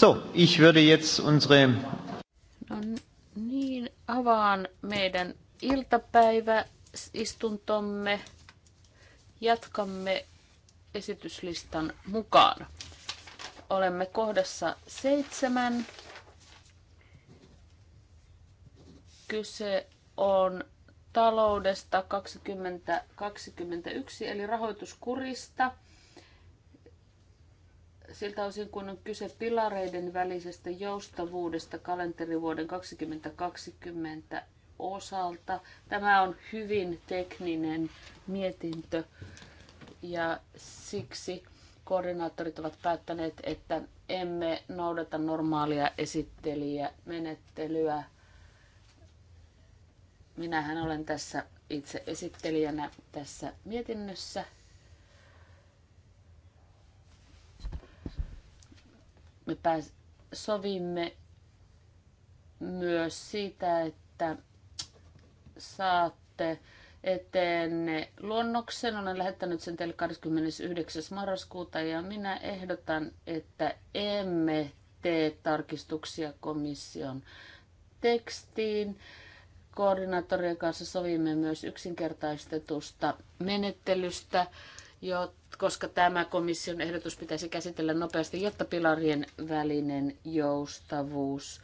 So, ich würde jetzt unsere... No niin, avaan meidän iltapäiväistuntomme. Jatkamme esityslistan mukaan. Olemme kohdassa seitsemän. Kyse on taloudesta 2021 eli rahoituskurista – siltä osin, kun on kyse pilareiden välisestä joustavuudesta kalenterivuoden 2020 osalta. Tämä on hyvin tekninen mietintö ja siksi koordinaattorit ovat päättäneet, että emme noudata normaalia esittelijämenettelyä. Minähän olen tässä itse esittelijänä tässä mietinnössä Me pääs, sovimme myös siitä, että saatte eteen luonnoksen. Olen lähettänyt sen teille 29. marraskuuta ja minä ehdotan, että emme tee tarkistuksia komission tekstiin. Koordinaattorien kanssa sovimme myös yksinkertaistetusta menettelystä, jotta koska tämä komission ehdotus pitäisi käsitellä nopeasti, jotta pilarien välinen joustavuus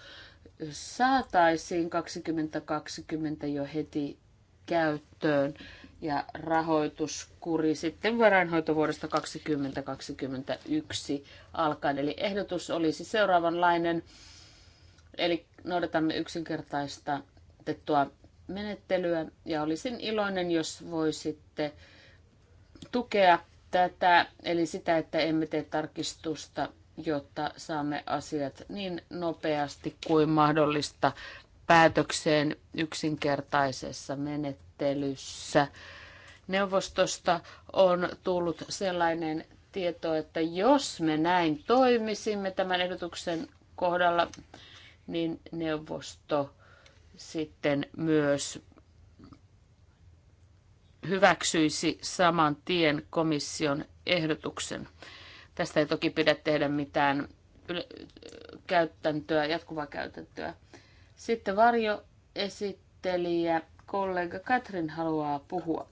saataisiin 2020 jo heti käyttöön ja rahoituskuri sitten varainhoitovuodesta 2021 alkaen. Eli ehdotus olisi seuraavanlainen, eli noudatamme yksinkertaista otettua menettelyä ja olisin iloinen, jos voisitte tukea tätä, eli sitä, että emme tee tarkistusta, jotta saamme asiat niin nopeasti kuin mahdollista päätökseen yksinkertaisessa menettelyssä. Neuvostosta on tullut sellainen tieto, että jos me näin toimisimme tämän ehdotuksen kohdalla, niin neuvosto sitten myös hyväksyisi saman tien komission ehdotuksen. Tästä ei toki pidä tehdä mitään käytäntöä, jatkuvaa käytäntöä. Sitten varjoesittelijä, kollega Katrin haluaa puhua.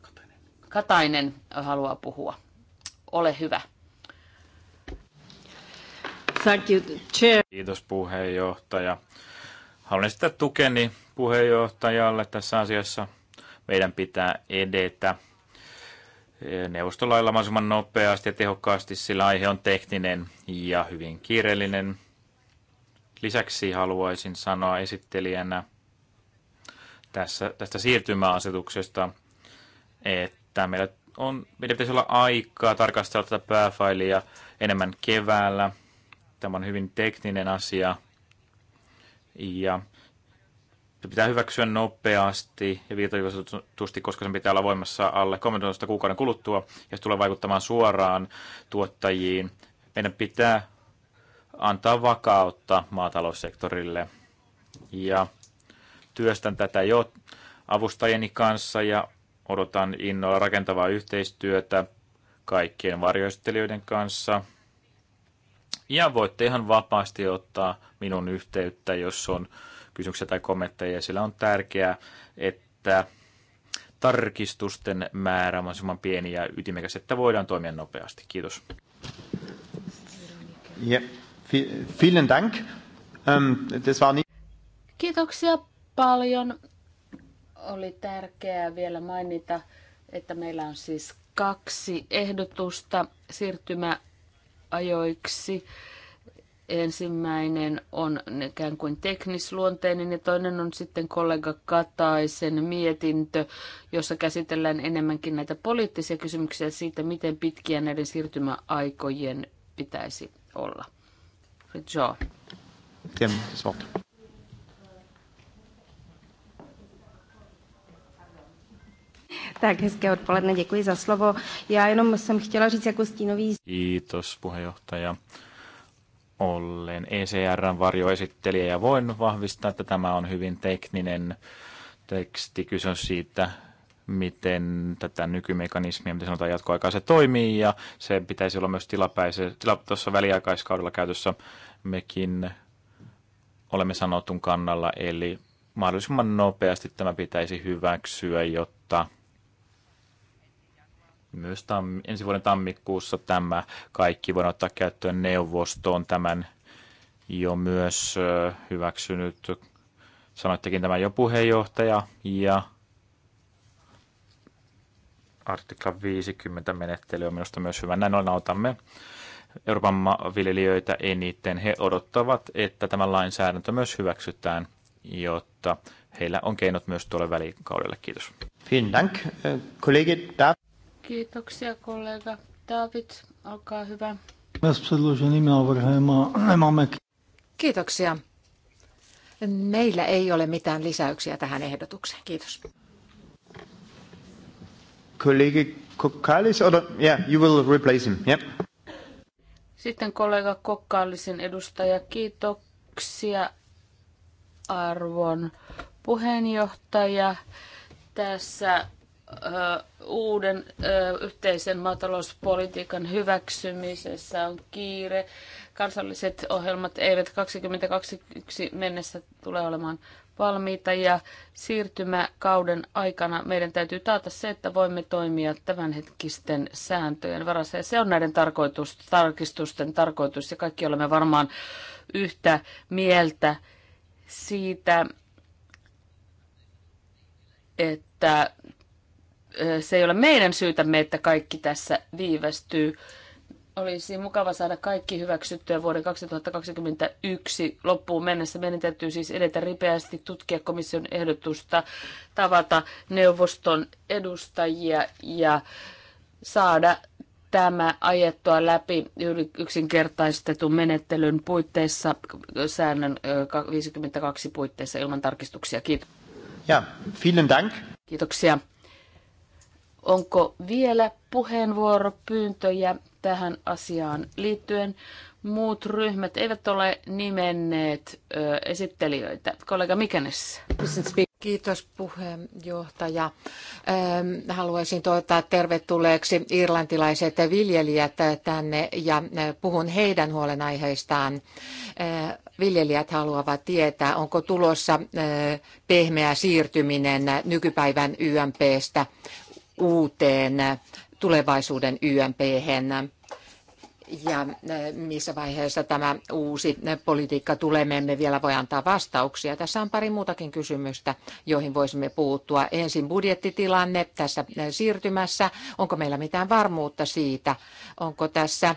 Katainen haluaa puhua. Ole hyvä. Thank you, chair. Kiitos puheenjohtaja. Haluan esittää tukeni puheenjohtajalle tässä asiassa meidän pitää edetä eh, neuvostolailla mahdollisimman nopeasti ja tehokkaasti, sillä aihe on tekninen ja hyvin kiireellinen. Lisäksi haluaisin sanoa esittelijänä tässä, tästä siirtymäasetuksesta, että meillä on, meidän pitäisi olla aikaa tarkastella tätä pääfailia enemmän keväällä. Tämä on hyvin tekninen asia ja se pitää hyväksyä nopeasti ja viitoitusti, koska sen pitää olla voimassa alle 13 kuukauden kuluttua ja se tulee vaikuttamaan suoraan tuottajiin. Meidän pitää antaa vakautta maataloussektorille ja työstän tätä jo avustajieni kanssa ja odotan innolla rakentavaa yhteistyötä kaikkien varjoistelijoiden kanssa. Ja voitte ihan vapaasti ottaa minun yhteyttä, jos on kysymyksiä tai kommentteja. Sillä on tärkeää, että tarkistusten määrä on mahdollisimman pieni ja ytimekäs, että voidaan toimia nopeasti. Kiitos. Ja, vielen dank. Ähm, das war nicht... Kiitoksia paljon. Oli tärkeää vielä mainita, että meillä on siis kaksi ehdotusta siirtymäajoiksi. Ensimmäinen on ikään kuin teknisluonteinen ja toinen on sitten kollega Kataisen mietintö, jossa käsitellään enemmänkin näitä poliittisia kysymyksiä siitä, miten pitkiä näiden siirtymäaikojen pitäisi olla. Joo. Tak, hezké odpoledne, děkuji za slovo. Já jenom jsem chtěla říct jako stínový... Kiitos, puheenjohtaja ollen ECRn varjoesittelijä ja voin vahvistaa, että tämä on hyvin tekninen teksti. Kyse on siitä, miten tätä nykymekanismia, miten sanotaan jatkoaikaa, se toimii ja se pitäisi olla myös tilapäisessä, tila, tuossa väliaikaiskaudella käytössä mekin olemme sanotun kannalla, eli mahdollisimman nopeasti tämä pitäisi hyväksyä, jotta myös tam- ensi vuoden tammikuussa tämä kaikki voidaan ottaa käyttöön neuvostoon tämän jo myös hyväksynyt. Sanoittekin tämä jo puheenjohtaja ja artikla 50 menettely on minusta myös hyvä. Näin ollen autamme Euroopan viljelijöitä eniten. He odottavat, että tämä lainsäädäntö myös hyväksytään, jotta heillä on keinot myös tuolle välikaudelle. Kiitos. Vielen Dank, kollegit. Kiitoksia kollega David, olkaa hyvä. Kiitoksia. Meillä ei ole mitään lisäyksiä tähän ehdotukseen. Kiitos. Kollegi Kokkalis, or, yeah, you will replace him. Yep. Sitten kollega Kokkaalisen edustaja, kiitoksia arvon puheenjohtaja. Tässä uuden yhteisen maatalouspolitiikan hyväksymisessä on kiire. Kansalliset ohjelmat eivät 2021 mennessä tule olemaan valmiita ja siirtymäkauden aikana meidän täytyy taata se, että voimme toimia tämänhetkisten sääntöjen varassa. Ja se on näiden tarkoitus, tarkistusten tarkoitus ja kaikki olemme varmaan yhtä mieltä siitä, että se ei ole meidän syytämme, että kaikki tässä viivästyy. Olisi mukava saada kaikki hyväksyttyä vuoden 2021 loppuun mennessä. Meidän täytyy siis edetä ripeästi, tutkia komission ehdotusta, tavata neuvoston edustajia ja saada tämä ajettua läpi yksinkertaistetun menettelyn puitteissa, säännön 52 puitteissa ilman tarkistuksia. Kiitos. Ja, vielen dank. Kiitoksia. Onko vielä puheenvuoropyyntöjä tähän asiaan liittyen? Muut ryhmät eivät ole nimenneet ö, esittelijöitä. Kollega Mikenes. Kiitos puheenjohtaja. Haluaisin toivottaa tervetulleeksi irlantilaiset viljelijät tänne ja puhun heidän huolenaiheistaan. Viljelijät haluavat tietää, onko tulossa pehmeä siirtyminen nykypäivän YMPstä uuteen tulevaisuuden ymp ja missä vaiheessa tämä uusi politiikka tulee, me emme vielä voi antaa vastauksia. Tässä on pari muutakin kysymystä, joihin voisimme puuttua. Ensin budjettitilanne tässä siirtymässä. Onko meillä mitään varmuutta siitä? Onko tässä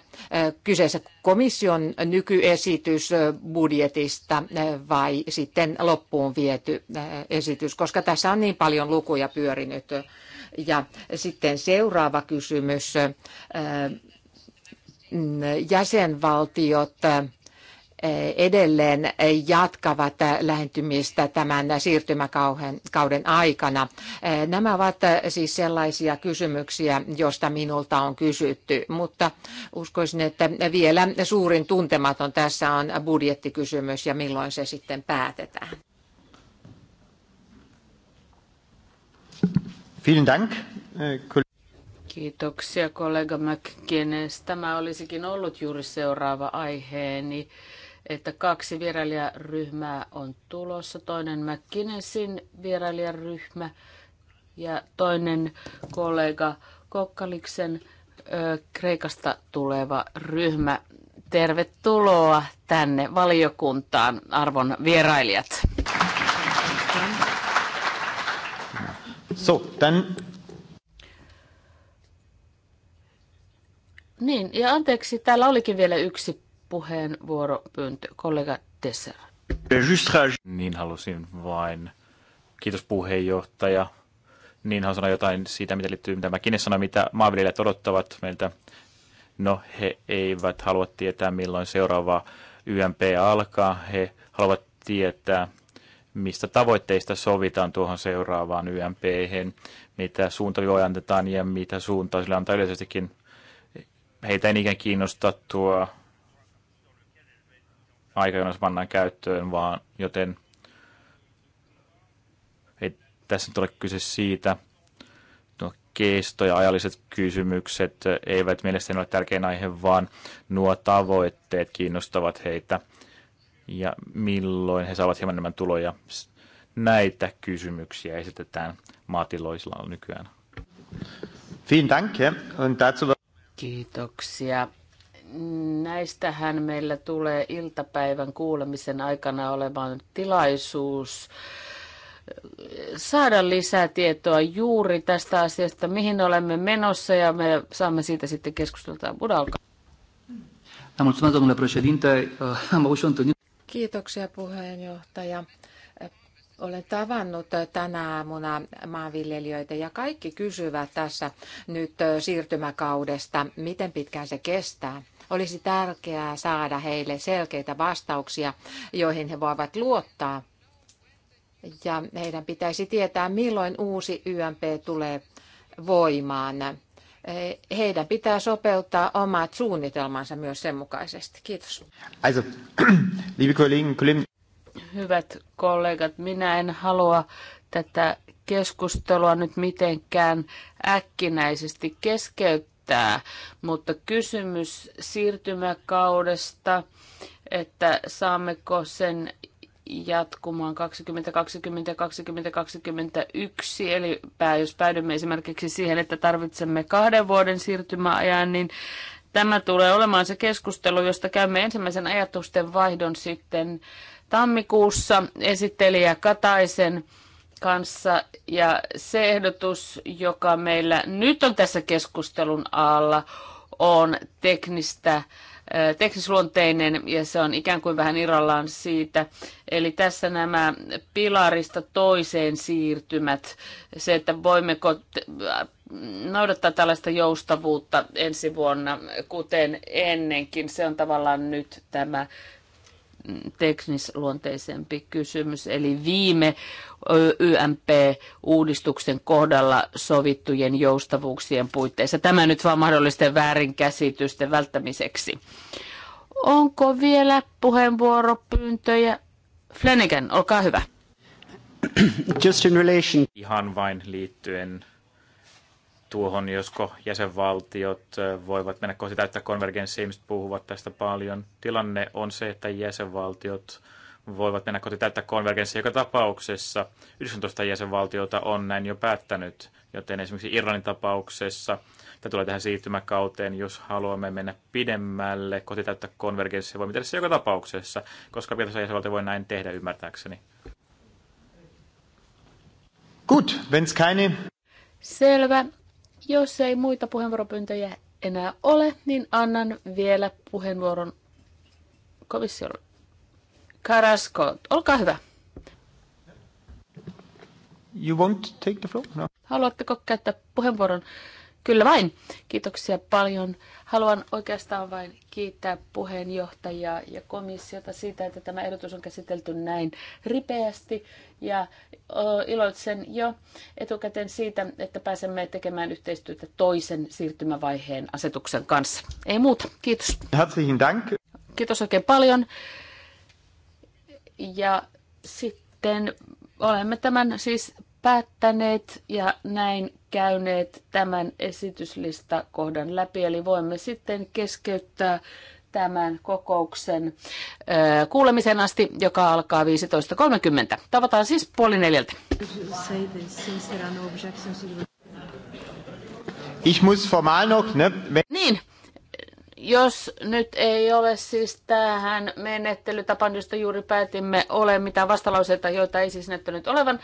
kyseessä komission nykyesitys budjetista vai sitten loppuun viety esitys, koska tässä on niin paljon lukuja pyörinyt ja sitten seuraava kysymys. Jäsenvaltiot edelleen jatkavat lähentymistä tämän siirtymäkauden aikana. Nämä ovat siis sellaisia kysymyksiä, joista minulta on kysytty, mutta uskoisin, että vielä suurin tuntematon tässä on budjettikysymys ja milloin se sitten päätetään. Äh, Kiitoksia kollega McKinnes. Tämä olisikin ollut juuri seuraava aiheeni, että kaksi vierailijaryhmää on tulossa. Toinen McKinnesin vierailijaryhmä ja toinen kollega Kokkaliksen ö, Kreikasta tuleva ryhmä. Tervetuloa tänne valiokuntaan, arvon vierailijat. So, dann. Niin, ja anteeksi, täällä olikin vielä yksi puheenvuoropyyntö, kollega Tesser. Niin halusin vain. Kiitos puheenjohtaja. Niin haluan sanoa jotain siitä, mitä liittyy, mitä mäkin sanoin, mitä maanviljelijät odottavat meiltä. No, he eivät halua tietää, milloin seuraava YMP alkaa. He haluavat tietää, mistä tavoitteista sovitaan tuohon seuraavaan YMP, mitä suuntavivoja antetaan ja mitä suuntaa sillä antaa yleisestikin. Heitä ei niinkään kiinnosta tuo aika, jos pannaan käyttöön, vaan joten ei tässä nyt ole kyse siitä. Nuo kesto ja ajalliset kysymykset eivät mielestäni ole tärkein aihe, vaan nuo tavoitteet kiinnostavat heitä ja milloin he saavat hieman enemmän tuloja. Näitä kysymyksiä esitetään maatiloisilla nykyään. Kiitoksia. Näistähän meillä tulee iltapäivän kuulemisen aikana olevan tilaisuus saada lisää tietoa juuri tästä asiasta, mihin olemme menossa ja me saamme siitä sitten keskustelua Budalka. Mm. Kiitoksia puheenjohtaja. Olen tavannut tänä aamuna maanviljelijöitä ja kaikki kysyvät tässä nyt siirtymäkaudesta, miten pitkään se kestää. Olisi tärkeää saada heille selkeitä vastauksia, joihin he voivat luottaa. Ja heidän pitäisi tietää, milloin uusi YMP tulee voimaan Eh, heidän pitää sopeuttaa omat suunnitelmansa myös sen mukaisesti. Kiitos. Also, liebe Kollegen, Kollegen. Hyvät kollegat, minä en halua tätä keskustelua nyt mitenkään äkkinäisesti keskeyttää, mutta kysymys siirtymäkaudesta, että saammeko sen jatkumaan 2020 ja 2021. Eli jos päädymme esimerkiksi siihen, että tarvitsemme kahden vuoden siirtymäajan, niin tämä tulee olemaan se keskustelu, josta käymme ensimmäisen ajatusten vaihdon sitten tammikuussa esittelijä Kataisen kanssa. Ja se ehdotus, joka meillä nyt on tässä keskustelun alla, on teknistä teknisluonteinen ja se on ikään kuin vähän irrallaan siitä. Eli tässä nämä pilarista toiseen siirtymät, se, että voimmeko noudattaa tällaista joustavuutta ensi vuonna, kuten ennenkin, se on tavallaan nyt tämä teknisluonteisempi kysymys, eli viime YMP-uudistuksen kohdalla sovittujen joustavuuksien puitteissa. Tämä nyt vaan mahdollisten väärinkäsitysten välttämiseksi. Onko vielä puheenvuoropyyntöjä? Flanagan, olkaa hyvä. Just in relation. Ihan vain liittyen tuohon, josko jäsenvaltiot voivat mennä kohti täyttä konvergenssia. Ihmiset puhuvat tästä paljon. Tilanne on se, että jäsenvaltiot voivat mennä kohti täyttä konvergenssia joka tapauksessa. 19 jäsenvaltiota on näin jo päättänyt, joten esimerkiksi Irlannin tapauksessa tämä tulee tähän siirtymäkauteen, jos haluamme mennä pidemmälle kohti täyttä konvergenssia, voimme tehdä se joka tapauksessa, koska pitäisi jäsenvaltio voi näin tehdä ymmärtääkseni. Gut, wenn's keine Selvä. Jos ei muita puheenvuoropyyntöjä enää ole, niin annan vielä puheenvuoron komissiolle. Karasko, olkaa hyvä. You won't take the floor? No. Haluatteko käyttää puheenvuoron? Kyllä vain. Kiitoksia paljon. Haluan oikeastaan vain kiittää puheenjohtajaa ja komissiota siitä, että tämä ehdotus on käsitelty näin ripeästi. Ja iloitsen jo etukäteen siitä, että pääsemme tekemään yhteistyötä toisen siirtymävaiheen asetuksen kanssa. Ei muuta. Kiitos. Herzlichen Dank. Kiitos oikein paljon. Ja sitten olemme tämän siis päättäneet ja näin käyneet tämän esityslistakohdan läpi, eli voimme sitten keskeyttää tämän kokouksen kuulemisen asti, joka alkaa 15.30. Tavataan siis puoli neljältä. Ich muss formal noch, ne? Niin, jos nyt ei ole siis tähän menettelytapaan, josta juuri päätimme, ole mitään vastalauseita, joita ei siis näyttänyt olevan,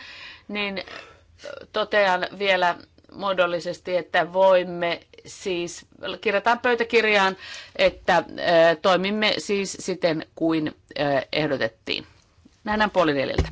niin totean vielä muodollisesti, että voimme siis, kirjataan pöytäkirjaan, että toimimme siis siten kuin ehdotettiin. Nähdään puoli neljältä.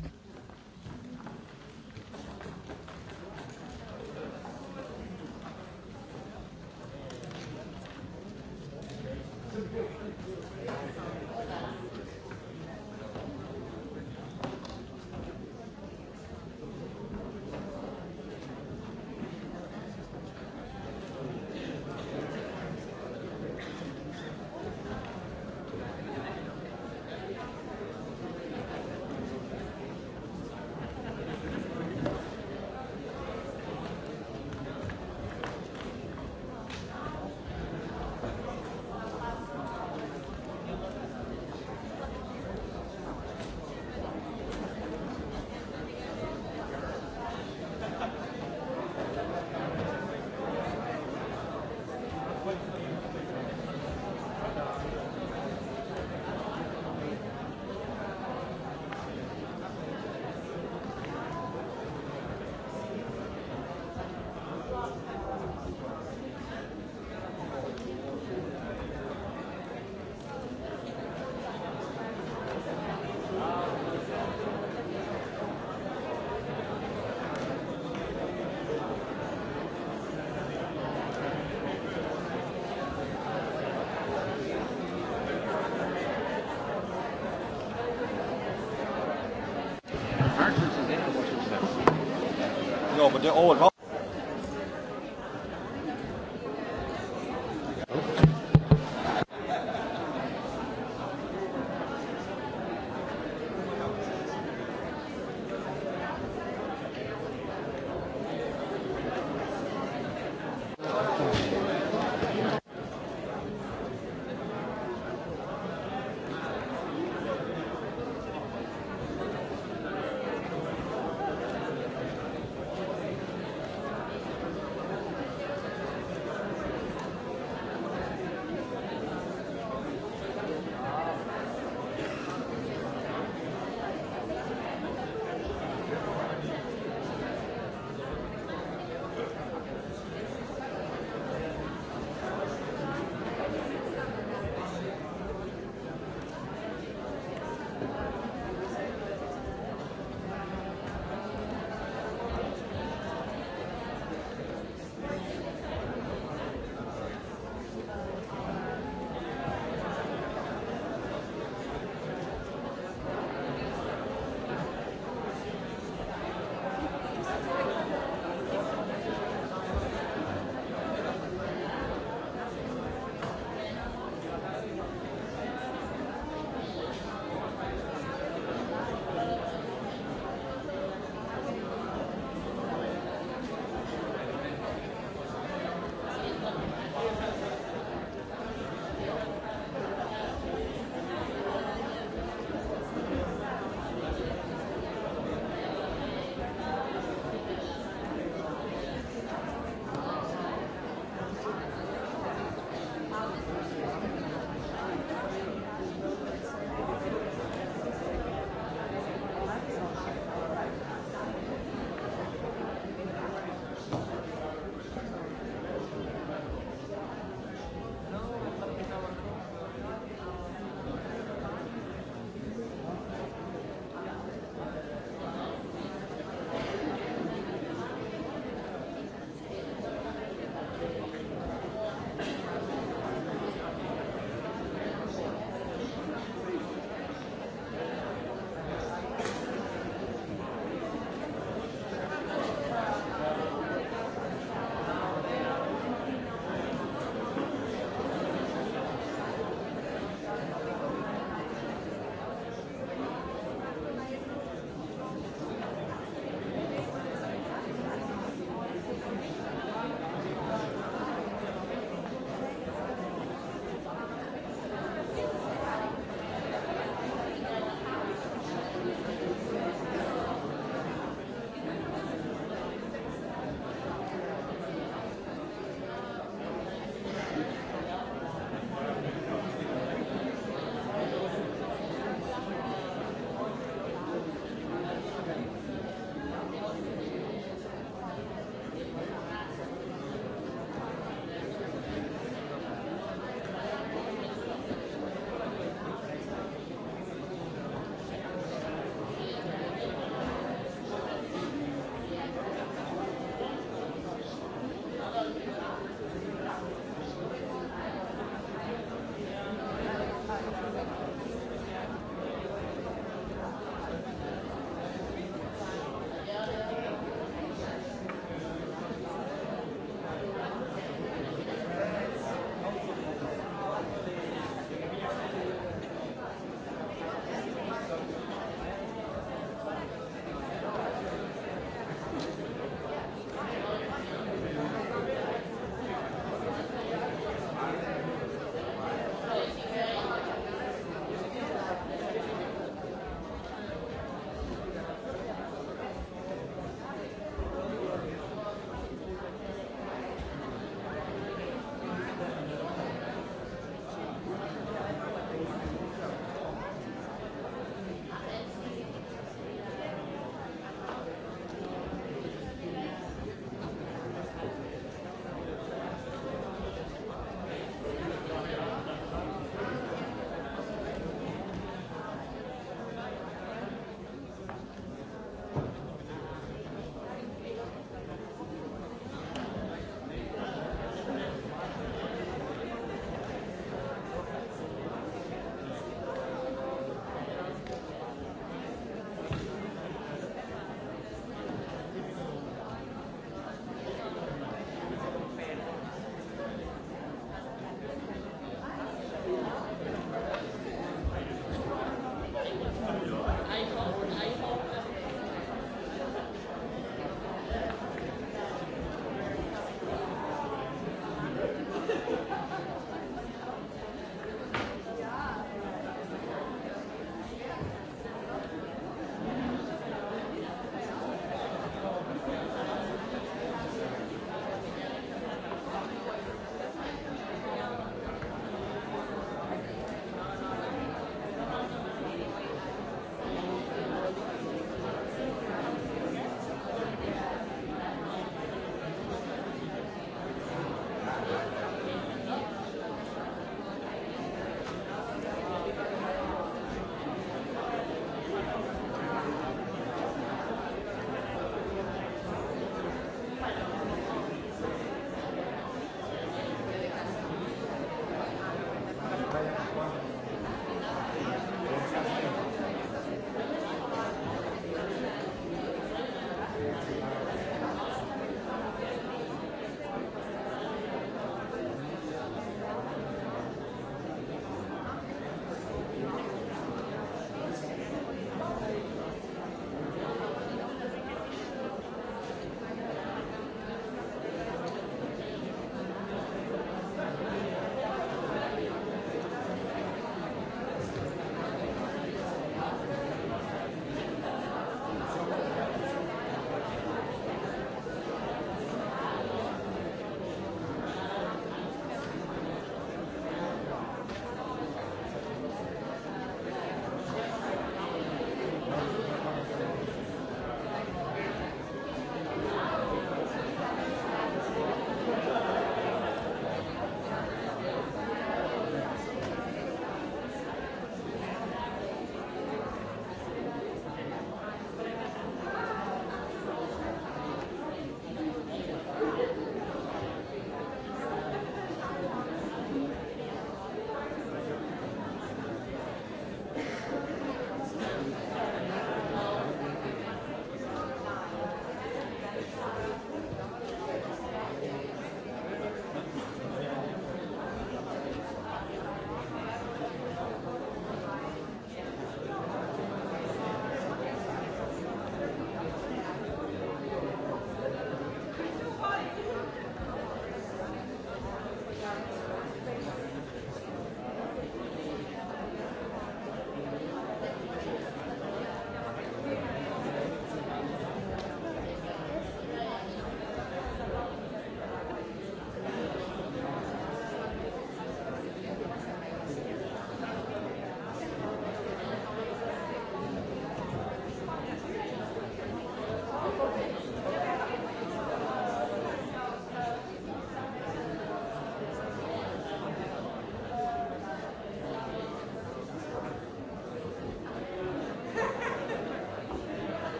the old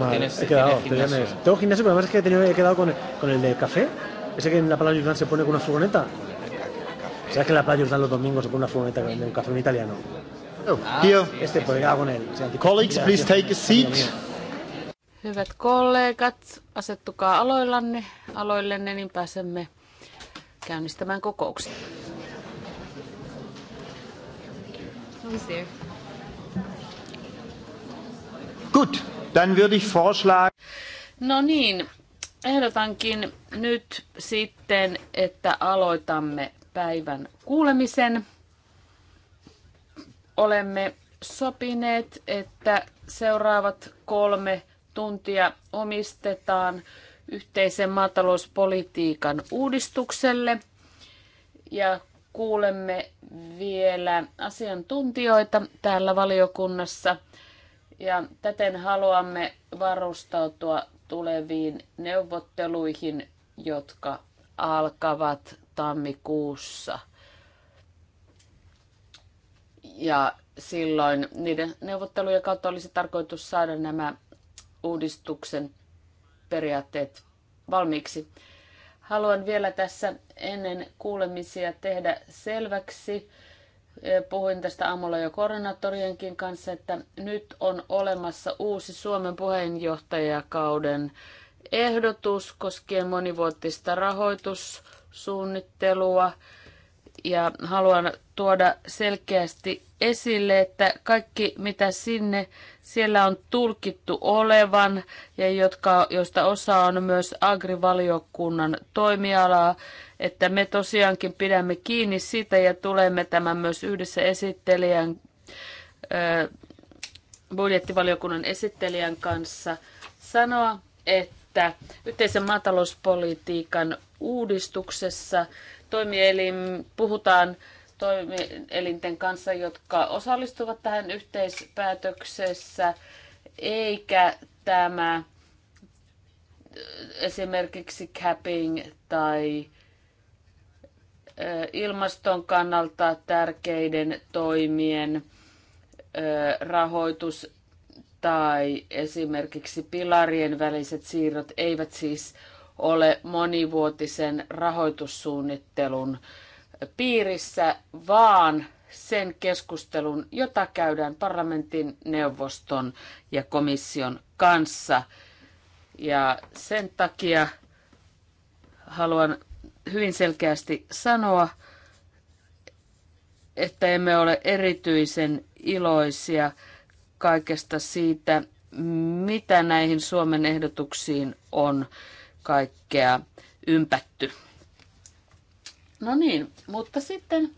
Mal, tienes, he quedado, tienes gimnasio. Tienes. Tengo gimnasio, pero además es que he, tenido, he quedado con, el, con, el de café. Ese que en la playa Jordán se pone con una furgoneta. ¿Sabes que en la playa Jordán los domingos se pone una furgoneta con un café en italiano? Oh, ah, here. Este, pues he quedado con él. O sea, Colleagues, please take a seat. Hyvät kollegat, asettukaa aloillanne, aloillenne, niin pääsemme käynnistämään kokouksen. Who's there? Dann würde ich vorschlagen... No niin, ehdotankin nyt sitten, että aloitamme päivän kuulemisen. Olemme sopineet, että seuraavat kolme tuntia omistetaan yhteisen maatalouspolitiikan uudistukselle ja kuulemme vielä asiantuntijoita täällä valiokunnassa – ja täten haluamme varustautua tuleviin neuvotteluihin, jotka alkavat tammikuussa. Ja silloin niiden neuvottelujen kautta olisi tarkoitus saada nämä uudistuksen periaatteet valmiiksi. Haluan vielä tässä ennen kuulemisia tehdä selväksi, Eh, puhuin tästä aamulla jo koordinaattorienkin kanssa, että nyt on olemassa uusi Suomen puheenjohtajakauden ehdotus koskien monivuotista rahoitussuunnittelua ja haluan tuoda selkeästi esille, että kaikki mitä sinne siellä on tulkittu olevan ja jotka, joista osa on myös agrivaliokunnan toimialaa, että me tosiaankin pidämme kiinni sitä ja tulemme tämän myös yhdessä esittelijän, budjettivaliokunnan esittelijän kanssa sanoa, että yhteisen maatalouspolitiikan uudistuksessa toimielin, puhutaan toimielinten kanssa, jotka osallistuvat tähän yhteispäätöksessä, eikä tämä äh, esimerkiksi capping tai äh, ilmaston kannalta tärkeiden toimien äh, rahoitus tai esimerkiksi pilarien väliset siirrot eivät siis ole monivuotisen rahoitussuunnittelun piirissä, vaan sen keskustelun, jota käydään parlamentin, neuvoston ja komission kanssa. Ja sen takia haluan hyvin selkeästi sanoa, että emme ole erityisen iloisia kaikesta siitä, mitä näihin Suomen ehdotuksiin on kaikkea ympätty. No niin, mutta sitten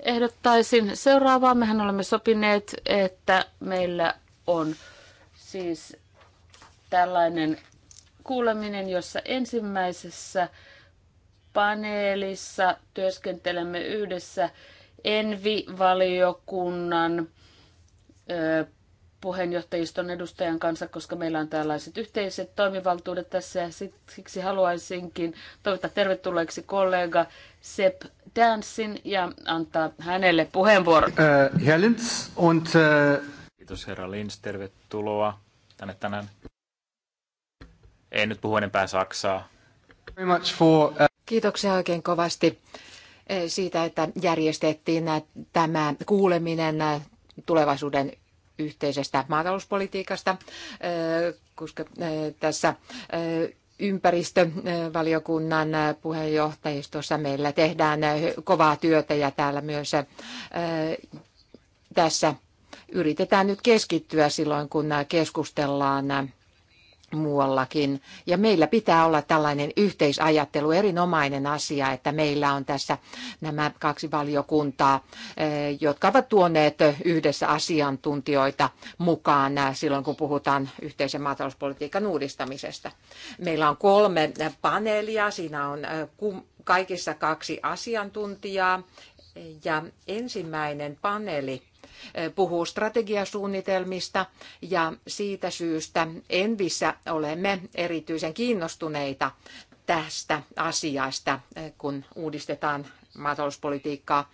ehdottaisin seuraavaa. Mehän olemme sopineet, että meillä on siis tällainen kuuleminen, jossa ensimmäisessä paneelissa työskentelemme yhdessä Envi-valiokunnan puheenjohtajiston edustajan kanssa, koska meillä on tällaiset yhteiset toimivaltuudet tässä ja siksi haluaisinkin toivottaa tervetulleeksi kollega Sepp Dansin ja antaa hänelle puheenvuoron. Äh, Herr Linz und, äh... Kiitos herra Linz, tervetuloa tänne tänään. Ei nyt puhu enempää Saksaa. Very much for, uh... Kiitoksia oikein kovasti eh, siitä, että järjestettiin äh, tämä kuuleminen äh, tulevaisuuden yhteisestä maatalouspolitiikasta, koska tässä ympäristövaliokunnan puheenjohtajistossa meillä tehdään kovaa työtä ja täällä myös tässä yritetään nyt keskittyä silloin, kun keskustellaan muuallakin. Ja meillä pitää olla tällainen yhteisajattelu, erinomainen asia, että meillä on tässä nämä kaksi valiokuntaa, eh, jotka ovat tuoneet yhdessä asiantuntijoita mukaan eh, silloin, kun puhutaan yhteisen maatalouspolitiikan uudistamisesta. Meillä on kolme paneelia, siinä on eh, kaikissa kaksi asiantuntijaa. Ja ensimmäinen paneeli Eh, puhuu strategiasuunnitelmista ja siitä syystä Envissä olemme erityisen kiinnostuneita tästä asiasta, eh, kun uudistetaan maatalouspolitiikkaa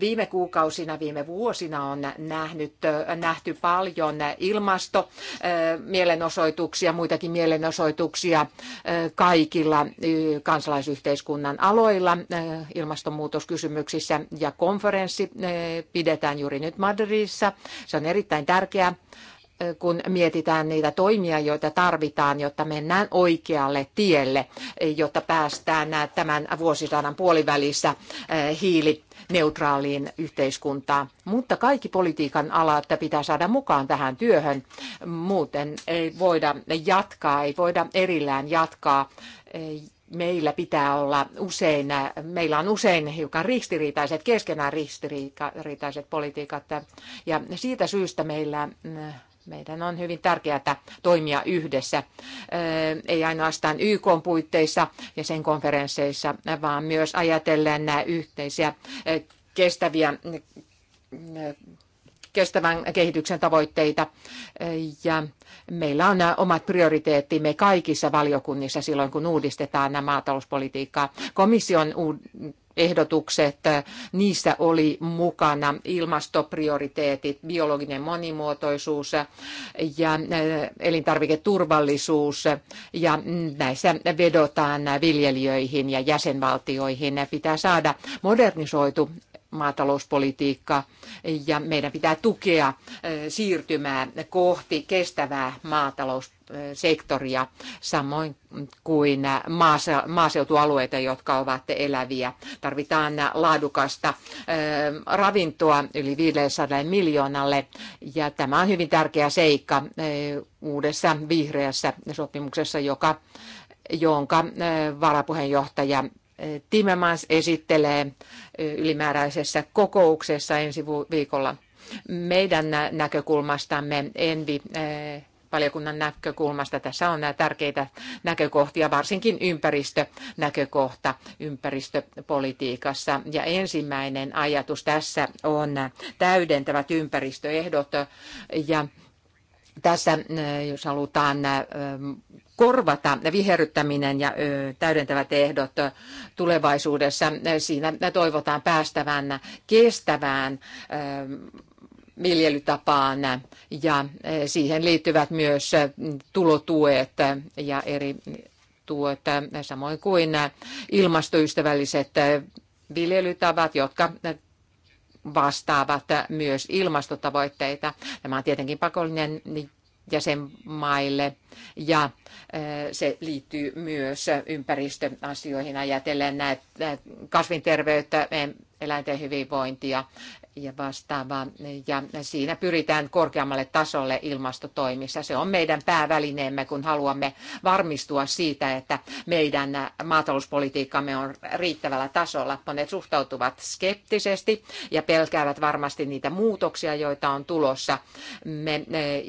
viime kuukausina, viime vuosina on nähnyt, nähty paljon ilmasto mielenosoituksia, muitakin mielenosoituksia kaikilla kansalaisyhteiskunnan aloilla ilmastonmuutoskysymyksissä ja konferenssi pidetään juuri nyt Madridissa. Se on erittäin tärkeä kun mietitään niitä toimia, joita tarvitaan, jotta mennään oikealle tielle, jotta päästään tämän vuosisadan puolivälissä hiili neutraaliin yhteiskuntaan. Mutta kaikki politiikan alat pitää saada mukaan tähän työhön. Muuten ei voida jatkaa, ei voida erillään jatkaa meillä pitää olla usein, meillä on usein hiukan ristiriitaiset, keskenään ristiriitaiset politiikat. Ja siitä syystä meillä meidän on hyvin tärkeää toimia yhdessä, ei ainoastaan YK puitteissa ja sen konferensseissa, vaan myös ajatellen nämä yhteisiä kestäviä, kestävän kehityksen tavoitteita ja meillä on omat prioriteettimme kaikissa valiokunnissa silloin, kun uudistetaan nämä maatalouspolitiikkaa. Komission ehdotukset, niissä oli mukana ilmastoprioriteetit, biologinen monimuotoisuus ja elintarviketurvallisuus ja näissä vedotaan viljelijöihin ja jäsenvaltioihin. Pitää saada modernisoitu maatalouspolitiikka ja meidän pitää tukea siirtymää kohti kestävää maataloussektoria, samoin kuin maaseutualueita, jotka ovat eläviä. Tarvitaan laadukasta ravintoa yli 500 miljoonalle ja tämä on hyvin tärkeä seikka uudessa vihreässä sopimuksessa, joka jonka varapuheenjohtaja Timmermans esittelee ylimääräisessä kokouksessa ensi viikolla. Meidän näkökulmastamme Envi valiokunnan näkökulmasta. Tässä on nämä tärkeitä näkökohtia, varsinkin ympäristönäkökohta ympäristöpolitiikassa. Ja ensimmäinen ajatus tässä on täydentävät ympäristöehdot ja tässä, jos halutaan korvata viherryttäminen ja täydentävät ehdot tulevaisuudessa, siinä toivotaan päästävän kestävään viljelytapaan ja siihen liittyvät myös tulotuet ja eri tuet, samoin kuin ilmastoystävälliset viljelytavat, jotka vastaavat myös ilmastotavoitteita. Tämä on tietenkin pakollinen jäsenmaille ja se liittyy myös ympäristöasioihin ajatellen kasvinterveyttä, eläinten hyvinvointia ja vastaavaa. Ja siinä pyritään korkeammalle tasolle ilmastotoimissa. Se on meidän päävälineemme, kun haluamme varmistua siitä, että meidän maatalouspolitiikkamme on riittävällä tasolla. Monet suhtautuvat skeptisesti ja pelkäävät varmasti niitä muutoksia, joita on tulossa. Me eh,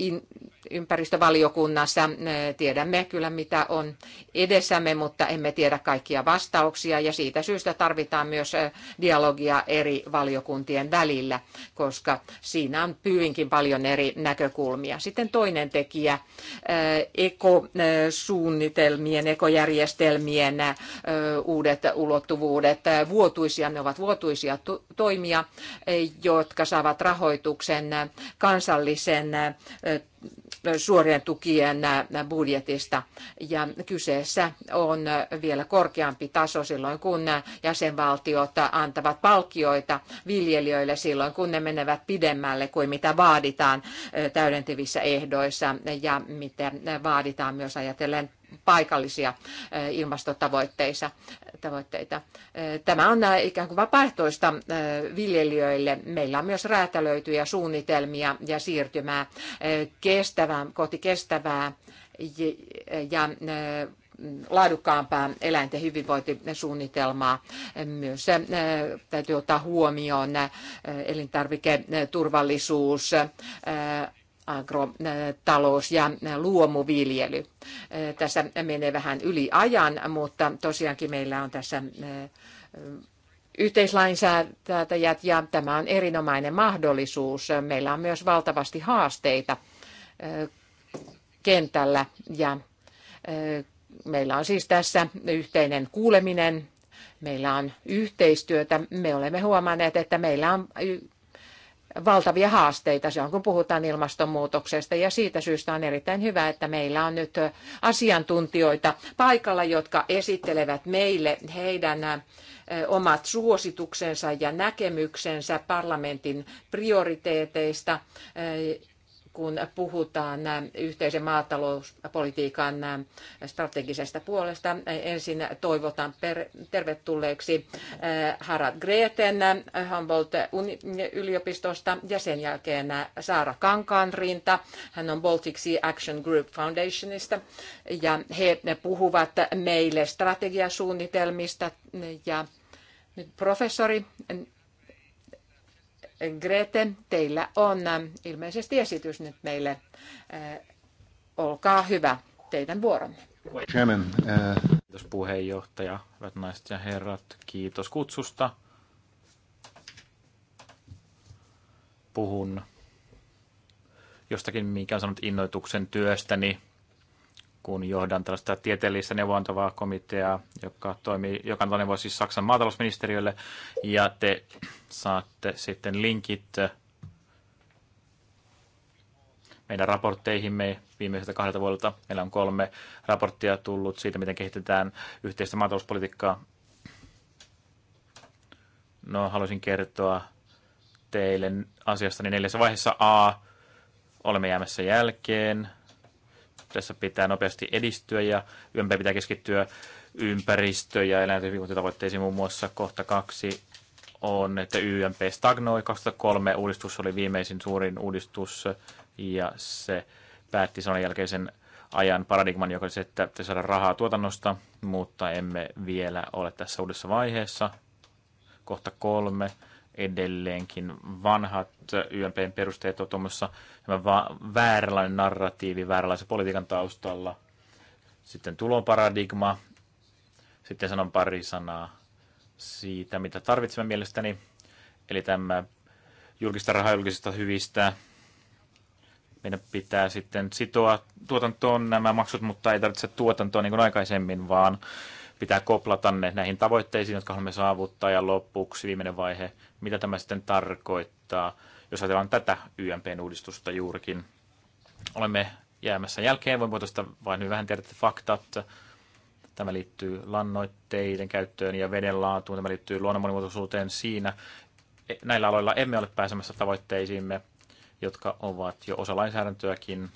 ympäristövaliokunnassa. Äh, tiedämme kyllä, mitä on edessämme, mutta emme tiedä kaikkia vastauksia ja siitä syystä tarvitaan myös äh, dialogia eri valiokuntien välillä, koska siinä on hyvinkin paljon eri näkökulmia. Sitten toinen tekijä, äh, ekosuunnitelmien, ekojärjestelmien uudet ulottuvuudet, vuotuisia, ne ovat vuotuisia toimia, jotka saavat rahoituksen kansallisen suorien tukien budjetista. Ja kyseessä on vielä korkeampi taso silloin, kun jäsenvaltiot antavat palkkioita viljelijöille silloin, kun ne menevät pidemmälle kuin mitä vaaditaan täydentävissä ehdoissa ja mitä vaaditaan myös ajatellen paikallisia eh, ilmastotavoitteita. Eh, tämä on eh, ikään kuin vapaaehtoista viljelijöille. Meillä on myös räätälöityjä suunnitelmia ja siirtymää kestävää, kohti kestävää ja laadukkaampaa eläinten hyvinvointisuunnitelmaa. Myös täytyy ottaa huomioon elintarviketurvallisuus, agrotalous ja luomuviljely. Tässä menee vähän yli ajan, mutta tosiaankin meillä on tässä eh, yhteislainsäätäjät ja tämä on erinomainen mahdollisuus. Meillä on myös valtavasti haasteita eh, kentällä ja eh, meillä on siis tässä yhteinen kuuleminen, meillä on yhteistyötä. Me olemme huomanneet, että meillä on valtavia haasteita silloin, kun puhutaan ilmastonmuutoksesta. Ja siitä syystä on erittäin hyvä, että meillä on nyt asiantuntijoita paikalla, jotka esittelevät meille heidän omat suosituksensa ja näkemyksensä parlamentin prioriteeteista kun puhutaan yhteisen maatalouspolitiikan strategisesta puolesta. Ensin toivotan tervetulleeksi eh, Harald Greten Humboldt-yliopistosta ja sen jälkeen Saara Kankaanrinta. Hän on Baltic Sea Action Group Foundationista ja he puhuvat meille strategiasuunnitelmista ja nyt professori Grete, teillä on ähm, ilmeisesti esitys nyt meille. Äh, olkaa hyvä, teidän vuoronne. Äh, kiitos puheenjohtaja, hyvät naiset ja herrat, kiitos kutsusta. Puhun jostakin, mikä on sanonut innoituksen työstäni kun johdan tällaista tieteellistä neuvontavaa komiteaa, joka toimii joka neuvoo siis Saksan maatalousministeriölle, ja te saatte sitten linkit meidän raportteihimme viimeiseltä kahdelta vuodelta. Meillä on kolme raporttia tullut siitä, miten kehitetään yhteistä maatalouspolitiikkaa. No, haluaisin kertoa teille asiasta, niin neljässä vaiheessa A, olemme jäämässä jälkeen. Tässä pitää nopeasti edistyä ja YMP pitää keskittyä ympäristö- ja eläinten hyvinvointitavoitteisiin muun muassa. Kohta kaksi on, että YMP stagnoi. 2003 uudistus oli viimeisin suurin uudistus ja se päätti sanan jälkeisen ajan paradigman, joka se että te saada rahaa tuotannosta, mutta emme vielä ole tässä uudessa vaiheessa. Kohta kolme edelleenkin vanhat YMPn perusteet on tuommoissa vääränlainen narratiivi vääränlaisen politiikan taustalla. Sitten tuloparadigma. Sitten sanon pari sanaa siitä, mitä tarvitsemme mielestäni. Eli tämä julkista rahaa julkisista hyvistä. Meidän pitää sitten sitoa tuotantoon nämä maksut, mutta ei tarvitse tuotantoa niin kuin aikaisemmin, vaan pitää koplata ne näihin tavoitteisiin, jotka haluamme saavuttaa, ja lopuksi viimeinen vaihe, mitä tämä sitten tarkoittaa, jos ajatellaan tätä YMPn uudistusta juurikin. Olemme jäämässä jälkeen, voin tuosta vain vähän tiedätte faktat. Tämä liittyy lannoitteiden käyttöön ja veden laatuun, tämä liittyy luonnon monimuotoisuuteen siinä. E, näillä aloilla emme ole pääsemässä tavoitteisiimme, jotka ovat jo osa lainsäädäntöäkin,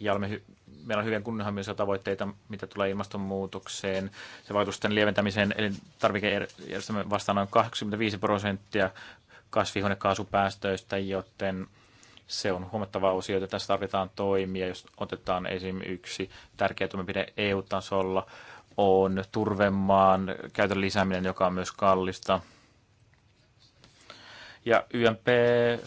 ja olemme meillä on hyviä kunnianhimoisia tavoitteita, mitä tulee ilmastonmuutokseen, se vaikutusten lieventämiseen, eli tarvikejärjestelmä vastaan noin 25 prosenttia kasvihuonekaasupäästöistä, joten se on huomattava osio, että tässä tarvitaan toimia, jos otetaan esim. yksi tärkeä toimenpide EU-tasolla, on turvemaan käytön lisääminen, joka on myös kallista. Ja YMP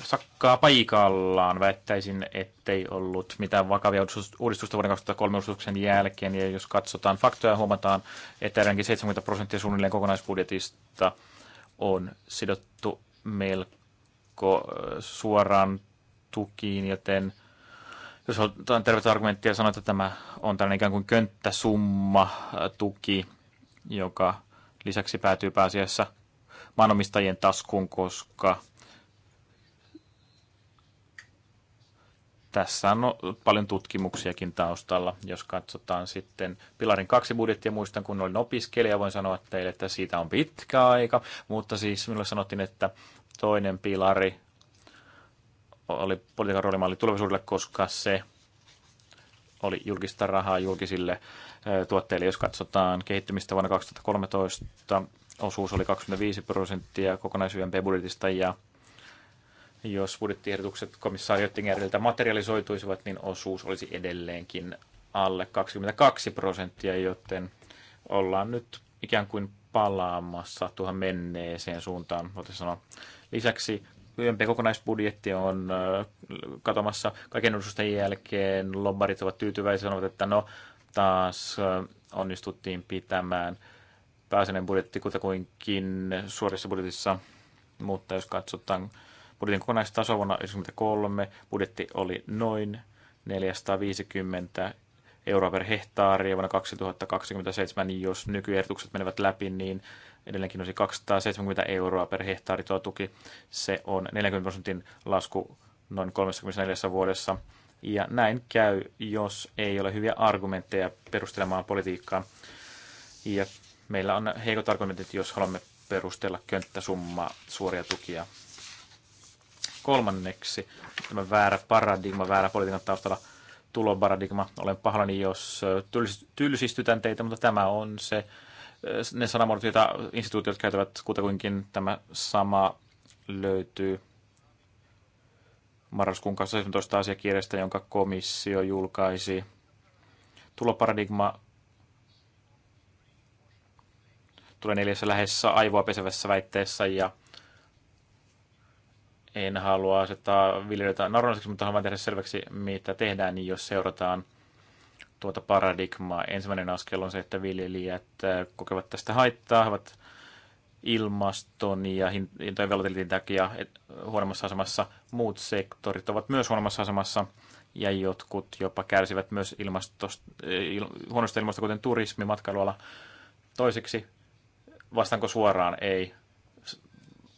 sakkaa paikallaan. Väittäisin, ettei ollut mitään vakavia uudistusta vuoden 2003 uudistuksen jälkeen. Ja jos katsotaan faktoja, huomataan, että ainakin 70 prosenttia suunnilleen kokonaisbudjetista on sidottu melko suoraan tukiin, joten jos otetaan tervettä argumenttia ja sanotaan, että tämä on tällainen ikään kuin könttäsumma tuki, joka lisäksi päätyy pääasiassa maanomistajien taskuun, koska Tässä on no, paljon tutkimuksiakin taustalla. Jos katsotaan sitten Pilarin kaksi budjettia, muistan kun olin opiskelija, voin sanoa teille, että siitä on pitkä aika, mutta siis minulle sanottiin, että toinen pilari oli politiikan roolimalli tulevaisuudelle, koska se oli julkista rahaa julkisille tuotteille. Jos katsotaan kehittymistä vuonna 2013, osuus oli 25 prosenttia kokonaisyönp budjetista ja jos budjettiehdotukset komissaari Oettingeriltä materialisoituisivat, niin osuus olisi edelleenkin alle 22 prosenttia, joten ollaan nyt ikään kuin palaamassa tuohon menneeseen suuntaan, voitaisiin sanoa. Lisäksi YMP kokonaisbudjetti on katomassa kaiken uudistusten jälkeen. Lombarit ovat tyytyväisiä sanovat, että no taas onnistuttiin pitämään pääsenen budjetti kutakuinkin suorissa budjetissa, mutta jos katsotaan Budjetin kokonaistaso vuonna 1993 budjetti oli noin 450 euroa per hehtaari ja vuonna 2027, jos nykyehdotukset menevät läpi, niin edelleenkin olisi 270 euroa per hehtaari tuo tuki. Se on 40 prosentin lasku noin 34 vuodessa. Ja näin käy, jos ei ole hyviä argumentteja perustelemaan politiikkaa. Ja meillä on heikot argumentit, jos haluamme perustella könttäsummaa suoria tukia Kolmanneksi tämä väärä paradigma, väärä politiikan taustalla tuloparadigma. Olen pahoillani, jos tylsistytän teitä, mutta tämä on se, ne sanamuodot, joita instituutiot käytävät kutakuinkin tämä sama löytyy marraskuun 17 asiakirjasta, jonka komissio julkaisi. Tuloparadigma tulee neljässä lähes aivoa pesevässä väitteessä ja en halua asettaa viljelijöitä naroniseksi, mutta haluan tehdä selväksi, mitä tehdään, niin jos seurataan tuota paradigmaa. Ensimmäinen askel on se, että viljelijät äh, kokevat tästä haittaa, ovat ilmaston ja hintojen volatilitin takia huonommassa asemassa. Muut sektorit ovat myös huonommassa asemassa ja jotkut jopa kärsivät myös ilmastosta, äh, huonosta ilmasta, kuten turismi, matkailuala. Toiseksi, vastaanko suoraan? Ei.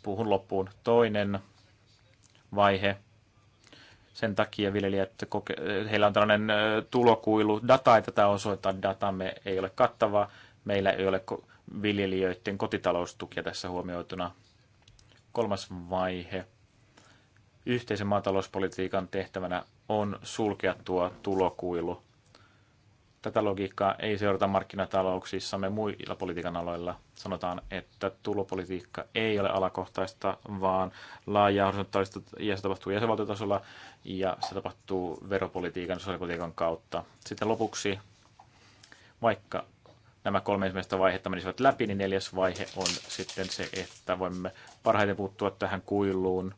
Puhun loppuun. Toinen vaihe. Sen takia viljelijät, äh, heillä on tällainen äh, tulokuilu, data ei tätä osoita, datamme ei ole kattava meillä ei ole viljelijöiden kotitaloustukia tässä huomioituna. Kolmas vaihe. Yhteisen maatalouspolitiikan tehtävänä on sulkea tuo tulokuilu Tätä logiikkaa ei seurata markkinatalouksissamme muilla politiikan aloilla. Sanotaan, että tulopolitiikka ei ole alakohtaista, vaan laajaa horisontaalista ja se tapahtuu jäsenvaltiotasolla ja se tapahtuu veropolitiikan ja sosiaalipolitiikan kautta. Sitten lopuksi, vaikka nämä kolme ensimmäistä vaihetta menisivät läpi, niin neljäs vaihe on sitten se, että voimme parhaiten puuttua tähän kuiluun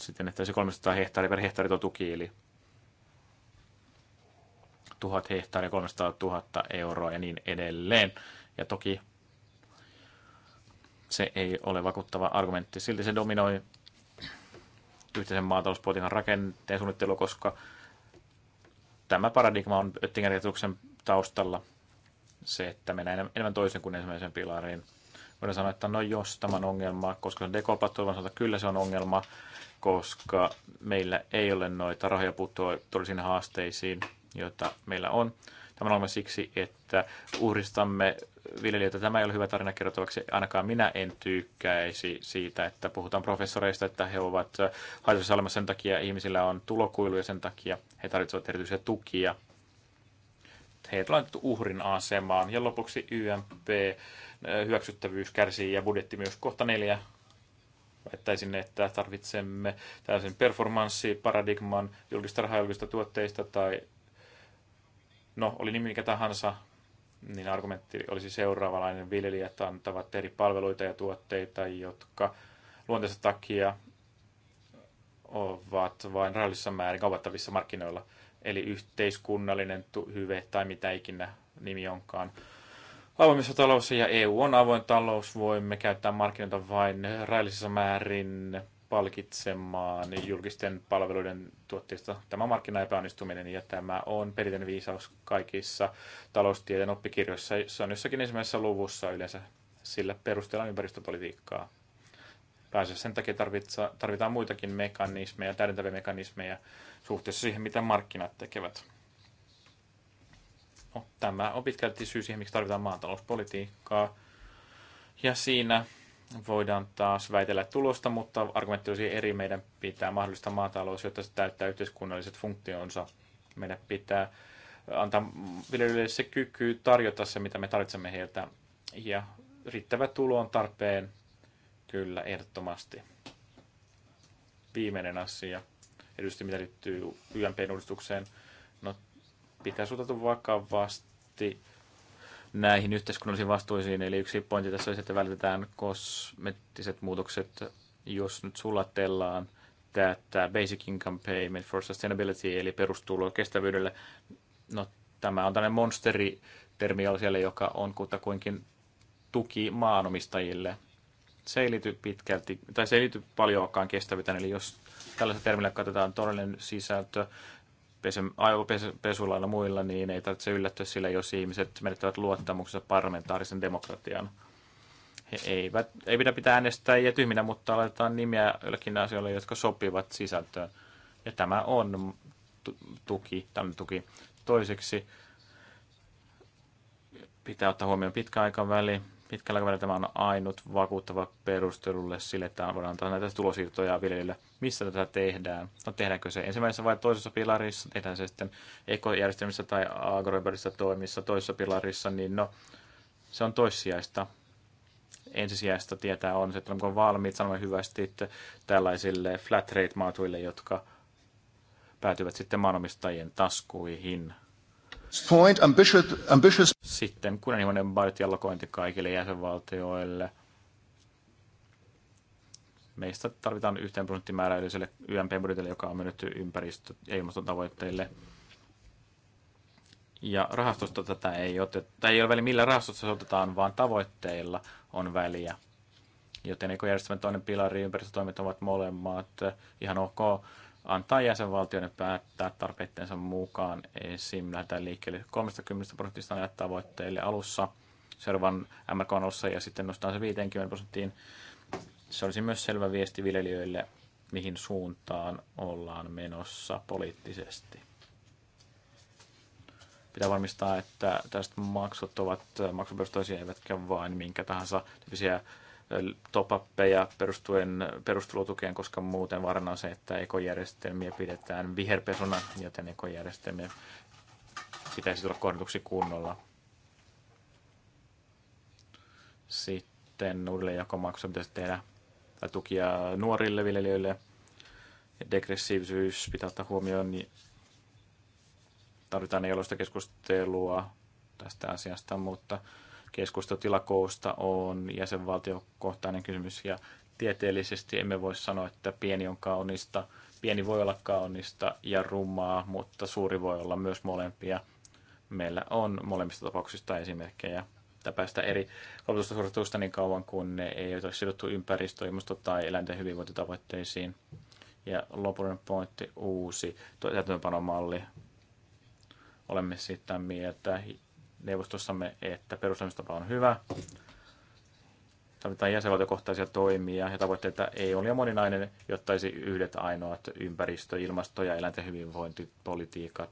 sitten että se 300 hehtaari per hehtaari tuo tuki, eli 000 hehtaaria, 300 000 euroa ja niin edelleen. Ja toki se ei ole vakuuttava argumentti. Silti se dominoi yhteisen maatalouspolitiikan rakenteen suunnittelu, koska tämä paradigma on Oettingerin taustalla se, että mennään enemmän toisen kuin ensimmäisen pilariin. Voidaan sanoa, että no jos tämä on ongelma, koska se on dekoplattu, vaan sanotaan, että kyllä se on ongelma, koska meillä ei ole noita rahoja puuttua todellisiin haasteisiin jota meillä on. Tämä on olemassa siksi, että uhristamme viljelijöitä. Tämä ei ole hyvä tarina kerrottavaksi. Ainakaan minä en tykkäisi siitä, että puhutaan professoreista, että he ovat haitallisessa olemassa sen takia, ihmisillä on tulokuilu ja sen takia he tarvitsevat erityisiä tukia. Heitä on laitettu uhrin asemaan. Ja lopuksi YMP, eh, hyväksyttävyys kärsii ja budjetti myös kohta neljä. Väittäisin, että tarvitsemme tällaisen performanssiparadigman julkista rahaa julkista tuotteista tai No, oli nimi mikä tahansa, niin argumentti olisi seuraavalainen. Viljelijät antavat eri palveluita ja tuotteita, jotka luonteensa takia ovat vain rajallisessa määrin kaupattavissa markkinoilla. Eli yhteiskunnallinen hyve tai mitä ikinä nimi onkaan. Avoimessa talous ja EU on avoin talous. Voimme käyttää markkinoita vain rajallisessa määrin palkitsemaan julkisten palveluiden tuotteista tämä epäonnistuminen ja tämä on perinteinen viisaus kaikissa taloustieteen oppikirjoissa. Se on jossakin ensimmäisessä luvussa yleensä, sillä perusteella ympäristöpolitiikkaa. Pääasiassa sen takia tarvitaan muitakin mekanismeja, täydentäviä mekanismeja suhteessa siihen, mitä markkinat tekevät. No, tämä on pitkälti syy siihen, miksi tarvitaan maatalouspolitiikkaa. Ja siinä voidaan taas väitellä tulosta, mutta argumentti olisi eri. Meidän pitää mahdollista maatalous, jotta se täyttää yhteiskunnalliset funktionsa. Meidän pitää antaa viljelijöille se kyky tarjota se, mitä me tarvitsemme heiltä. Ja riittävä tulo on tarpeen kyllä ehdottomasti. Viimeinen asia, edusti mitä liittyy YMP-uudistukseen. No, pitää suhtautua vakavasti näihin yhteiskunnallisiin vastuisiin. Eli yksi pointti tässä olisi, että vältetään kosmettiset muutokset, jos nyt sulatellaan tätä Basic Income Payment for Sustainability, eli perustulo kestävyydelle. No, tämä on tällainen monsteritermi siellä, joka on kuitenkin tuki maanomistajille. Se ei liity pitkälti, tai se ei liity paljonkaan kestävyyteen, eli jos tällaisella termillä katsotaan todellinen sisältö, aivopesulla ja muilla, niin ei tarvitse yllättyä sillä, jos ihmiset menettävät luottamuksensa parlamentaarisen demokratian. He eivät, ei pidä pitää äänestää ja tyhminä, mutta laitetaan nimiä jollekin asioille, jotka sopivat sisältöön. Ja tämä on tuki, tämmöinen tuki. Toiseksi pitää ottaa huomioon pitkä aikaväli. Pitkällä aikavälillä tämä on ainut vakuuttava perustelulle sille, että voidaan antaa näitä tulosiirtoja viljelijöille. Missä tätä tehdään? No tehdäänkö se ensimmäisessä vai toisessa pilarissa? Tehdään se sitten ekojärjestelmissä tai agroympäristössä toimissa toisessa pilarissa, niin no se on toissijaista. Ensisijaista tietää on se, että onko valmiit sanomaan hyvästi että tällaisille flat rate maatuille, jotka päätyvät sitten maanomistajien taskuihin. Point, ambitious, ambitious. Sitten kunnianhimoinen budjettiallokointi kaikille jäsenvaltioille. Meistä tarvitaan yhteen prosenttimäärä yleiselle YMP-budjetille, joka on myönnetty ympäristö- ja ilmastotavoitteille. Ja rahastosta tätä ei oteta, tai ei ole väliä millä rahastosta se otetaan, vaan tavoitteilla on väliä. Joten ekojärjestelmän toinen pilari, ympäristötoimet ovat molemmat ihan ok antaa jäsenvaltioiden päättää tarpeittensa mukaan. Esim. lähdetään liikkeelle 30 prosentista ajat tavoitteille alussa, seuraavan MRK alussa ja sitten nostetaan se 50 prosenttiin. Se olisi myös selvä viesti viljelijöille, mihin suuntaan ollaan menossa poliittisesti. Pitää varmistaa, että tästä maksut ovat maksuperustoisia, eivätkä vain minkä tahansa tyyppisiä topappeja perustuen perustulotukeen, koska muuten varana on se, että ekojärjestelmiä pidetään viherpesona, joten ekojärjestelmiä pitäisi tulla kohdatuksi kunnolla. Sitten uudelleenjakomaksu pitäisi tehdä tai tukia nuorille viljelijöille. Degressiivisyys pitää ottaa huomioon. Tarvitaan neljäloista keskustelua tästä asiasta, mutta keskustotilakoosta on jäsenvaltiokohtainen kysymys ja tieteellisesti emme voi sanoa, että pieni on kaunista. Pieni voi olla kaunista ja rumaa, mutta suuri voi olla myös molempia. Meillä on molemmista tapauksista esimerkkejä päästä eri koulutusta niin kauan, kun ne ei ole sidottu ympäristö-, ilmasto- tai eläinten hyvinvointitavoitteisiin. Ja lopullinen pointti, uusi täytäntöönpanomalli. Olemme sitä mieltä, neuvostossamme, että perustamistapa on hyvä. Tarvitaan jäsenvaltiokohtaisia toimia ja tavoitteita ei ole moninainen, jottaisi yhdet ainoat ympäristö-, ilmasto- ja eläinten hyvinvointipolitiikat.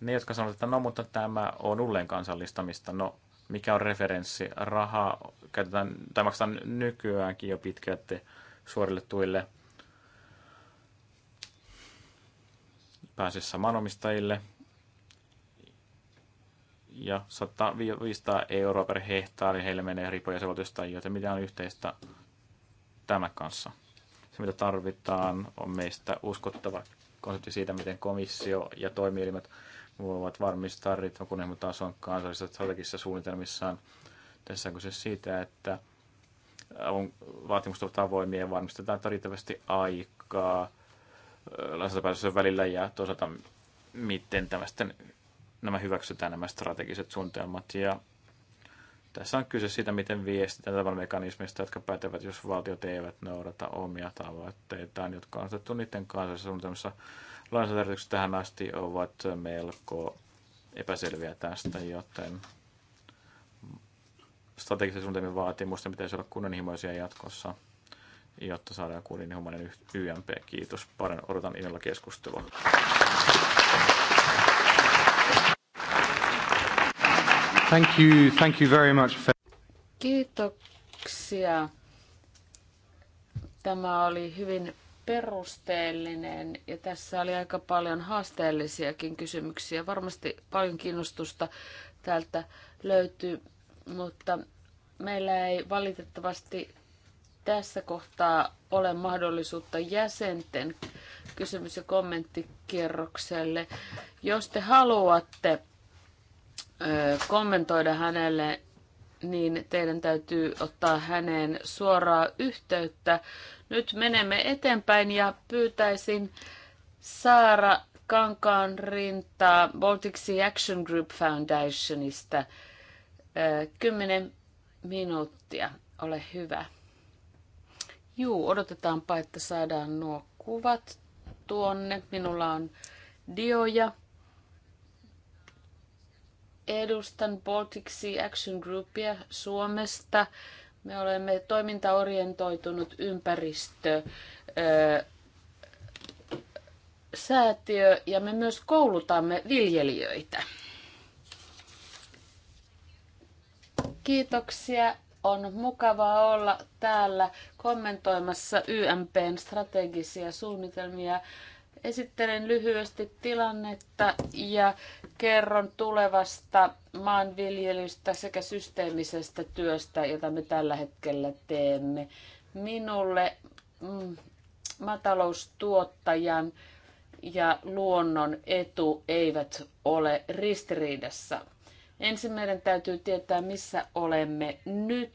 Ne, jotka sanovat, että no, mutta tämä on ulleen kansallistamista. No, mikä on referenssi? Rahaa käytetään, tai maksetaan nykyäänkin jo pitkälti suorille tuille pääsessä maanomistajille – ja 500 euroa per hehtaari heille menee ripoja sekoitusta, joten mitä on yhteistä tämä kanssa? Se, mitä tarvitaan, on meistä uskottava konsepti siitä, miten komissio ja toimielimet voivat varmistaa riittävän tason kansallisissa strategisissa suunnitelmissaan. Tässä on kyse siitä, että on, vaatimusta ovat avoimia ja varmistetaan, että riittävästi aikaa äh, lainsäädäntöpäätöksen välillä ja toisaalta miten tämä sitten nämä hyväksytään nämä strategiset suunnitelmat. Ja tässä on kyse siitä, miten viestitään tavalla mekanismista, jotka pätevät, jos valtiot eivät noudata omia tavoitteitaan, jotka on otettu niiden kansallisessa suunnitelmassa. Lainsäädäntö tähän asti ovat melko epäselviä tästä, joten strategisen suunnitelmien vaatimusten pitäisi olla kunnianhimoisia jatkossa, jotta saadaan kunnianhimoinen YMP. Kiitos. Paljon odotan innolla keskustelua. Thank you, thank you very much. Kiitoksia. Tämä oli hyvin perusteellinen ja tässä oli aika paljon haasteellisiakin kysymyksiä. Varmasti paljon kiinnostusta täältä löytyy, mutta meillä ei valitettavasti tässä kohtaa ole mahdollisuutta jäsenten kysymys- ja kommenttikierrokselle. Jos te haluatte kommentoida hänelle, niin teidän täytyy ottaa häneen suoraa yhteyttä. Nyt menemme eteenpäin ja pyytäisin Saara Kankaan rintaa Baltic Sea Action Group Foundationista. Kymmenen minuuttia, ole hyvä. Juu, odotetaanpa, että saadaan nuo kuvat tuonne. Minulla on dioja edustan Baltic Sea Action Groupia Suomesta. Me olemme toimintaorientoitunut ympäristö säätiö ja me myös koulutamme viljelijöitä. Kiitoksia. On mukavaa olla täällä kommentoimassa YMPn strategisia suunnitelmia Esittelen lyhyesti tilannetta ja kerron tulevasta maanviljelystä sekä systeemisestä työstä, jota me tällä hetkellä teemme. Minulle mm, mataloustuottajan ja luonnon etu eivät ole ristiriidassa. Ensin meidän täytyy tietää, missä olemme nyt.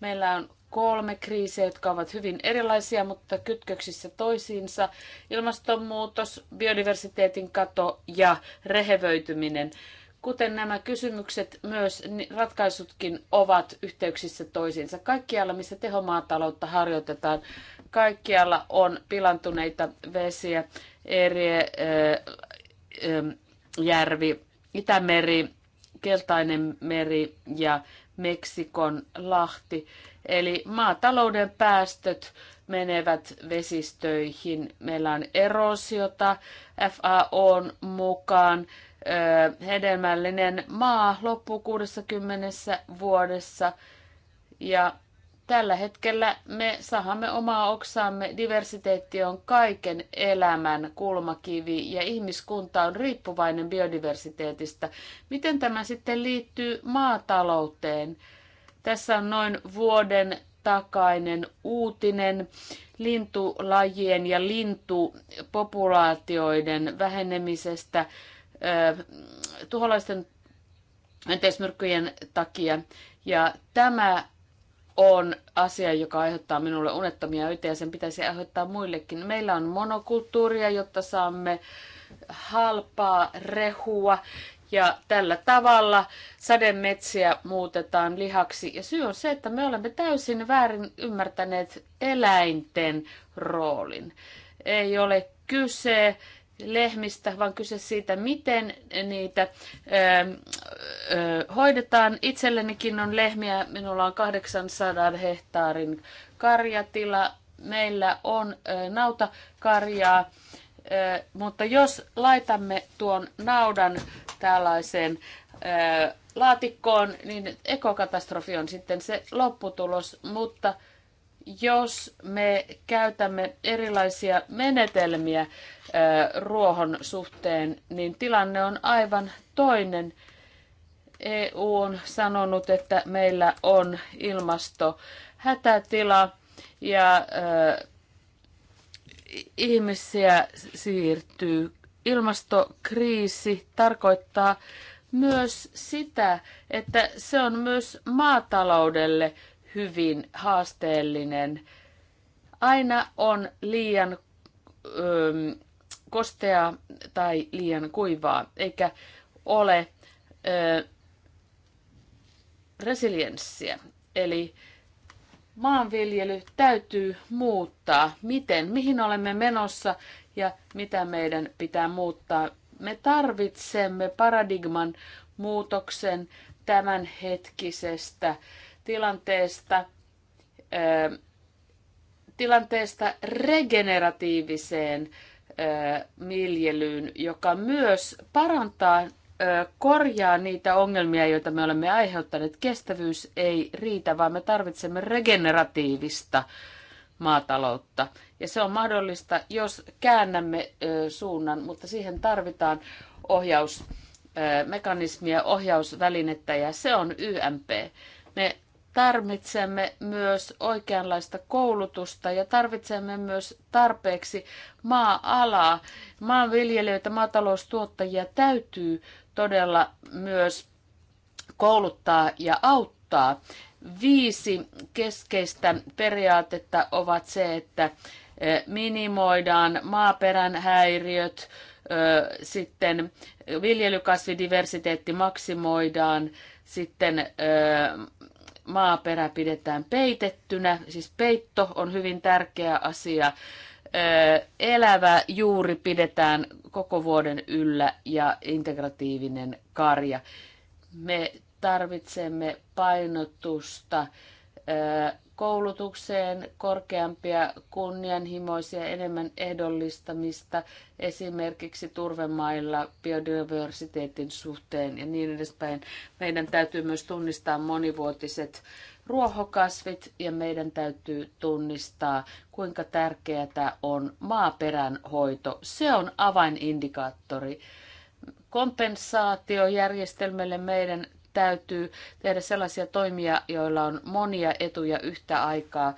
Meillä on kolme kriisiä, jotka ovat hyvin erilaisia, mutta kytköksissä toisiinsa. Ilmastonmuutos, biodiversiteetin kato ja rehevöityminen. Kuten nämä kysymykset, myös ratkaisutkin ovat yhteyksissä toisiinsa. Kaikkialla, missä tehomaataloutta harjoitetaan, kaikkialla on pilantuneita vesiä, eri äh, äh, järvi, Itämeri, Keltainen meri ja Meksikon lahti. Eli maatalouden päästöt menevät vesistöihin. Meillä on erosiota FAOn mukaan. Hedelmällinen maa loppuu 60 vuodessa ja Tällä hetkellä me sahamme omaa oksaamme. Diversiteetti on kaiken elämän kulmakivi ja ihmiskunta on riippuvainen biodiversiteetistä. Miten tämä sitten liittyy maatalouteen? Tässä on noin vuoden takainen uutinen lintulajien ja lintupopulaatioiden vähenemisestä tuholaisten enteismyrkkyjen takia. Ja tämä on asia, joka aiheuttaa minulle unettomia öitä ja sen pitäisi aiheuttaa muillekin. Meillä on monokulttuuria, jotta saamme halpaa rehua ja tällä tavalla sademetsiä muutetaan lihaksi. Ja syy on se, että me olemme täysin väärin ymmärtäneet eläinten roolin. Ei ole kyse lehmistä, vaan kyse siitä, miten niitä ö, ähm, ö, äh, hoidetaan. Itsellenikin on lehmiä, minulla on 800 hehtaarin karjatila, meillä on ö, äh, nautakarjaa, ö, äh, mutta jos laitamme tuon naudan tällaiseen ö, laatikkoon, niin ekokatastrofi on sitten se lopputulos, mutta jos me käytämme erilaisia menetelmiä ruohon suhteen, niin tilanne on aivan toinen. EU on sanonut, että meillä on ilmasto hätätila ja ihmisiä siirtyy. Ilmastokriisi tarkoittaa myös sitä, että se on myös maataloudelle hyvin haasteellinen. Aina on liian öö, kostea tai liian kuivaa, eikä ole ö, resilienssiä. Eli maanviljely täytyy muuttaa, miten, mihin olemme menossa ja mitä meidän pitää muuttaa. Me tarvitsemme paradigman muutoksen tämänhetkisestä hetkisestä tilanteesta, tilanteesta regeneratiiviseen miljelyyn, joka myös parantaa, korjaa niitä ongelmia, joita me olemme aiheuttaneet. Kestävyys ei riitä, vaan me tarvitsemme regeneratiivista maataloutta. Ja se on mahdollista, jos käännämme suunnan, mutta siihen tarvitaan ohjausmekanismia, ohjausvälinettä ja se on YMP. Me tarvitsemme myös oikeanlaista koulutusta ja tarvitsemme myös tarpeeksi maa-alaa. Maanviljelijöitä, maataloustuottajia täytyy todella myös kouluttaa ja auttaa. Viisi keskeistä periaatetta ovat se, että e, minimoidaan maaperän häiriöt, e, sitten viljelykasvidiversiteetti maksimoidaan, sitten e, maaperä pidetään peitettynä. Siis peitto on hyvin tärkeä asia. Elävä juuri pidetään koko vuoden yllä ja integratiivinen karja. Me tarvitsemme painotusta koulutukseen korkeampia kunnianhimoisia, enemmän ehdollistamista esimerkiksi turvemailla biodiversiteetin suhteen ja niin edespäin. Meidän täytyy myös tunnistaa monivuotiset ruohokasvit ja meidän täytyy tunnistaa, kuinka tärkeää on maaperän hoito. Se on avainindikaattori kompensaatiojärjestelmälle meidän täytyy tehdä sellaisia toimia, joilla on monia etuja yhtä aikaa.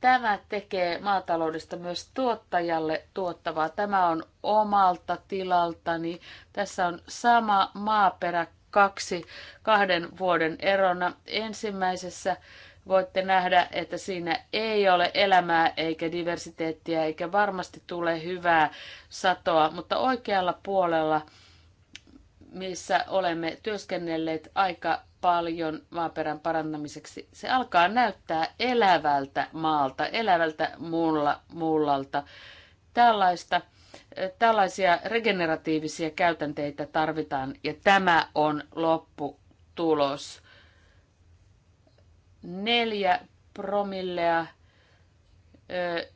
Tämä tekee maataloudesta myös tuottajalle tuottavaa. Tämä on omalta tilaltani. Tässä on sama maaperä kaksi kahden vuoden erona. Ensimmäisessä voitte nähdä, että siinä ei ole elämää eikä diversiteettiä eikä varmasti tule hyvää satoa, mutta oikealla puolella – missä olemme työskennelleet aika paljon maaperän parantamiseksi. Se alkaa näyttää elävältä maalta, elävältä muulla, mullalta. Tällaista, eh, tällaisia regeneratiivisia käytänteitä tarvitaan ja tämä on lopputulos. Neljä promillea eh,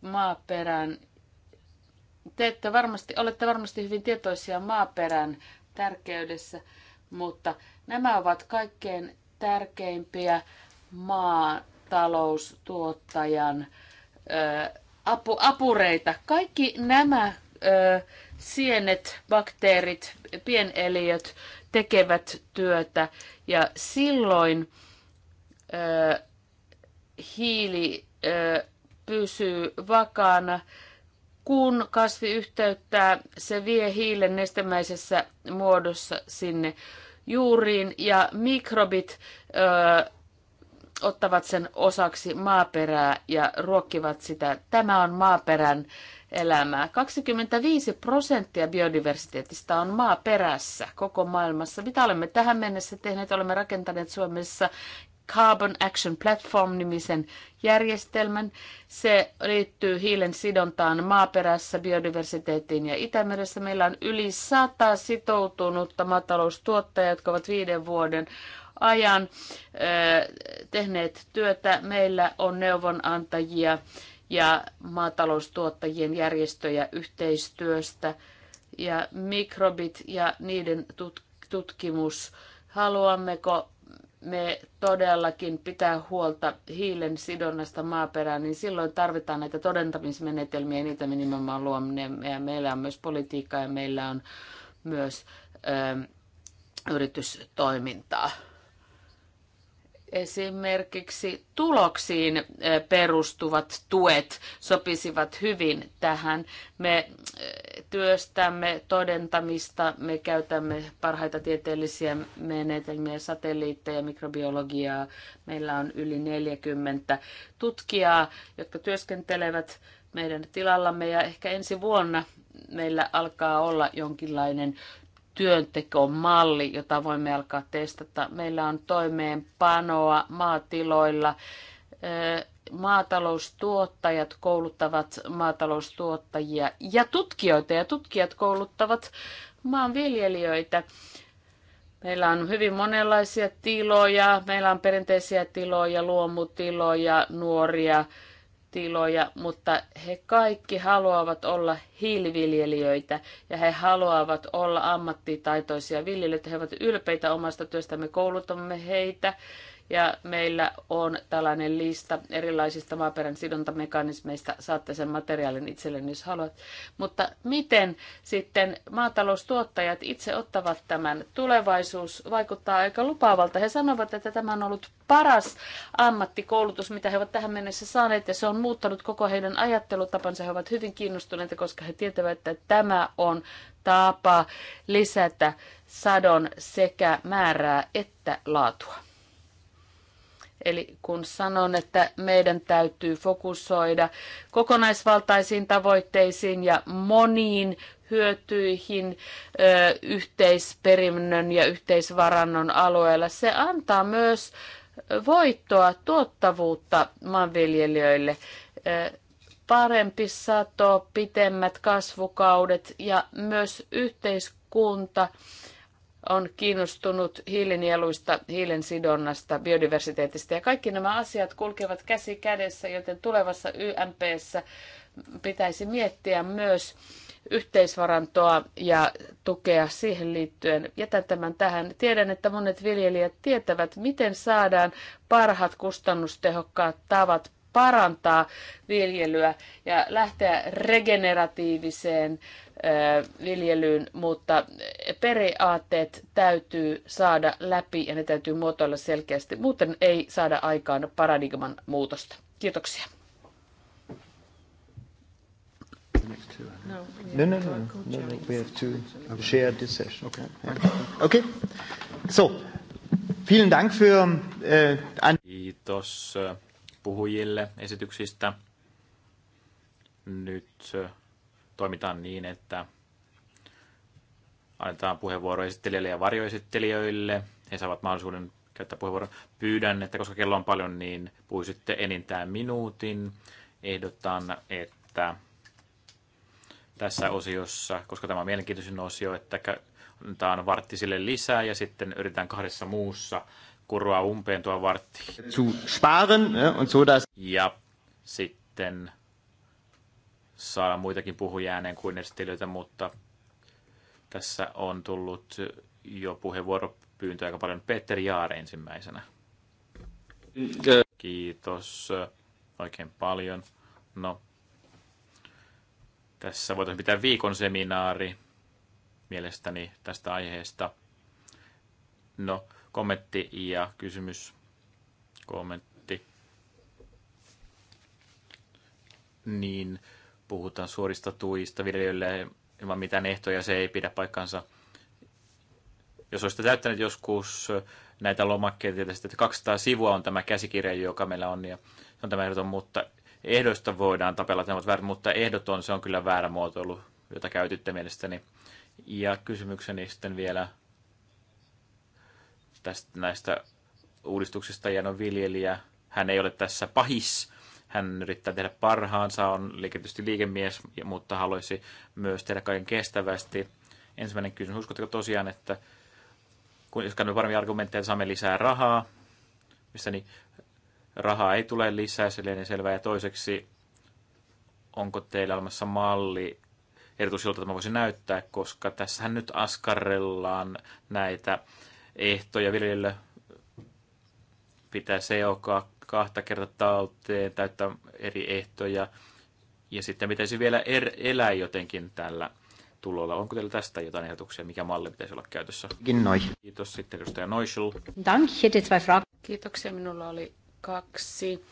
maaperän te ette varmasti, olette varmasti hyvin tietoisia maaperän tärkeydessä, mutta nämä ovat kaikkein tärkeimpiä maataloustuottajan ö, apu, apureita. Kaikki nämä ö, sienet, bakteerit, pieneliöt tekevät työtä ja silloin ö, hiili ö, pysyy vakaana kun kasvi yhteyttää, se vie hiilen nestemäisessä muodossa sinne juuriin ja mikrobit ö, ottavat sen osaksi maaperää ja ruokkivat sitä. Tämä on maaperän elämää. 25 prosenttia biodiversiteetistä on maaperässä koko maailmassa. Mitä olemme tähän mennessä tehneet? Olemme rakentaneet Suomessa Carbon Action Platform-nimisen järjestelmän. Se liittyy hiilen sidontaan maaperässä, biodiversiteettiin ja Itämeressä. Meillä on yli sata sitoutunutta maataloustuottajaa, jotka ovat viiden vuoden ajan tehneet työtä. Meillä on neuvonantajia ja maataloustuottajien järjestöjä yhteistyöstä ja mikrobit ja niiden tutkimus. Haluammeko me todellakin pitää huolta hiilen sidonnasta maaperään, niin silloin tarvitaan näitä todentamismenetelmiä, ja niitä me nimenomaan luomme. Ja meillä on myös politiikkaa ja meillä on myös ö, yritystoimintaa. Esimerkiksi tuloksiin eh, perustuvat tuet sopisivat hyvin tähän. Me eh, työstämme todentamista, me käytämme parhaita tieteellisiä menetelmiä, satelliitteja, mikrobiologiaa. Meillä on yli 40 tutkijaa, jotka työskentelevät meidän tilallamme ja ehkä ensi vuonna meillä alkaa olla jonkinlainen työntekomalli, jota voimme alkaa testata. Meillä on toimeenpanoa maatiloilla. Maataloustuottajat kouluttavat maataloustuottajia ja tutkijoita ja tutkijat kouluttavat maanviljelijöitä. Meillä on hyvin monenlaisia tiloja. Meillä on perinteisiä tiloja, luomutiloja, nuoria tiloja, mutta he kaikki haluavat olla hiiliviljelijöitä ja he haluavat olla ammattitaitoisia viljelijöitä. He ovat ylpeitä omasta työstämme, koulutamme heitä ja meillä on tällainen lista erilaisista maaperän sidontamekanismeista. Saatte sen materiaalin itselleni, jos haluat. Mutta miten sitten maataloustuottajat itse ottavat tämän? Tulevaisuus vaikuttaa aika lupaavalta. He sanovat, että tämä on ollut paras ammattikoulutus, mitä he ovat tähän mennessä saaneet, ja se on muuttanut koko heidän ajattelutapansa. He ovat hyvin kiinnostuneita, koska he tietävät, että tämä on tapa lisätä sadon sekä määrää että laatua. Eli kun sanon, että meidän täytyy fokusoida kokonaisvaltaisiin tavoitteisiin ja moniin hyötyihin ö, yhteisperinnön ja yhteisvarannon alueella, se antaa myös voittoa, tuottavuutta maanviljelijöille. Ö, parempi sato, pitemmät kasvukaudet ja myös yhteiskunta. Ö, on kiinnostunut hiilinieluista, hiilen sidonnasta, biodiversiteetistä ja kaikki nämä asiat kulkevat käsi kädessä, joten tulevassa YMPssä pitäisi miettiä myös yhteisvarantoa ja tukea siihen liittyen. Jätän tämän tähän. Tiedän, että monet viljelijät tietävät, miten saadaan parhaat kustannustehokkaat tavat parantaa viljelyä ja lähteä regeneratiiviseen viljelyyn, mutta periaatteet täytyy saada läpi ja ne täytyy muotoilla selkeästi. Muuten ei saada aikaan paradigman muutosta. Kiitoksia. No, no, no, no, no, We have to share this session. Okay. Okay. So, vielen Dank für. Äh, Kiitos puhujille esityksistä. Nyt äh, toimitaan niin, että annetaan puheenvuoro esittelijöille ja varjoesittelijöille. He saavat mahdollisuuden käyttää puheenvuoron. Pyydän, että koska kello on paljon, niin puhuisitte enintään minuutin. Ehdotan, että tässä osiossa, koska tämä on mielenkiintoisin osio, että annetaan varttisille lisää ja sitten yritetään kahdessa muussa kuroa umpeen tuo vartti. Zu sparen, ja, und so Ja sitten saada muitakin puhujia ääneen kuin estilöitä, mutta tässä on tullut jo puheenvuoropyyntö aika paljon. Peter Jaar ensimmäisenä. Kiitos oikein paljon. No, tässä voitaisiin pitää viikon seminaari mielestäni tästä aiheesta. No, kommentti ja kysymys. Kommentti. Niin puhutaan suorista tuista viljelijöille ilman mitään ehtoja, se ei pidä paikkansa. Jos olisitte täyttänyt joskus näitä lomakkeita, että 200 sivua on tämä käsikirja, joka meillä on, ja se on tämä ehdoton, mutta ehdoista voidaan tapella, että ne ovat väärin, mutta ehdoton, se on kyllä väärä muotoilu, jota käytitte mielestäni. Ja kysymykseni sitten vielä, tästä, näistä uudistuksista ja on no viljelijä. Hän ei ole tässä pahis. Hän yrittää tehdä parhaansa, on tietysti liikemies, mutta haluaisi myös tehdä kaiken kestävästi. Ensimmäinen kysymys, uskotteko tosiaan, että kun jos käymme paremmin argumentteja, että saamme lisää rahaa, missä niin rahaa ei tule lisää, se lienee selvää. Ja toiseksi, onko teillä olemassa malli, erityisesti jolta tämä voisi näyttää, koska tässähän nyt askarrellaan näitä ehtoja viljelijöille pitää CO2 kahta kertaa talteen, täyttää eri ehtoja, ja sitten pitäisi vielä er, elää jotenkin tällä tulolla. Onko teillä tästä jotain ehdotuksia, mikä malli pitäisi olla käytössä? Noi. Kiitos sitten edustaja Noisel. Kiitoksia, minulla oli kaksi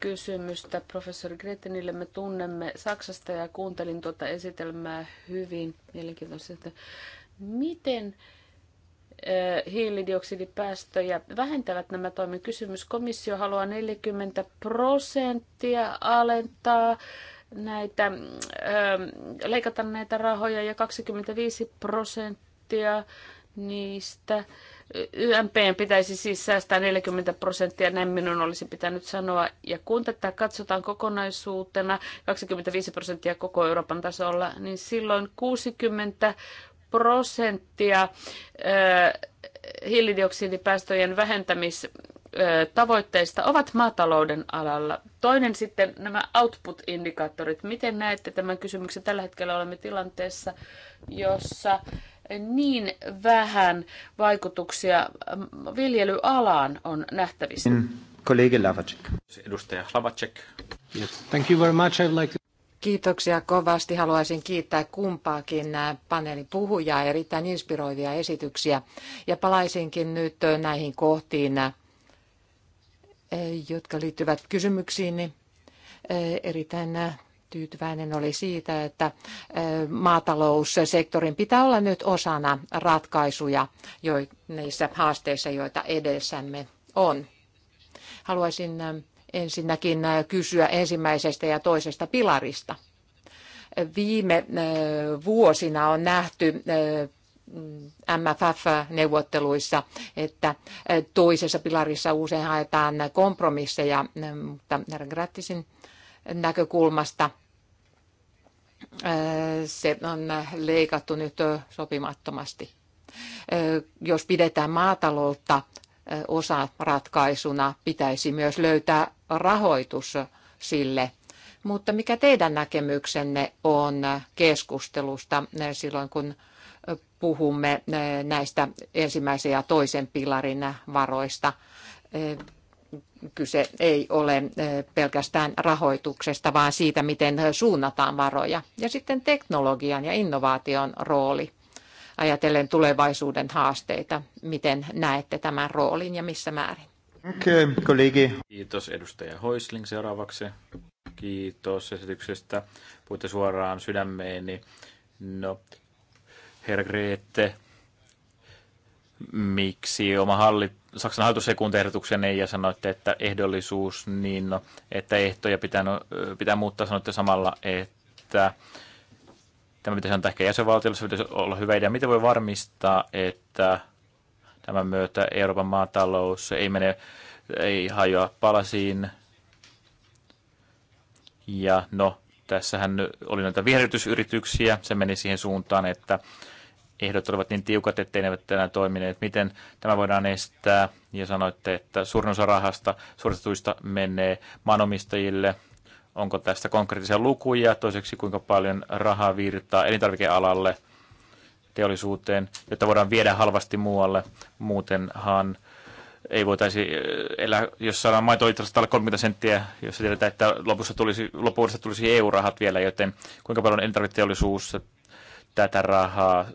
kysymystä professori Gretenille. Me tunnemme Saksasta ja kuuntelin tuota esitelmää hyvin mielenkiintoisesti. Miten hiilidioksidipäästöjä vähentävät nämä toimen kysymys. Komissio haluaa 40 prosenttia alentaa näitä, leikata näitä rahoja ja 25 prosenttia niistä. YMP pitäisi siis säästää 40 prosenttia, näin minun olisi pitänyt sanoa. Ja kun tätä katsotaan kokonaisuutena, 25 prosenttia koko Euroopan tasolla, niin silloin 60 prosenttia hiilidioksidipäästöjen vähentämis tavoitteista ovat maatalouden alalla. Toinen sitten nämä output-indikaattorit. Miten näette tämän kysymyksen? Tällä hetkellä olemme tilanteessa, jossa niin vähän vaikutuksia viljelyalaan on nähtävissä. Mm, kollega Lavacek. Edustaja Lavacek. Yes. Thank you very much. I'd like Kiitoksia kovasti. Haluaisin kiittää kumpaakin paneelipuhujaa erittäin inspiroivia esityksiä. Ja palaisinkin nyt näihin kohtiin, jotka liittyvät kysymyksiin. Erittäin tyytyväinen oli siitä, että maataloussektorin pitää olla nyt osana ratkaisuja niissä haasteissa, joita edessämme on. Haluaisin ensinnäkin äh, kysyä ensimmäisestä ja toisesta pilarista. Viime äh, vuosina on nähty äh, MFF-neuvotteluissa, mm, että toisessa pilarissa usein haetaan kompromisseja, mutta Grattisin näkökulmasta se on leikattu nyt sopimattomasti. Jos pidetään maataloutta osaratkaisuna pitäisi myös löytää rahoitus sille. Mutta mikä teidän näkemyksenne on keskustelusta silloin, kun puhumme näistä ensimmäisen ja toisen pilarin varoista? Kyse ei ole pelkästään rahoituksesta, vaan siitä, miten suunnataan varoja. Ja sitten teknologian ja innovaation rooli ajatellen tulevaisuuden haasteita. Miten näette tämän roolin ja missä määrin? Okay, kollegi. Kiitos edustaja Hoisling seuraavaksi. Kiitos esityksestä. Puhutte suoraan sydämeeni. No, herra Greete, miksi oma halli, Saksan hallitus ei kuuntehdotuksen ja sanoitte, että ehdollisuus, niin no, että ehtoja pitää, no, pitää muuttaa, sanoitte samalla, että Tämä pitäisi antaa ehkä jäsenvaltiolle, se pitäisi olla hyvä idea. Miten voi varmistaa, että tämän myötä Euroopan maatalous ei mene, ei hajoa palasiin? Ja no, tässähän oli näitä viherytysyrityksiä, se meni siihen suuntaan, että ehdot olivat niin tiukat, ettei ne eivät enää toimineet. Miten tämä voidaan estää? Ja sanoitte, että suurin osa rahasta, suoritetuista menee maanomistajille – Onko tästä konkreettisia lukuja? Toiseksi, kuinka paljon rahaa virtaa elintarvikealalle, teollisuuteen, jotta voidaan viedä halvasti muualle. Muutenhan ei voitaisi eh, elää, jos saadaan maito alle 30 senttiä, jos se tiedetään, että lopussa tulisi, lopussa tulisi EU-rahat vielä, joten kuinka paljon elintarviketeollisuus tätä rahaa eh,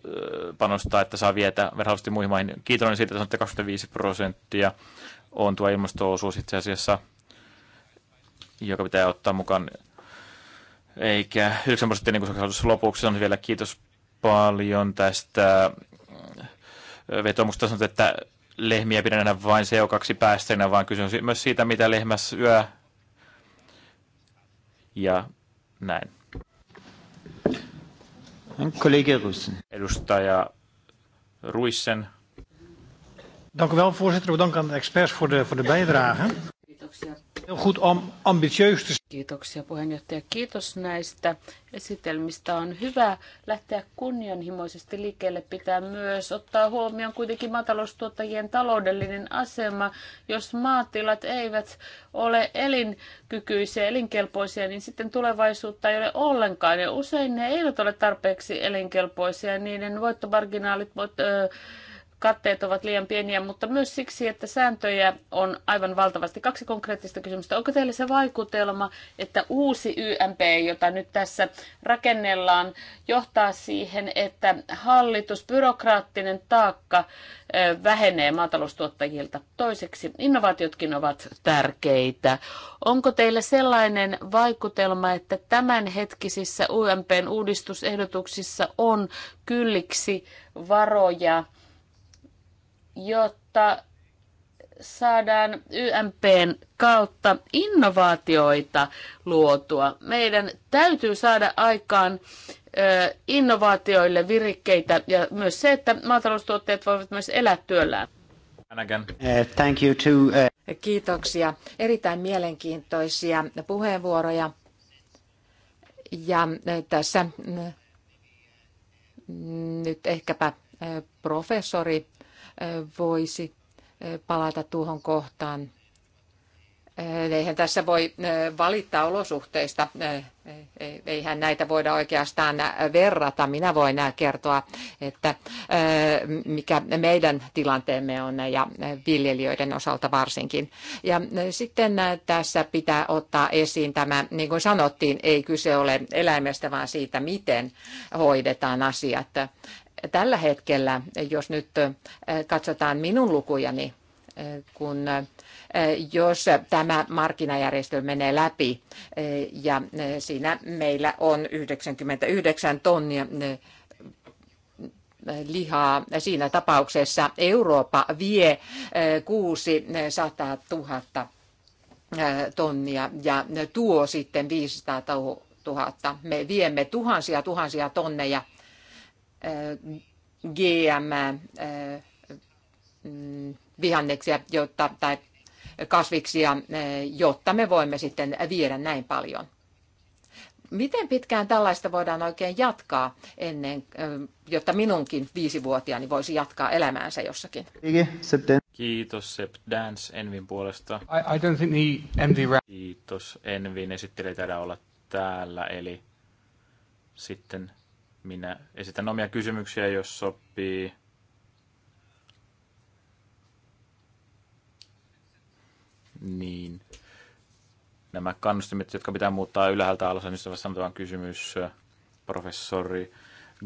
panostaa, että saa vietä verhallisesti muihin maihin. Kiitollinen siitä, että 25 prosenttia on tuo ilmasto-osuus itse asiassa joka pitää ottaa mukaan. Eikä 9 prosenttia, niin kuin se lopuksi on vielä kiitos paljon tästä äh, vetomusta sanottu, että lehmiä pidän enää vain co 2 päästöinä vaan kyse myös siitä, mitä lehmä syö. Ja näin. Kollega Russen. Edustaja Ruissen. Dank u wel, voorzitter. Bedankt aan de experts voor de, voor de bijdrage. Kiitoksia Kiitoksia puheenjohtaja. Kiitos näistä esitelmistä. On hyvä lähteä kunnianhimoisesti liikkeelle. Pitää myös ottaa huomioon kuitenkin maataloustuottajien taloudellinen asema. Jos maatilat eivät ole elinkykyisiä, elinkelpoisia, niin sitten tulevaisuutta ei ole ollenkaan. Ja usein ne eivät ole tarpeeksi elinkelpoisia. Niiden voittomarginaalit voivat katteet ovat liian pieniä, mutta myös siksi, että sääntöjä on aivan valtavasti. Kaksi konkreettista kysymystä. Onko teillä se vaikutelma, että uusi YMP, jota nyt tässä rakennellaan, johtaa siihen, että hallitus, byrokraattinen taakka vähenee maataloustuottajilta? Toiseksi, innovaatiotkin ovat tärkeitä. Onko teillä sellainen vaikutelma, että tämänhetkisissä UMP:n uudistusehdotuksissa on kylliksi varoja, jotta saadaan YMPn kautta innovaatioita luotua. Meidän täytyy saada aikaan innovaatioille virikkeitä ja myös se, että maataloustuotteet voivat myös elää työllään. Eh, thank you to, eh. Kiitoksia. Erittäin mielenkiintoisia puheenvuoroja. Ja eh, tässä mm, nyt ehkäpä professori voisi palata tuohon kohtaan. Eihän tässä voi valittaa olosuhteista. Eihän näitä voida oikeastaan verrata. Minä voin kertoa, että mikä meidän tilanteemme on ja viljelijöiden osalta varsinkin. Ja sitten tässä pitää ottaa esiin tämä, niin kuin sanottiin, ei kyse ole eläimestä, vaan siitä, miten hoidetaan asiat tällä hetkellä, jos nyt katsotaan minun lukujani, kun jos tämä markkinajärjestö menee läpi ja siinä meillä on 99 tonnia lihaa. Siinä tapauksessa Eurooppa vie 600 000 tonnia ja tuo sitten 500 000. Me viemme tuhansia tuhansia tonneja GM mm, vihanneksia jotta, tai kasviksia, jotta me voimme sitten viedä näin paljon. Miten pitkään tällaista voidaan oikein jatkaa ennen, jotta minunkin viisivuotiaani voisi jatkaa elämäänsä jossakin? Kiitos Sepp Dance Envin puolesta. I, I don't think the MD... Kiitos Envin esittelijä täällä olla täällä, eli sitten minä esitän omia kysymyksiä, jos sopii. Niin. Nämä kannustimet, jotka pitää muuttaa ylhäältä alas, niistä vastaan kysymys äh, professori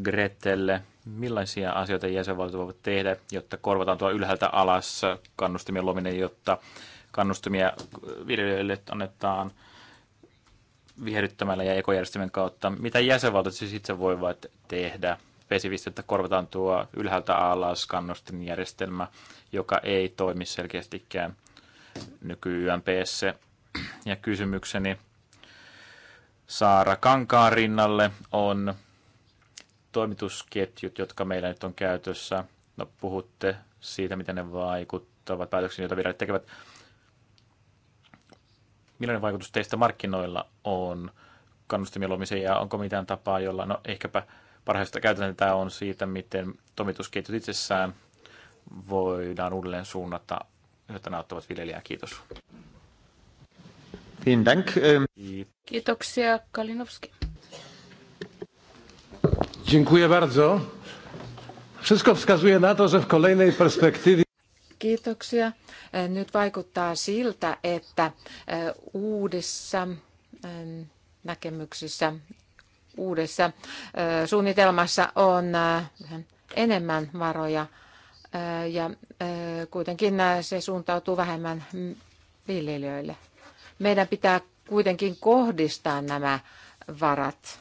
Gretelle. Millaisia asioita jäsenvaltiot voivat tehdä, jotta korvataan tuo ylhäältä alas kannustimien luominen, jotta kannustimia viljelijöille annetaan – viherryttämällä ja ekojärjestelmän kautta. Mitä jäsenvaltiot siis itse voivat tehdä? Vesivistettä korvataan tuo ylhäältä alas järjestelmä, joka ei toimi selkeästikään nyky -YMPssä. Ja kysymykseni Saara Kankaan rinnalle on toimitusketjut, jotka meillä nyt on käytössä. No, puhutte siitä, miten ne vaikuttavat päätöksiin, joita virat tekevät millainen vaikutus teistä markkinoilla on kannustimien luomiseen ja onko mitään tapaa, jolla, no ehkäpä parhaista käytännössä on siitä, miten toimitusketjut itsessään voidaan uudelleen suunnata, jotta ne auttavat viljelijää. Kiitos. Ähm, Kiitoksia, Kalinowski. Dziękuję bardzo. Wszystko wskazuje na to, że w kolejnej perspektywie Kiitoksia. Nyt vaikuttaa siltä, että uudessa näkemyksessä, uudessa suunnitelmassa on enemmän varoja ja kuitenkin se suuntautuu vähemmän viljelijöille. Meidän pitää kuitenkin kohdistaa nämä varat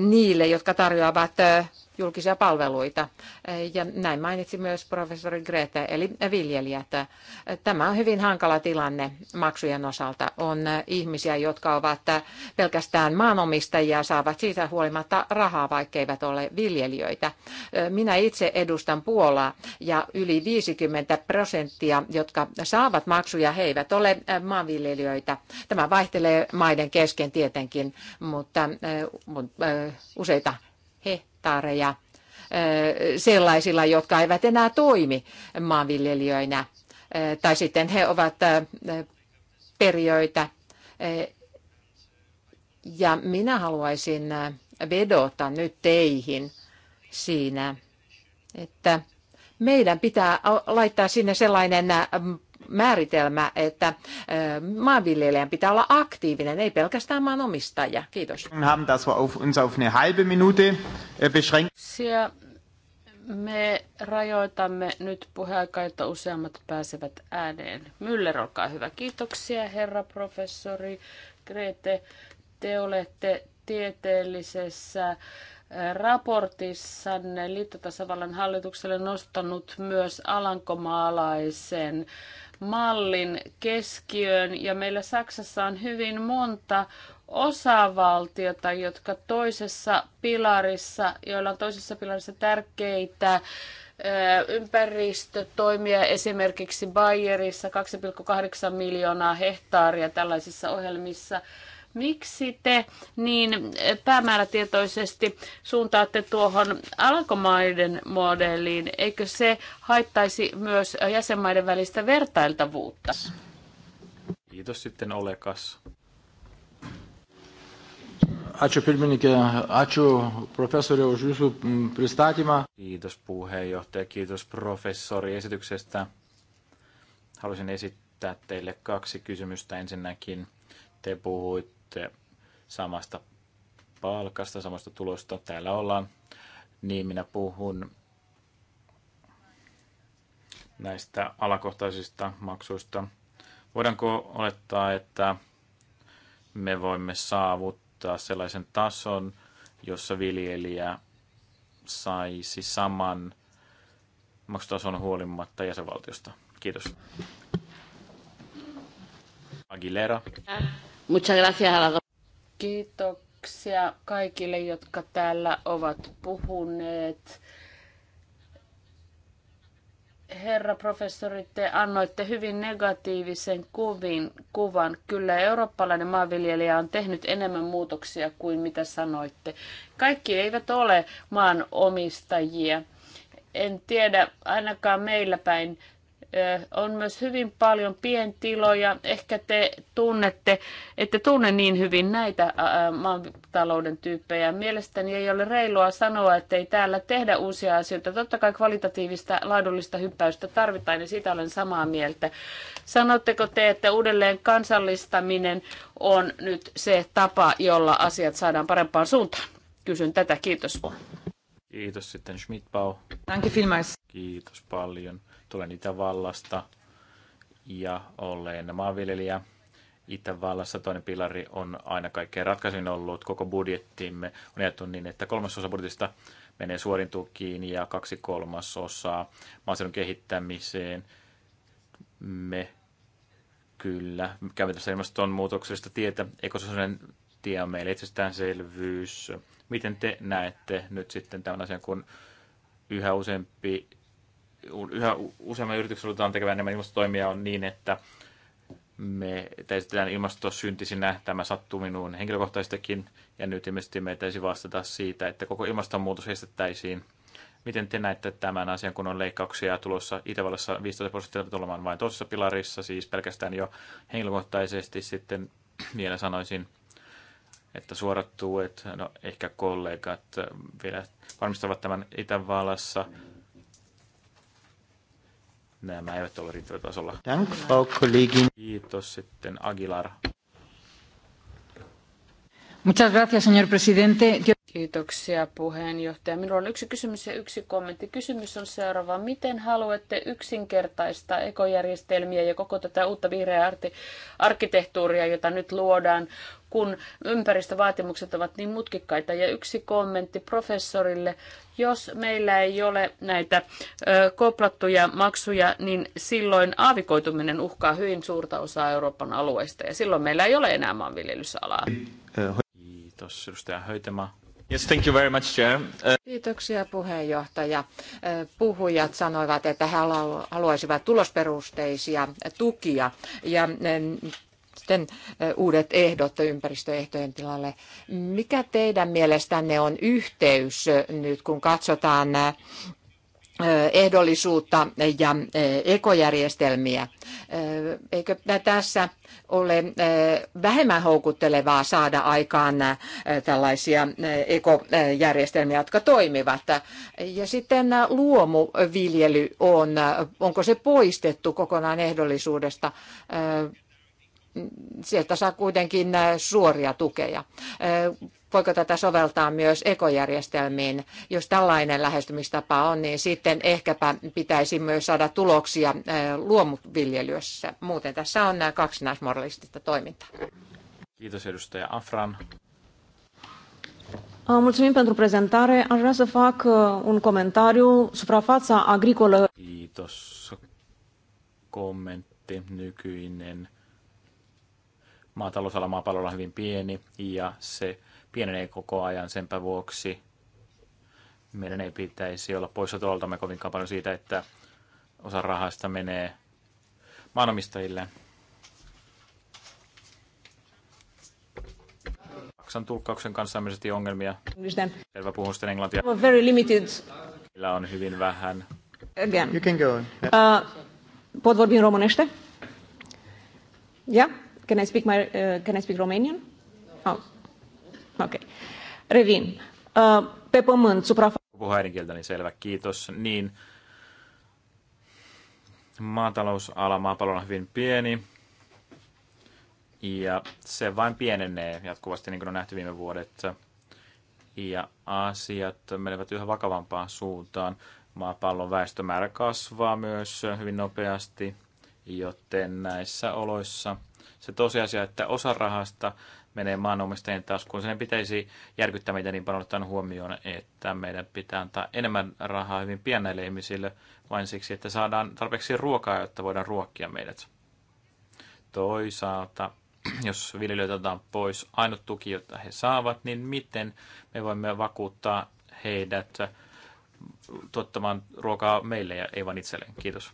niille, jotka tarjoavat julkisia palveluita. Ja näin mainitsi myös professori Grete, eli viljelijät. Tämä on hyvin hankala tilanne maksujen osalta. On ihmisiä, jotka ovat pelkästään maanomistajia, saavat siitä huolimatta rahaa, vaikkeivät ole viljelijöitä. Minä itse edustan Puolaa ja yli 50 prosenttia, jotka saavat maksuja, he eivät ole maanviljelijöitä. Tämä vaihtelee maiden kesken tietenkin, mutta useita he hehtaareja sellaisilla, jotka eivät enää toimi maanviljelijöinä, tai sitten he ovat perijöitä. Ja minä haluaisin vedota nyt teihin siinä, että meidän pitää laittaa sinne sellainen määritelmä, että maanviljelijän pitää olla aktiivinen, ei pelkästään maanomistaja. Kiitos. Haben äh, me rajoitamme nyt puheaikaa, jotta useammat pääsevät ääneen. Müller, olkaa hyvä. Kiitoksia, herra professori Grete. Te olette tieteellisessä äh, raportissanne liittotasavallan hallitukselle nostanut myös alankomaalaisen mallin keskiöön ja meillä Saksassa on hyvin monta osavaltiota, jotka toisessa pilarissa, joilla on toisessa pilarissa tärkeitä ympäristötoimia, esimerkiksi Bayerissa 2,8 miljoonaa hehtaaria tällaisissa ohjelmissa Miksi te niin päämäärätietoisesti suuntaatte tuohon alkomaiden modeliin? Eikö se haittaisi myös jäsenmaiden välistä vertailtavuutta? Kiitos sitten Olekas. Ačiū pirmininkė, ačiū professorille už jūsų pristatymą. Kiitos puheenjohtaja, kiitos professori esityksestä. Haluaisin esittää teille kaksi kysymystä. Ensinnäkin te puhuitte samasta palkasta, samasta tulosta. Täällä ollaan. Niin minä puhun näistä alakohtaisista maksuista. Voidaanko olettaa, että me voimme saavuttaa sellaisen tason, jossa viljelijä saisi saman maksutason huolimatta jäsenvaltiosta? Kiitos. Aguilera. Äh, Muchas gracias a las Kiitoksia kaikille, jotka täällä ovat puhuneet. Herra professori, te annoitte hyvin negatiivisen kuvin, kuvan. Kyllä eurooppalainen maanviljelijä on tehnyt enemmän muutoksia kuin mitä sanoitte. Kaikki eivät ole maanomistajia. En tiedä, ainakaan meillä päin on myös hyvin paljon pientiloja. Ehkä te tunnette, ette tunne niin hyvin näitä maatalouden tyyppejä. Mielestäni ei ole reilua sanoa, että ei täällä tehdä uusia asioita. Totta kai kvalitatiivista laadullista hyppäystä tarvitaan ja siitä olen samaa mieltä. Sanotteko te, että uudelleen kansallistaminen on nyt se tapa, jolla asiat saadaan parempaan suuntaan? Kysyn tätä. Kiitos. Kiitos sitten Schmidt-Pau. Kiitos paljon. Tulen Itävallasta ja olen maanviljelijä. Itävallassa toinen pilari on aina kaikkein ratkaisin ollut. Koko budjettimme on jaettu niin, että kolmasosa budjetista menee suorin tukiin ja kaksi kolmasosaa maaseudun kehittämiseen. Me kyllä käymme tässä ilmastonmuutoksesta tietä. Ekososainen tie on meille itsestäänselvyys. Miten te näette nyt sitten tämän asian, kun yhä useampi yhä useamman yrityksen halutaan tekemään enemmän ilmastotoimia on niin, että me esitellään ilmastosyntisinä. Tämä sattuu minuun henkilökohtaisestikin ja nyt ilmeisesti me täytyy vastata siitä, että koko ilmastonmuutos estettäisiin. Miten te näette tämän asian, kun on leikkauksia tulossa Itävallassa 15 prosenttia tulemaan vain toisessa pilarissa, siis pelkästään jo henkilökohtaisesti sitten vielä sanoisin, että suorat tuet, no ehkä kollegat vielä varmistavat tämän Itävallassa. Mm nämä eivät ole riittävällä tasolla. Kollegin. Kiitos sitten Aguilar. Muchas gracias, señor presidente. Kiitoksia puheenjohtaja. Minulla on yksi kysymys ja yksi kommentti. Kysymys on seuraava. Miten haluatte yksinkertaistaa ekojärjestelmiä ja koko tätä uutta vihreää arkkitehtuuria, jota nyt luodaan, kun ympäristövaatimukset ovat niin mutkikkaita? Ja yksi kommentti professorille. Jos meillä ei ole näitä ö, koplattuja maksuja, niin silloin aavikoituminen uhkaa hyvin suurta osaa Euroopan alueista ja silloin meillä ei ole enää maanviljelysalaa. Kiitos, edustaja Höytema. Uh, Kiitoksia puheenjohtaja. Äh, puhujat sanoivat, että he haluaisivat tulosperusteisia tukia ja äh, sitten äh, uudet ehdot ympäristöehtojen tilalle. Mikä teidän mielestänne on yhteys nyt, kun katsotaan ehdollisuutta ja ekojärjestelmiä. Eikö tässä ole vähemmän houkuttelevaa saada aikaan tällaisia ekojärjestelmiä, jotka toimivat? Ja sitten luomuviljely on, onko se poistettu kokonaan ehdollisuudesta? Sieltä saa kuitenkin suoria tukeja voiko tätä soveltaa myös ekojärjestelmiin. Jos tällainen lähestymistapa on, niin sitten ehkäpä pitäisi myös saada tuloksia eh, luomuviljelyssä. Muuten tässä on kaksinaismoralistista toimintaa. Kiitos edustaja Afran. Mulțumim pentru prezentare. Aș vrea să fac eh, un comentariu. Suprafața agricolă... Kiitos. Kommentti nykyinen maatalousala maapallolla on hyvin pieni ja se pienenee koko ajan senpä vuoksi. Meidän ei pitäisi olla poissa me kovinkaan paljon siitä, että osa rahasta menee maanomistajille. Saksan tulkkauksen kanssa on ongelmia. Selvä, puhun sitten englantia. very limited. Meillä on hyvin vähän. Again. You can go on. Uh, podvorbin romaneste. Yeah? Can I speak, my, uh, can I speak Romanian? Oh. Ok. Okay. Revin. Uh, pe pământ, suprafață. Puhu äidinkieltäni niin selvä, kiitos. Niin, maatalousala maapallon on hyvin pieni. Ja se vain pienenee jatkuvasti, niin kuin on nähty viime vuodet. Ja asiat menevät yhä vakavampaan suuntaan. Maapallon väestömäärä kasvaa myös hyvin nopeasti, joten näissä oloissa se tosiasia, että osa rahasta menee maanomistajien taskuun. Sen pitäisi järkyttää meitä niin paljon ottaen huomioon, että meidän pitää antaa enemmän rahaa hyvin pienelle ihmisille vain siksi, että saadaan tarpeeksi ruokaa, jotta voidaan ruokkia meidät. Toisaalta, jos viljelijöitä otetaan pois ainut tuki, jota he saavat, niin miten me voimme vakuuttaa heidät tuottamaan ruokaa meille ja ei vain itselleen. Kiitos.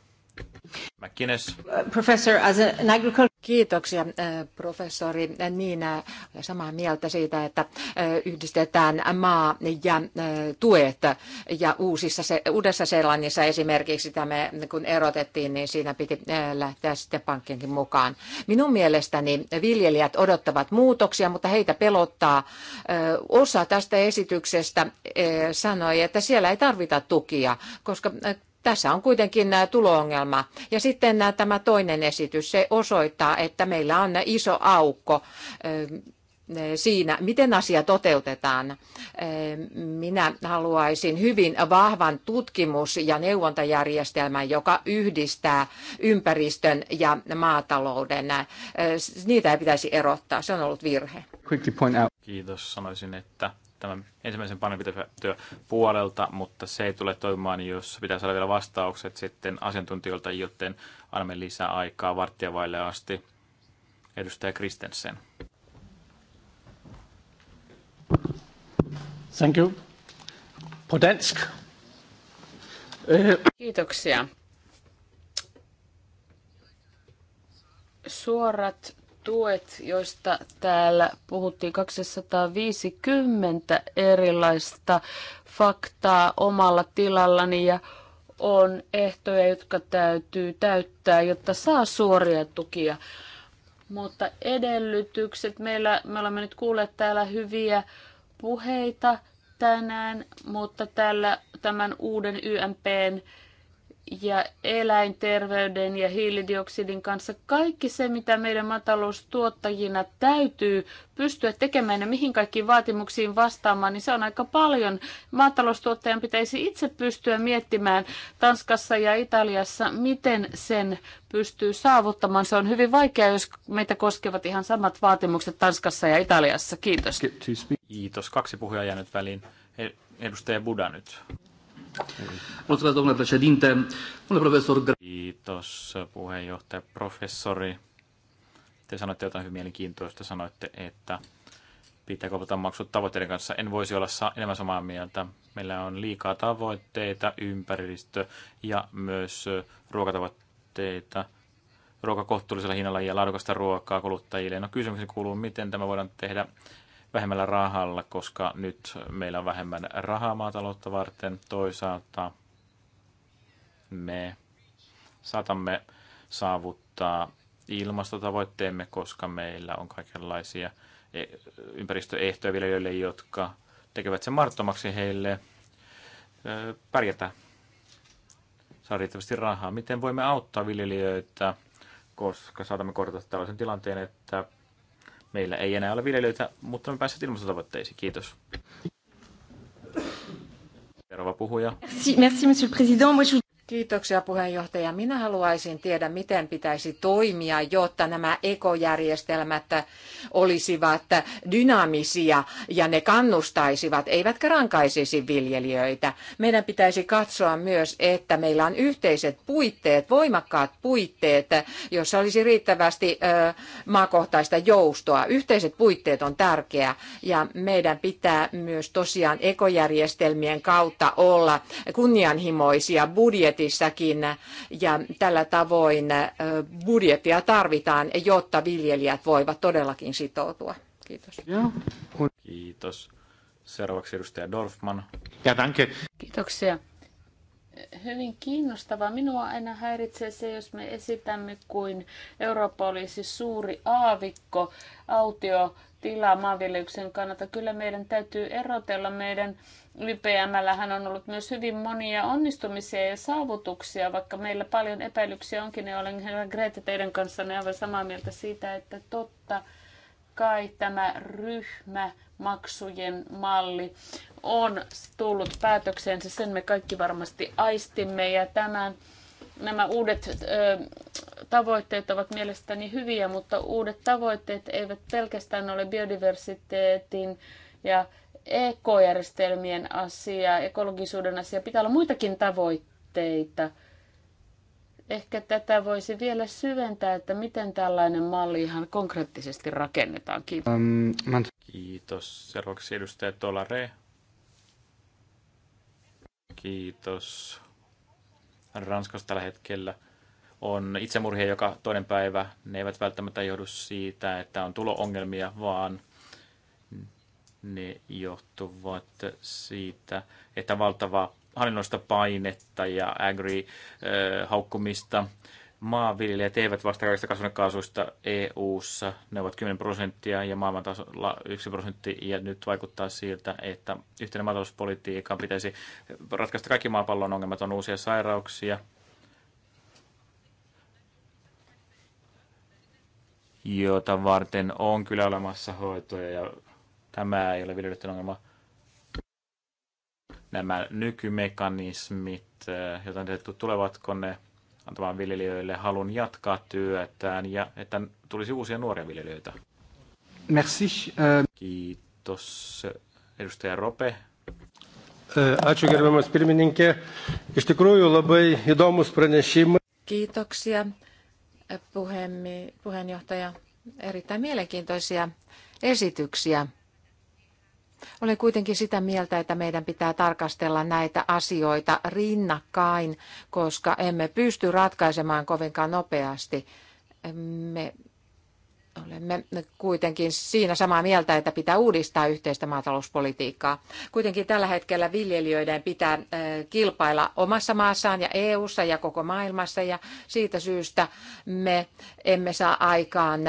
McInnes. Professor, as an Kiitoksia eh, professori. Niinä olen samaa mieltä siitä, että eh, yhdistetään maa ja eh, tuet. Ja uusissa, uudessa Seelannissa esimerkiksi tämä, kun erotettiin, niin siinä piti lähteä sitten pankkienkin mukaan. Minun mielestäni viljelijät odottavat muutoksia, mutta heitä pelottaa. Osa tästä esityksestä sanoi, että siellä ei tarvita tukia, koska tässä on kuitenkin tuloongelma. Ja sitten tämä toinen esitys, se osoittaa, että meillä on iso aukko siinä, miten asia toteutetaan. Minä haluaisin hyvin vahvan tutkimus- ja neuvontajärjestelmän, joka yhdistää ympäristön ja maatalouden. Niitä ei pitäisi erottaa, se on ollut virhe. Kiitos, sanoisin, että tämän ensimmäisen paneelityö puolelta, mutta se ei tule toimimaan, jos pitää saada vielä vastaukset sitten asiantuntijoilta, joten annamme lisää aikaa varttia vaille asti. Edustaja Kristensen. Thank you. På dansk. Kiitoksia. Suorat tuet, joista täällä puhuttiin 250 erilaista faktaa omalla tilallani ja on ehtoja, jotka täytyy täyttää, jotta saa suoria tukia. Mutta edellytykset, meillä, me olemme nyt kuulleet täällä hyviä puheita tänään, mutta tällä, tämän uuden YMPn ja eläinterveyden ja hiilidioksidin kanssa. Kaikki se, mitä meidän maataloustuottajina täytyy pystyä tekemään ja mihin kaikkiin vaatimuksiin vastaamaan, niin se on aika paljon. Maataloustuottajan pitäisi itse pystyä miettimään Tanskassa ja Italiassa, miten sen pystyy saavuttamaan. Se on hyvin vaikeaa, jos meitä koskevat ihan samat vaatimukset Tanskassa ja Italiassa. Kiitos. Kiitos. Kaksi puhujaa jäänyt väliin. Edustaja Buda nyt. Mulțumesc, domnule președinte. Domnule profesor... Kiitos, puheenjohtaja, professori. Te sanoitte jotain hyvin mielenkiintoista. Sanoitte, että pitää kopata maksut tavoitteiden kanssa. En voisi olla enemmän samaa mieltä. Meillä on liikaa tavoitteita, ympäristö ja myös ruokatavoitteita. Ruoka kohtuullisella hinnalla ja laadukasta ruokaa kuluttajille. No kysymys kuuluu, miten tämä voidaan tehdä vähemmällä rahalla, koska nyt meillä on vähemmän rahaa maataloutta varten. Toisaalta me saatamme saavuttaa ilmastotavoitteemme, koska meillä on kaikenlaisia e, ympäristöehtoja viljelijöille, jotka tekevät sen marttomaksi heille pärjätä, saa riittävästi rahaa. Miten voimme auttaa viljelijöitä, koska saatamme korjata tällaisen tilanteen, että Meillä ei enää ole viljelijöitä, mutta me pääsemme ilmastotavoitteisiin. Kiitos. Seuraava puhuja. Merci, merci, monsieur le président. Moi, je Kiitoksia puheenjohtaja. Minä haluaisin tiedä, miten pitäisi toimia, jotta nämä ekojärjestelmät olisivat dynaamisia ja ne kannustaisivat, eivätkä rankaisisi viljelijöitä. Meidän pitäisi katsoa myös, että meillä on yhteiset puitteet, voimakkaat puitteet, joissa olisi riittävästi maakohtaista joustoa. Yhteiset puitteet on tärkeä ja meidän pitää myös tosiaan ekojärjestelmien kautta olla kunnianhimoisia budjetin budjetissakin ja tällä tavoin budjettia tarvitaan, jotta viljelijät voivat todellakin sitoutua. Kiitos. Kiitos. Seuraavaksi edustaja Dorfman. Ja Kiitoksia. Hyvin kiinnostavaa. Minua aina häiritsee se, jos me esitämme, kuin Eurooppa olisi suuri aavikko, autio, tilaa maanviljelyksen kannalta. Kyllä meidän täytyy erotella meidän hän on ollut myös hyvin monia onnistumisia ja saavutuksia, vaikka meillä paljon epäilyksiä onkin, ja niin olen herra Grete teidän kanssa aivan samaa mieltä siitä, että totta kai tämä maksujen malli on tullut päätökseensä, sen me kaikki varmasti aistimme, ja tämän nämä uudet ö, tavoitteet ovat mielestäni hyviä, mutta uudet tavoitteet eivät pelkästään ole biodiversiteetin ja ekojärjestelmien asia, ekologisuuden asia. Pitää olla muitakin tavoitteita. Ehkä tätä voisi vielä syventää, että miten tällainen malli ihan konkreettisesti rakennetaan. Kiitos. Ähm, Kiitos. Seuraavaksi edustaja Tolare. Kiitos Ranskassa tällä hetkellä on itsemurhia joka toinen päivä. Ne eivät välttämättä johdu siitä, että on tuloongelmia, vaan ne johtuvat siitä, että valtava hallinnoista painetta ja agri-haukkumista maanviljelijät eivät vastaa kaikista kasvanekaasuista EU-ssa. Ne ovat 10 prosenttia ja maailman tasolla 1 prosentti. Ja nyt vaikuttaa siltä, että yhteinen maatalouspolitiikan pitäisi ratkaista kaikki maapallon ongelmat. On uusia sairauksia, jota varten on kyllä olemassa hoitoja. Ja tämä ei ole viljelijöiden ongelma. Nämä nykymekanismit, eh, joita on tehty, tulevatko ne antamaan viljelijöille halun jatkaa työtään ja että tulisi uusia nuoria viljelijöitä. Merci. Kiitos. Edustaja Rope. Ačiū gerbiamas pirmininkė. Iš tikrųjų labai įdomus pranešimai. Kiitoksia puheenjohtaja. Erittäin mielenkiintoisia esityksiä. Olen kuitenkin sitä mieltä, että meidän pitää tarkastella näitä asioita rinnakkain, koska emme pysty ratkaisemaan kovinkaan nopeasti. Me olemme kuitenkin siinä samaa mieltä, että pitää uudistaa yhteistä maatalouspolitiikkaa. Kuitenkin tällä hetkellä viljelijöiden pitää kilpailla omassa maassaan ja EU:ssa ja koko maailmassa ja siitä syystä me emme saa aikaan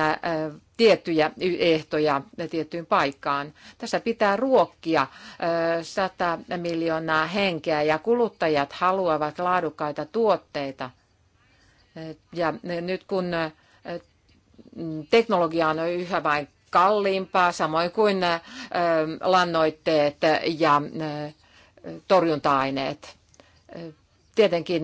tiettyjä ehtoja tiettyyn paikkaan. Tässä pitää ruokkia 100 miljoonaa henkeä ja kuluttajat haluavat laadukkaita tuotteita. Ja nyt kun teknologia on yhä vain kalliimpaa, samoin kuin lannoitteet ja torjunta-aineet. Tietenkin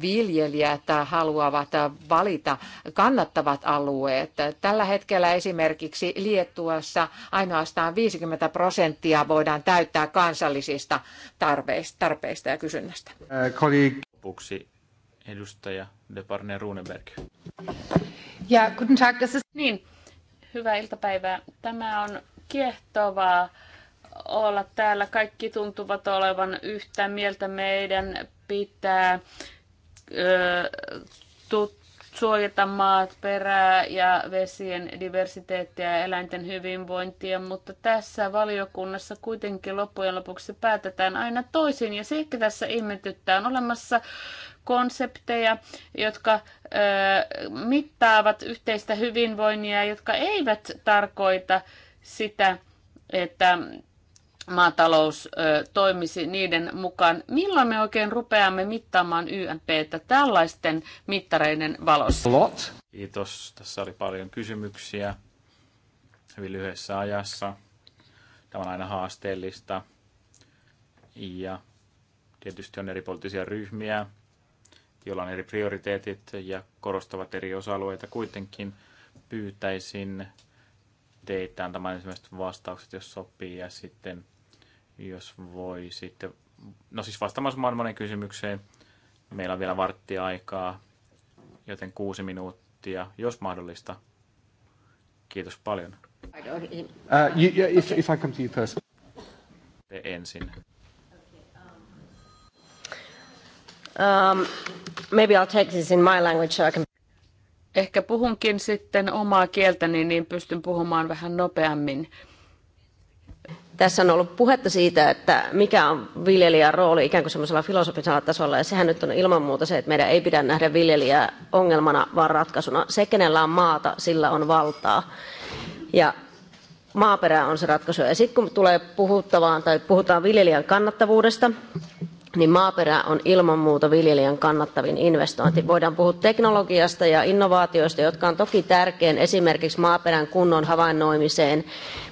viljelijät haluavat valita kannattavat alueet. Tällä hetkellä esimerkiksi Liettuassa ainoastaan 50 prosenttia voidaan täyttää kansallisista tarpeista, ja kysynnästä. Äh, Lopuksi edustaja Deparne Runeberg. Ja, guten Tag, das ist... Niin, hyvää iltapäivää. Tämä on kiehtovaa olla täällä. Kaikki tuntuvat olevan yhtä mieltä. Meidän pitää ö, suojata maat, perää ja vesien diversiteettiä ja eläinten hyvinvointia, mutta tässä valiokunnassa kuitenkin loppujen lopuksi päätetään aina toisin ja se ehkä tässä ihmetyttää. On olemassa konsepteja, jotka mittaavat yhteistä hyvinvoinnia, jotka eivät tarkoita sitä, että maatalous toimisi niiden mukaan. Milloin me oikein rupeamme mittaamaan YMPtä tällaisten mittareiden valossa? Lot. Kiitos. Tässä oli paljon kysymyksiä hyvin lyhyessä ajassa. Tämä on aina haasteellista. Ja tietysti on eri poliittisia ryhmiä, joilla on eri prioriteetit ja korostavat eri osa-alueita. Kuitenkin pyytäisin teitä antamaan ensimmäiset vastaukset, jos sopii, ja sitten jos voi sitten, no siis vastaamassa monen kysymykseen. Meillä on vielä varttiaikaa, aikaa, joten kuusi minuuttia, jos mahdollista. Kiitos paljon. Uh, you, you, if, if I come to you first. Te ensin. Um, maybe I'll take this in my language so I can... Ehkä puhunkin sitten omaa kieltäni, niin pystyn puhumaan vähän nopeammin. Tässä on ollut puhetta siitä, että mikä on viljelijän rooli ikään kuin semmoisella filosofisella tasolla, ja sehän nyt on ilman muuta se, että meidän ei pidä nähdä viljelijää ongelmana, vaan ratkaisuna. Se, kenellä on maata, sillä on valtaa. Ja maaperä on se ratkaisu. Ja sitten kun tulee puhuttavaan tai puhutaan viljelijän kannattavuudesta, niin maaperä on ilman muuta viljelijän kannattavin investointi. Voidaan puhua teknologiasta ja innovaatioista, jotka on toki tärkein esimerkiksi maaperän kunnon havainnoimiseen.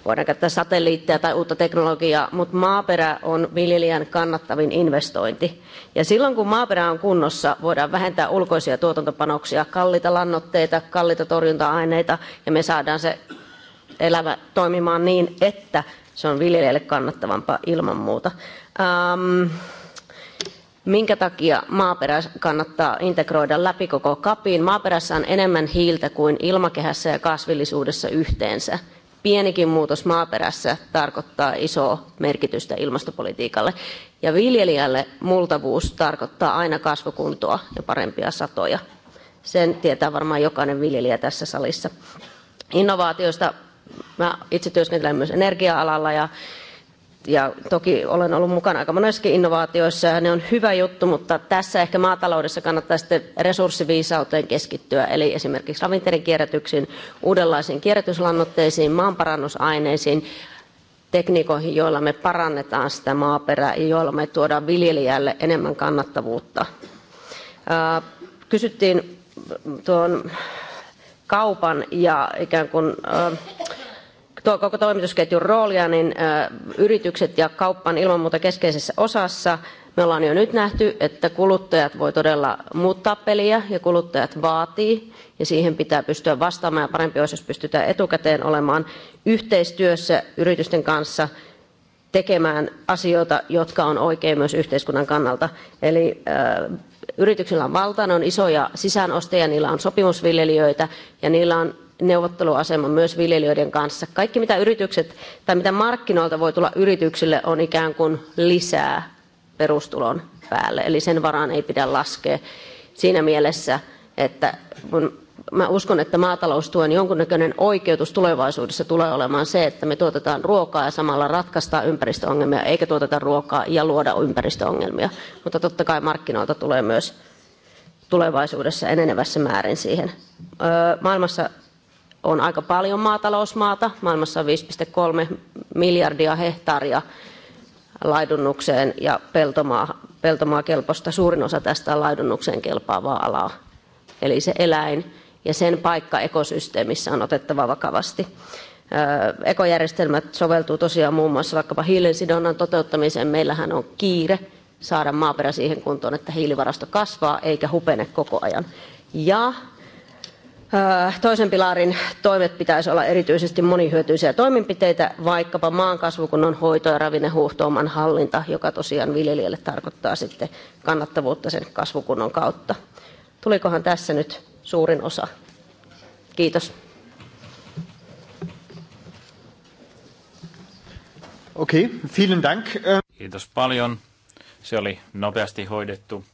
Voidaan käyttää satelliitteja tai uutta teknologiaa, mutta maaperä on viljelijän kannattavin investointi. Ja silloin kun maaperä on kunnossa, voidaan vähentää ulkoisia tuotantopanoksia, kalliita lannoitteita, kalliita torjunta-aineita ja me saadaan se elämä toimimaan niin, että se on viljelijälle kannattavampaa ilman muuta. Um, minkä takia maaperä kannattaa integroida läpi koko kapin. Maaperässä on enemmän hiiltä kuin ilmakehässä ja kasvillisuudessa yhteensä. Pienikin muutos maaperässä tarkoittaa isoa merkitystä ilmastopolitiikalle. Ja viljelijälle multavuus tarkoittaa aina kasvukuntoa ja parempia satoja. Sen tietää varmaan jokainen viljelijä tässä salissa. Innovaatioista mä itse työskentelen myös energia-alalla ja ja toki olen ollut mukana aika monessakin innovaatioissa ja ne on hyvä juttu, mutta tässä ehkä maataloudessa kannattaa sitten resurssiviisauteen keskittyä, eli esimerkiksi ravinteiden kierrätyksiin, uudenlaisiin kierrätyslannoitteisiin, maanparannusaineisiin, tekniikoihin, joilla me parannetaan sitä maaperää ja joilla me tuodaan viljelijälle enemmän kannattavuutta. Kysyttiin tuon kaupan ja ikään kuin koko toimitusketjun roolia, niin yritykset ja kauppan ilman muuta keskeisessä osassa. Me ollaan jo nyt nähty, että kuluttajat voi todella muuttaa peliä ja kuluttajat vaatii ja siihen pitää pystyä vastaamaan ja parempi olisi, jos pystytään etukäteen olemaan yhteistyössä yritysten kanssa tekemään asioita, jotka on oikein myös yhteiskunnan kannalta. Eli äh, yrityksillä on valta, ne on isoja sisäänostajia, niillä on sopimusviljelijöitä ja niillä on neuvotteluasema myös viljelijöiden kanssa. Kaikki mitä yritykset tai mitä markkinoilta voi tulla yrityksille on ikään kuin lisää perustulon päälle, eli sen varaan ei pidä laskea siinä mielessä, että kun mä uskon, että maataloustuen jonkunnäköinen oikeutus tulevaisuudessa tulee olemaan se, että me tuotetaan ruokaa ja samalla ratkaistaan ympäristöongelmia, eikä tuoteta ruokaa ja luoda ympäristöongelmia. Mutta totta kai markkinoilta tulee myös tulevaisuudessa enenevässä määrin siihen. Öö, maailmassa on aika paljon maatalousmaata. Maailmassa on 5,3 miljardia hehtaaria laidunnukseen ja peltomaa, peltomaa kelposta Suurin osa tästä on laidunnukseen kelpaavaa alaa. Eli se eläin ja sen paikka ekosysteemissä on otettava vakavasti. Ekojärjestelmät soveltuu tosiaan muun muassa vaikkapa hiilensidonnan toteuttamiseen. Meillähän on kiire saada maaperä siihen kuntoon, että hiilivarasto kasvaa eikä hupene koko ajan. Ja Toisen pilarin toimet pitäisi olla erityisesti monihyötyisiä toimenpiteitä, vaikkapa maankasvukunnan hoito ja ravinnehuuhtouman hallinta, joka tosiaan viljelijälle tarkoittaa sitten kannattavuutta sen kasvukunnon kautta. Tulikohan tässä nyt suurin osa? Kiitos. Okei, okay, vielen dank. Kiitos paljon. Se oli nopeasti hoidettu.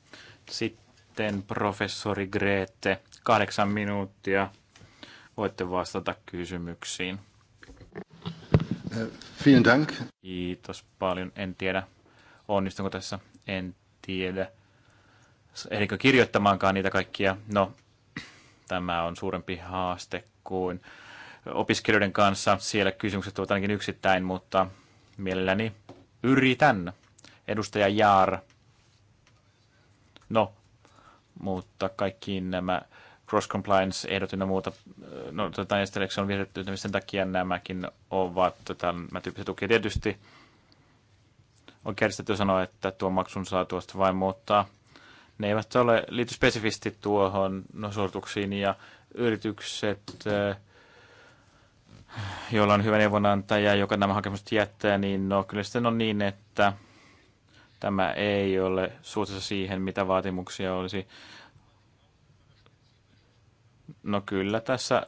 Sitten professori Grete kahdeksan minuuttia. Voitte vastata kysymyksiin. Vielen Dank. Kiitos paljon. En tiedä, onnistunko tässä. En tiedä. Ehdinkö kirjoittamaankaan niitä kaikkia? No, tämä on suurempi haaste kuin opiskelijoiden kanssa. Siellä kysymykset ovat ainakin yksittäin, mutta mielelläni yritän. Edustaja Jaar. No, mutta kaikkiin nämä cross compliance ehdot ja muuta, no tota, esteelleksi on vihdytty, sen takia nämäkin ovat tota, mä tyyppisiä tukia. Tietysti on kärstetty sanoa, että tuo maksun saa tuosta vain muuttaa. Ne eivät ole liity spesifisti tuohon no, suorituksiin ja yritykset, eh, joilla on hyvä neuvonantaja, joka nämä hakemukset jättää, niin no, kyllä sitten on niin, että tämä ei ole suhteessa siihen, mitä vaatimuksia olisi No kyllä tässä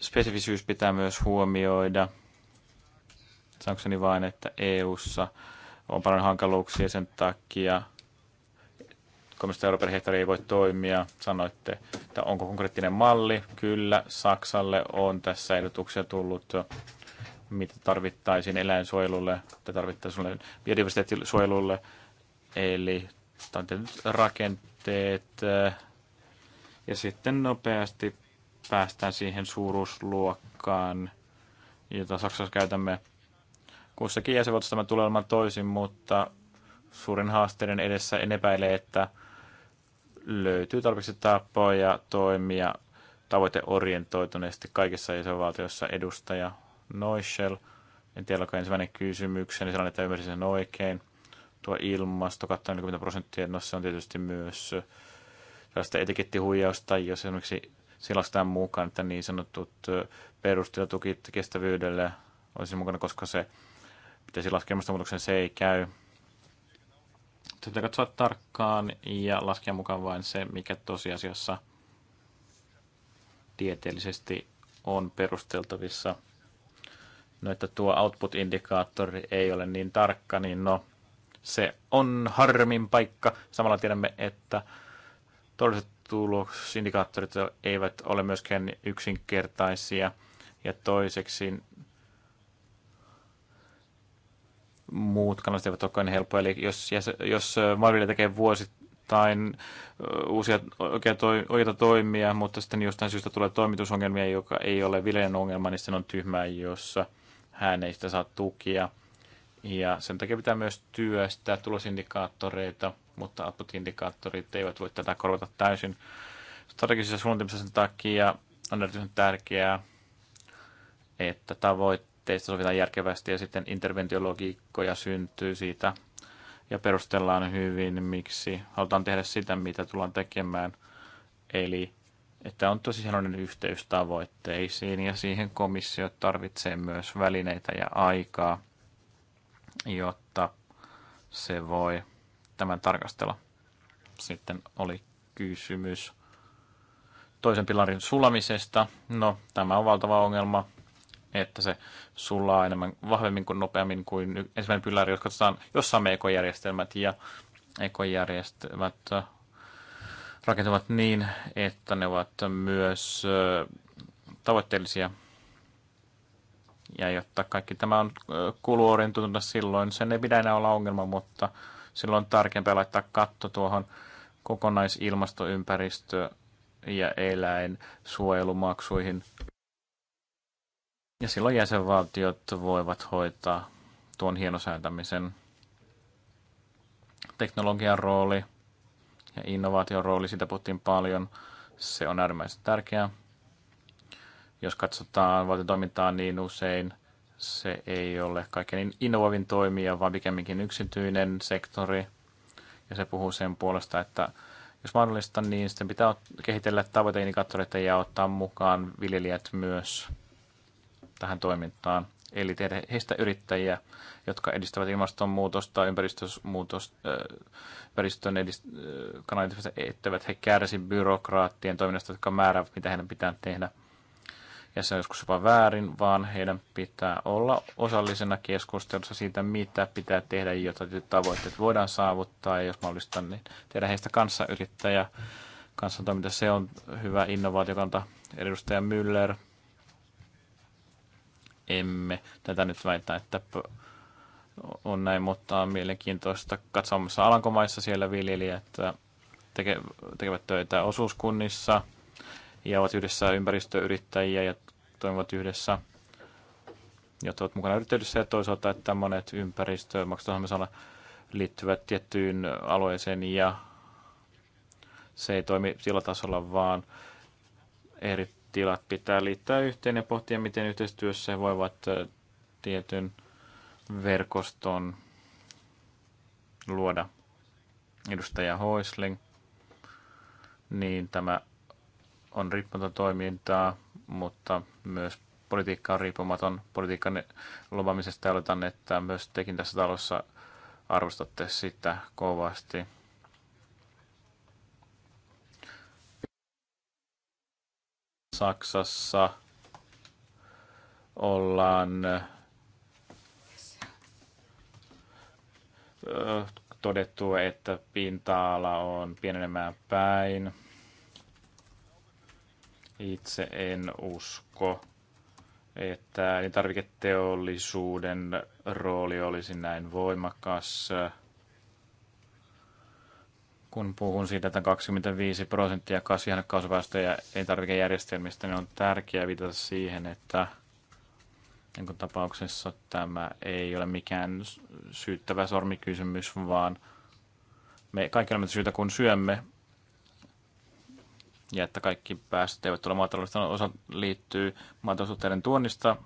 spesifisyys pitää myös huomioida. Sanokseni vain, että EU:ssa on paljon hankaluuksia sen takia. 300 Euroopan per hehtaari ei voi toimia. Sanoitte, että onko konkreettinen malli? Kyllä, Saksalle on tässä ehdotuksia tullut, mitä tarvittaisiin eläinsuojelulle tai tarvittaisiin biodiversiteettisuojelulle. Eli rakenteet, ja sitten nopeasti päästään siihen suuruusluokkaan, jota Saksassa käytämme. Kussakin jäsenvuotossa tämä tulee olemaan toisin, mutta suurin haasteiden edessä en epäile, että löytyy tarpeeksi tapoja toimia tavoiteorientoituneesti kaikissa jäsenvaltioissa edustaja Noischel. En tiedä, onko ensimmäinen kysymykseni niin sellainen, että ymmärsin sen oikein. Tuo ilmasto katsoin 40 prosenttia, no se on tietysti myös sellaista etikettihuijausta, jos esimerkiksi silastaan mukaan, että niin sanotut perustyötukit kestävyydelle olisi mukana, koska se pitäisi laskea ilmastonmuutoksen, se ei käy. Täytyy katsoa tarkkaan ja laskea mukaan vain se, mikä tosiasiassa tieteellisesti on perusteltavissa. No, että tuo output-indikaattori ei ole niin tarkka, niin no, se on harmin paikka. Samalla tiedämme, että Todelliset tuloksindikaattorit eivät ole myöskään yksinkertaisia. Ja toiseksi muut kannat eivät olekaan niin helppoja. Eli jos, jos Marville tekee vuosittain uusia oikeita toimia, mutta sitten jostain syystä tulee toimitusongelmia, joka ei ole viljelijän ongelma, niin sitten on tyhmää, jossa hän ei sitä saa tukia. Ja sen takia pitää myös työstää tulosindikaattoreita mutta aput indikaattorit eivät voi tätä korvata täysin. Strategisessa sen takia on erityisen tärkeää, että tavoitteista sovitaan järkevästi ja sitten interventiologiikkoja syntyy siitä ja perustellaan hyvin, miksi halutaan tehdä sitä, mitä tullaan tekemään. Eli että on tosi sellainen yhteys tavoitteisiin ja siihen komissio tarvitsee myös välineitä ja aikaa, jotta se voi tämän tarkastella. Sitten oli kysymys toisen pilarin sulamisesta. No, tämä on valtava ongelma, että se sulaa enemmän vahvemmin kuin nopeammin kuin ensimmäinen pilari, jos katsotaan jossain ekojärjestelmät ja ekojärjestelmät rakentuvat niin, että ne ovat myös tavoitteellisia. Ja jotta kaikki tämä on kuluorientunutta silloin, sen ei pidä enää olla ongelma, mutta Silloin on tarkempaa laittaa katto tuohon kokonaisilmastoympäristö- ja eläinsuojelumaksuihin. Ja silloin jäsenvaltiot voivat hoitaa tuon hienosäätämisen teknologian rooli ja innovaation rooli, sitä puhuttiin paljon. Se on äärimmäisen tärkeää. Jos katsotaan valtiotoimintaa, niin usein se ei ole kaikkein innovoivin toimija, vaan pikemminkin yksityinen sektori. Ja se puhuu sen puolesta, että jos mahdollista, niin sitten pitää kehitellä tavoiteindikaattoreita ja ottaa mukaan viljelijät myös tähän toimintaan. Eli tehdä heistä yrittäjiä, jotka edistävät ilmastonmuutosta, ympäristön edistävät että he kärsivät byrokraattien toiminnasta, jotka määräävät, mitä heidän pitää tehdä – ja se on joskus jopa väärin, vaan heidän pitää olla osallisena keskustelussa siitä, mitä pitää tehdä, jotta tavoitteet voidaan saavuttaa, ja jos mahdollista, niin tehdä heistä kanssayrittäjä. Kansantoiminta, se on hyvä innovaatiokanta. Edustaja Müller, emme tätä nyt väitä, että on näin, mutta on mielenkiintoista katsomassa Alankomaissa siellä viljelijät äh, tekevät töitä osuuskunnissa – ja ovat yhdessä ympäristöyrittäjiä ja toimivat yhdessä, ja ovat mukana yrittäjyydessä ja toisaalta, että monet ympäristömaksutoimisalan liittyvät tiettyyn alueeseen ja se ei toimi sillä tasolla, vaan eri tilat pitää liittää yhteen ja pohtia, miten yhteistyössä he voivat tietyn verkoston luoda. Edustaja Hoisling, niin tämä on riippumaton toimintaa, mutta myös politiikka on riippumaton. Politiikan lupamisesta aloitan, että myös tekin tässä talossa arvostatte sitä kovasti. Saksassa ollaan todettu, että pinta-ala on pienenemään päin. Itse en usko, että elintarviketeollisuuden rooli olisi näin voimakas. Kun puhun siitä, että 25 prosenttia kasvihuonekaasupäästöjä elintarvikejärjestelmistä, niin on tärkeää viitata siihen, että niin tapauksessa tämä ei ole mikään syyttävä sormikysymys, vaan me kaikki olemme syytä, kun syömme ja että kaikki päästöt eivät tule maataloudesta. No, osa liittyy maataloustuotteiden tuonnista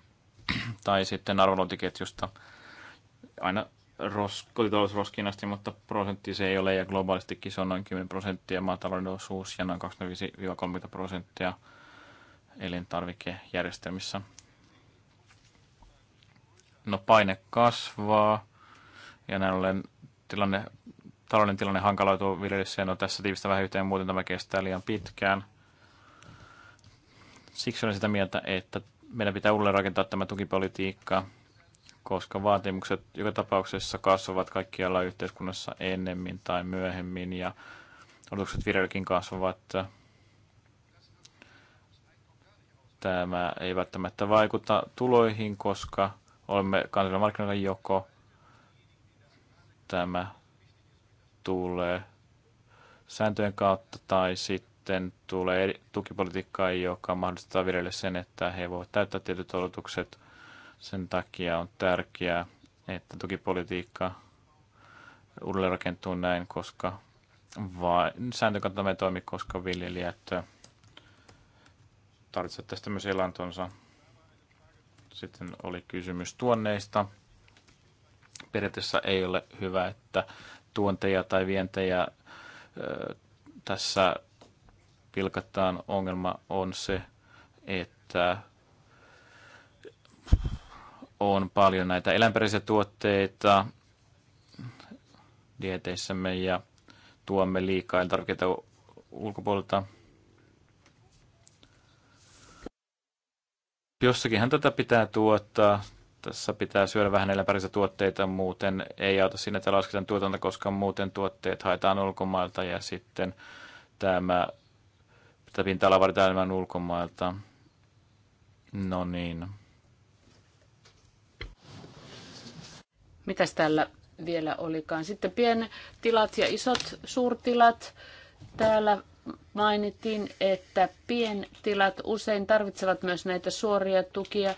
tai sitten arvonlointiketjusta aina ros, kotitalousroskiin asti, mutta prosentti se ei ole ja globaalistikin se on noin 10 prosenttia maatalouden osuus ja noin 25-30 prosenttia elintarvikejärjestelmissä. No paine kasvaa ja näin ollen tilanne talouden tilanne hankaloituu viljelyssä, no tässä tiivistä vähän yhteen, muuten tämä kestää liian pitkään. Siksi olen sitä mieltä, että meidän pitää uudelleen rakentaa tämä tukipolitiikka, koska vaatimukset joka tapauksessa kasvavat kaikkialla yhteiskunnassa ennemmin tai myöhemmin, ja odotukset viljelykin kasvavat. Tämä ei välttämättä vaikuta tuloihin, koska olemme kansallinen markkinoilla joko tämä tulee sääntöjen kautta tai sitten tulee tukipolitiikkaa, joka mahdollistaa viljelijöille sen, että he voivat täyttää tietyt odotukset. Sen takia on tärkeää, että tukipolitiikka uudelleen rakentuu näin, koska vai, sääntökanta me toimi, koska viljelijät tarvitsevat tästä myös elantonsa. Sitten oli kysymys tuonneista. Periaatteessa ei ole hyvä, että tuonteja tai vientejä tässä pilkataan. Ongelma on se, että on paljon näitä eläinperäisiä tuotteita dieteissämme ja tuomme liikaa elintarvikeita ulkopuolelta. Jossakinhan tätä pitää tuottaa. Tässä pitää syödä vähän eläpärissä tuotteita, muuten ei auta siinä, että lasketaan tuotanto, koska muuten tuotteet haetaan ulkomailta ja sitten tämä tätä pinta ala varitaan enemmän ulkomailta. No niin. Mitäs täällä vielä olikaan? Sitten pientilat ja isot suurtilat. Täällä mainittiin, että pientilat usein tarvitsevat myös näitä suoria tukia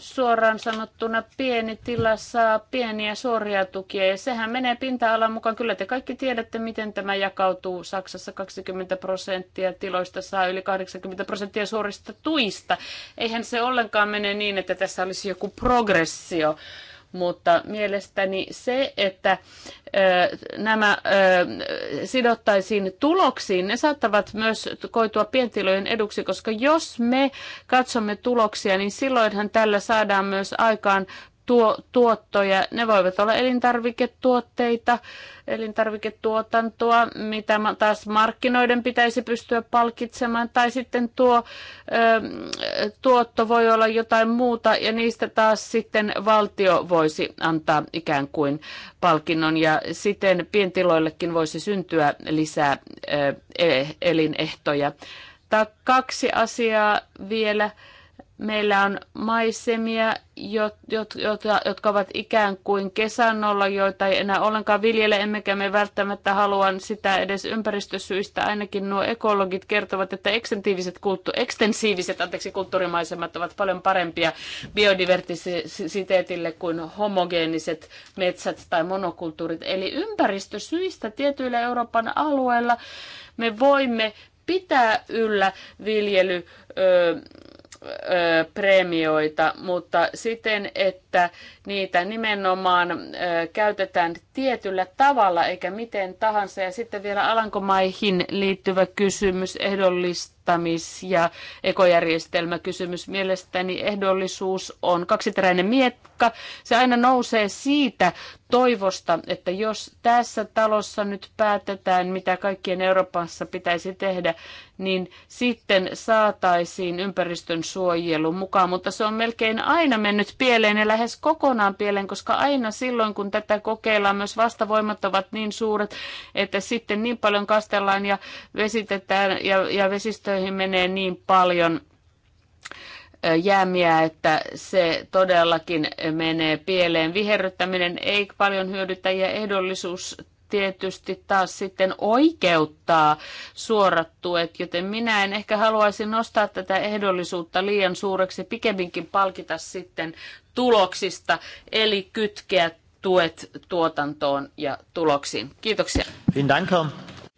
suoraan sanottuna pieni tila saa pieniä suoria tukia ja sehän menee pinta-alan mukaan. Kyllä te kaikki tiedätte, miten tämä jakautuu. Saksassa 20 prosenttia tiloista saa yli 80 prosenttia suorista tuista. Eihän se ollenkaan mene niin, että tässä olisi joku progressio mutta mielestäni se, että nämä sidottaisiin tuloksiin, ne saattavat myös koitua pientilojen eduksi, koska jos me katsomme tuloksia, niin silloinhan tällä saadaan myös aikaan tuo, tuottoja. Ne voivat olla elintarviketuotteita, elintarviketuotantoa, mitä taas markkinoiden pitäisi pystyä palkitsemaan, tai sitten tuo ö, tuotto voi olla jotain muuta, ja niistä taas sitten valtio voisi antaa ikään kuin palkinnon, ja siten pientiloillekin voisi syntyä lisää ö, e-, elinehtoja. Tämä kaksi asiaa vielä Meillä on maisemia, jotka ovat ikään kuin kesänolla, joita ei enää ollenkaan viljele, emmekä me välttämättä halua sitä edes ympäristösyistä. Ainakin nuo ekologit kertovat, että ekstensiiviset, kulttu- ekstensiiviset anteeksi, kulttuurimaisemat ovat paljon parempia biodiversiteetille kuin homogeeniset metsät tai monokulttuurit. Eli ympäristösyistä tietyillä Euroopan alueilla me voimme pitää yllä viljely, öö, premioita, mutta siten, että niitä nimenomaan käytetään tietyllä tavalla eikä miten tahansa. Ja sitten vielä Alankomaihin liittyvä kysymys ehdollista vastamis- ja ekojärjestelmäkysymys. Mielestäni ehdollisuus on kaksiteräinen miekka. Se aina nousee siitä toivosta, että jos tässä talossa nyt päätetään, mitä kaikkien Euroopassa pitäisi tehdä, niin sitten saataisiin ympäristön suojelu mukaan. Mutta se on melkein aina mennyt pieleen ja lähes kokonaan pieleen, koska aina silloin, kun tätä kokeillaan, myös vastavoimat ovat niin suuret, että sitten niin paljon kastellaan ja vesitetään ja, ja vesistöjä asioihin menee niin paljon jäämiä, että se todellakin menee pieleen. Viherryttäminen ei paljon hyödytä ja ehdollisuus tietysti taas sitten oikeuttaa suorat tuet, joten minä en ehkä haluaisi nostaa tätä ehdollisuutta liian suureksi, pikemminkin palkita sitten tuloksista, eli kytkeä tuet tuotantoon ja tuloksiin. Kiitoksia. Vielen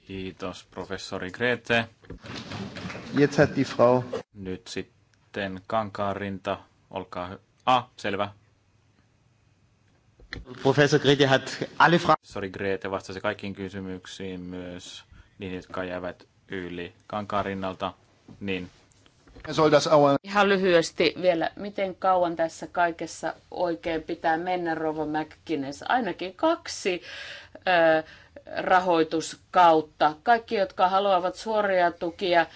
Kiitos professori Grete. Jetzt hat die Frau. Nyt sitten kankaarinta olkaa hyvä. Ah, selvä. Professor Grete hat alle Fragen. Professori Grete vastasi kaikkiin kysymyksiin myös niihin, jotka jäävät yli Kankaanrinnalta. Niin. Ihan lyhyesti vielä, miten kauan tässä kaikessa oikein pitää mennä, Rova McKinnes? Ainakin kaksi äh, rahoitus kautta. Kaikki, jotka haluavat suoria tukia,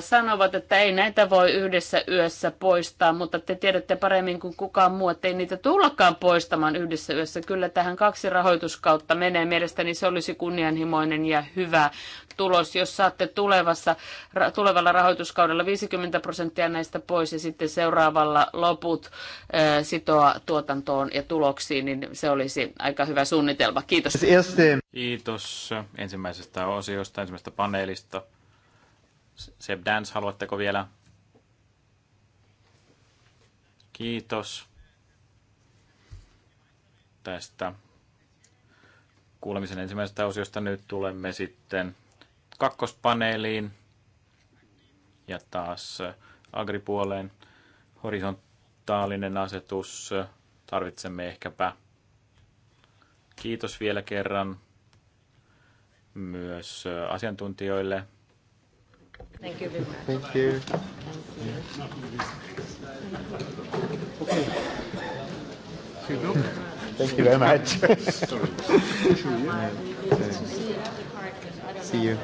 sanovat, että ei näitä voi yhdessä yössä poistaa, mutta te tiedätte paremmin kuin kukaan muu, että ei niitä tullakaan poistamaan yhdessä yössä. Kyllä tähän kaksi rahoituskautta menee. Mielestäni se olisi kunnianhimoinen ja hyvä tulos, jos saatte tulevassa, tulevalla rahoituskaudella 50 prosenttia näistä pois ja sitten seuraavalla loput sitoa tuotantoon ja tuloksiin, niin se olisi aika hyvä suunnitelma. Kiitos. Kiitos. Ensimmäinen ensimmäisestä osiosta, ensimmäisestä paneelista. Seb Dance, haluatteko vielä? Kiitos tästä kuulemisen ensimmäisestä osiosta. Nyt tulemme sitten kakkospaneeliin ja taas agripuoleen horisontaalinen asetus. Tarvitsemme ehkäpä kiitos vielä kerran myös asiantuntijoille. Thank you very much. Thank you. Thank you very much. See you.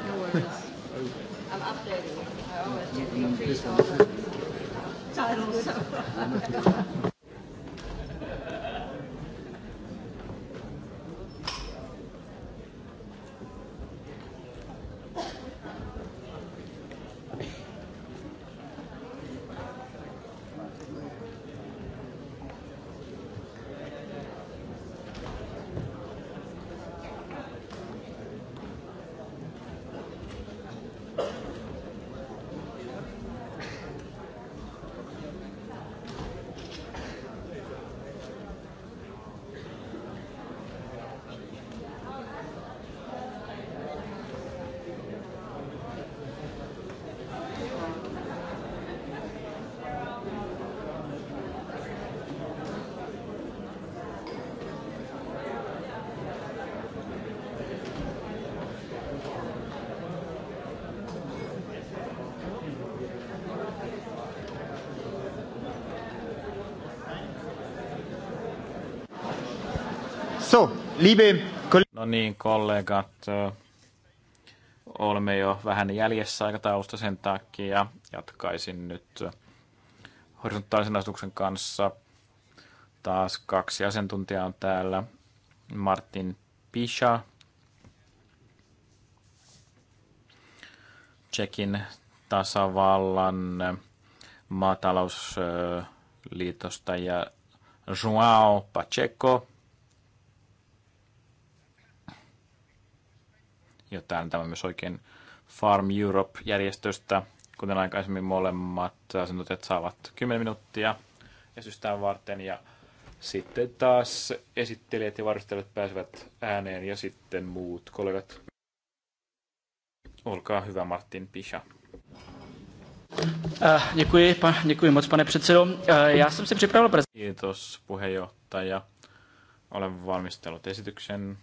I'm updating. I always the mm, titles. Liebe No niin, kollegat, olemme jo vähän jäljessä aikataulusta sen takia. Jatkaisin nyt horisontaalisen asetuksen kanssa. Taas kaksi asiantuntijaa on täällä. Martin Pisha, Tsekin tasavallan maatalousliitosta ja João Pacheco, jo täällä. Tämä myös oikein Farm Europe-järjestöstä, kuten aikaisemmin molemmat asiantuntijat saavat 10 minuuttia esitystään varten ja sitten taas esittelijät ja varustelijat pääsevät ääneen ja sitten muut kollegat. Olkaa hyvä Martin Pisha. Eh, děkuji, pan, děkuji moc, pane předsedo. Eh, já jsem si připravil Kiitos, puheenjohtaja. Olen valmistellut esityksen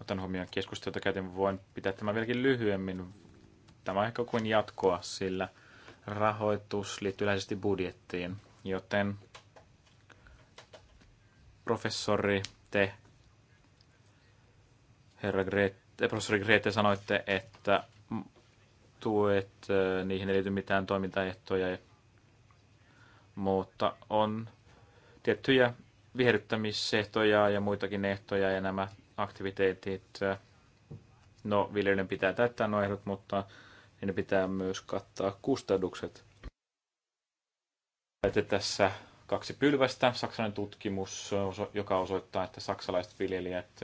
otan huomioon keskustelua käytin, voin pitää tämän vieläkin lyhyemmin. Tämä on ehkä kuin jatkoa, sillä rahoitus liittyy yleisesti budjettiin, joten professori, te, herra Grete, professori Grete, sanoitte, että tuet, niihin ei liity mitään toimintaehtoja, mutta on tiettyjä viherryttämisehtoja ja muitakin ehtoja, ja nämä aktiviteetit. No, viljelijöiden pitää täyttää nuo ehdot, mutta niiden pitää myös kattaa kustannukset. Että tässä kaksi pylvästä. Saksalainen tutkimus, joka osoittaa, että saksalaiset viljelijät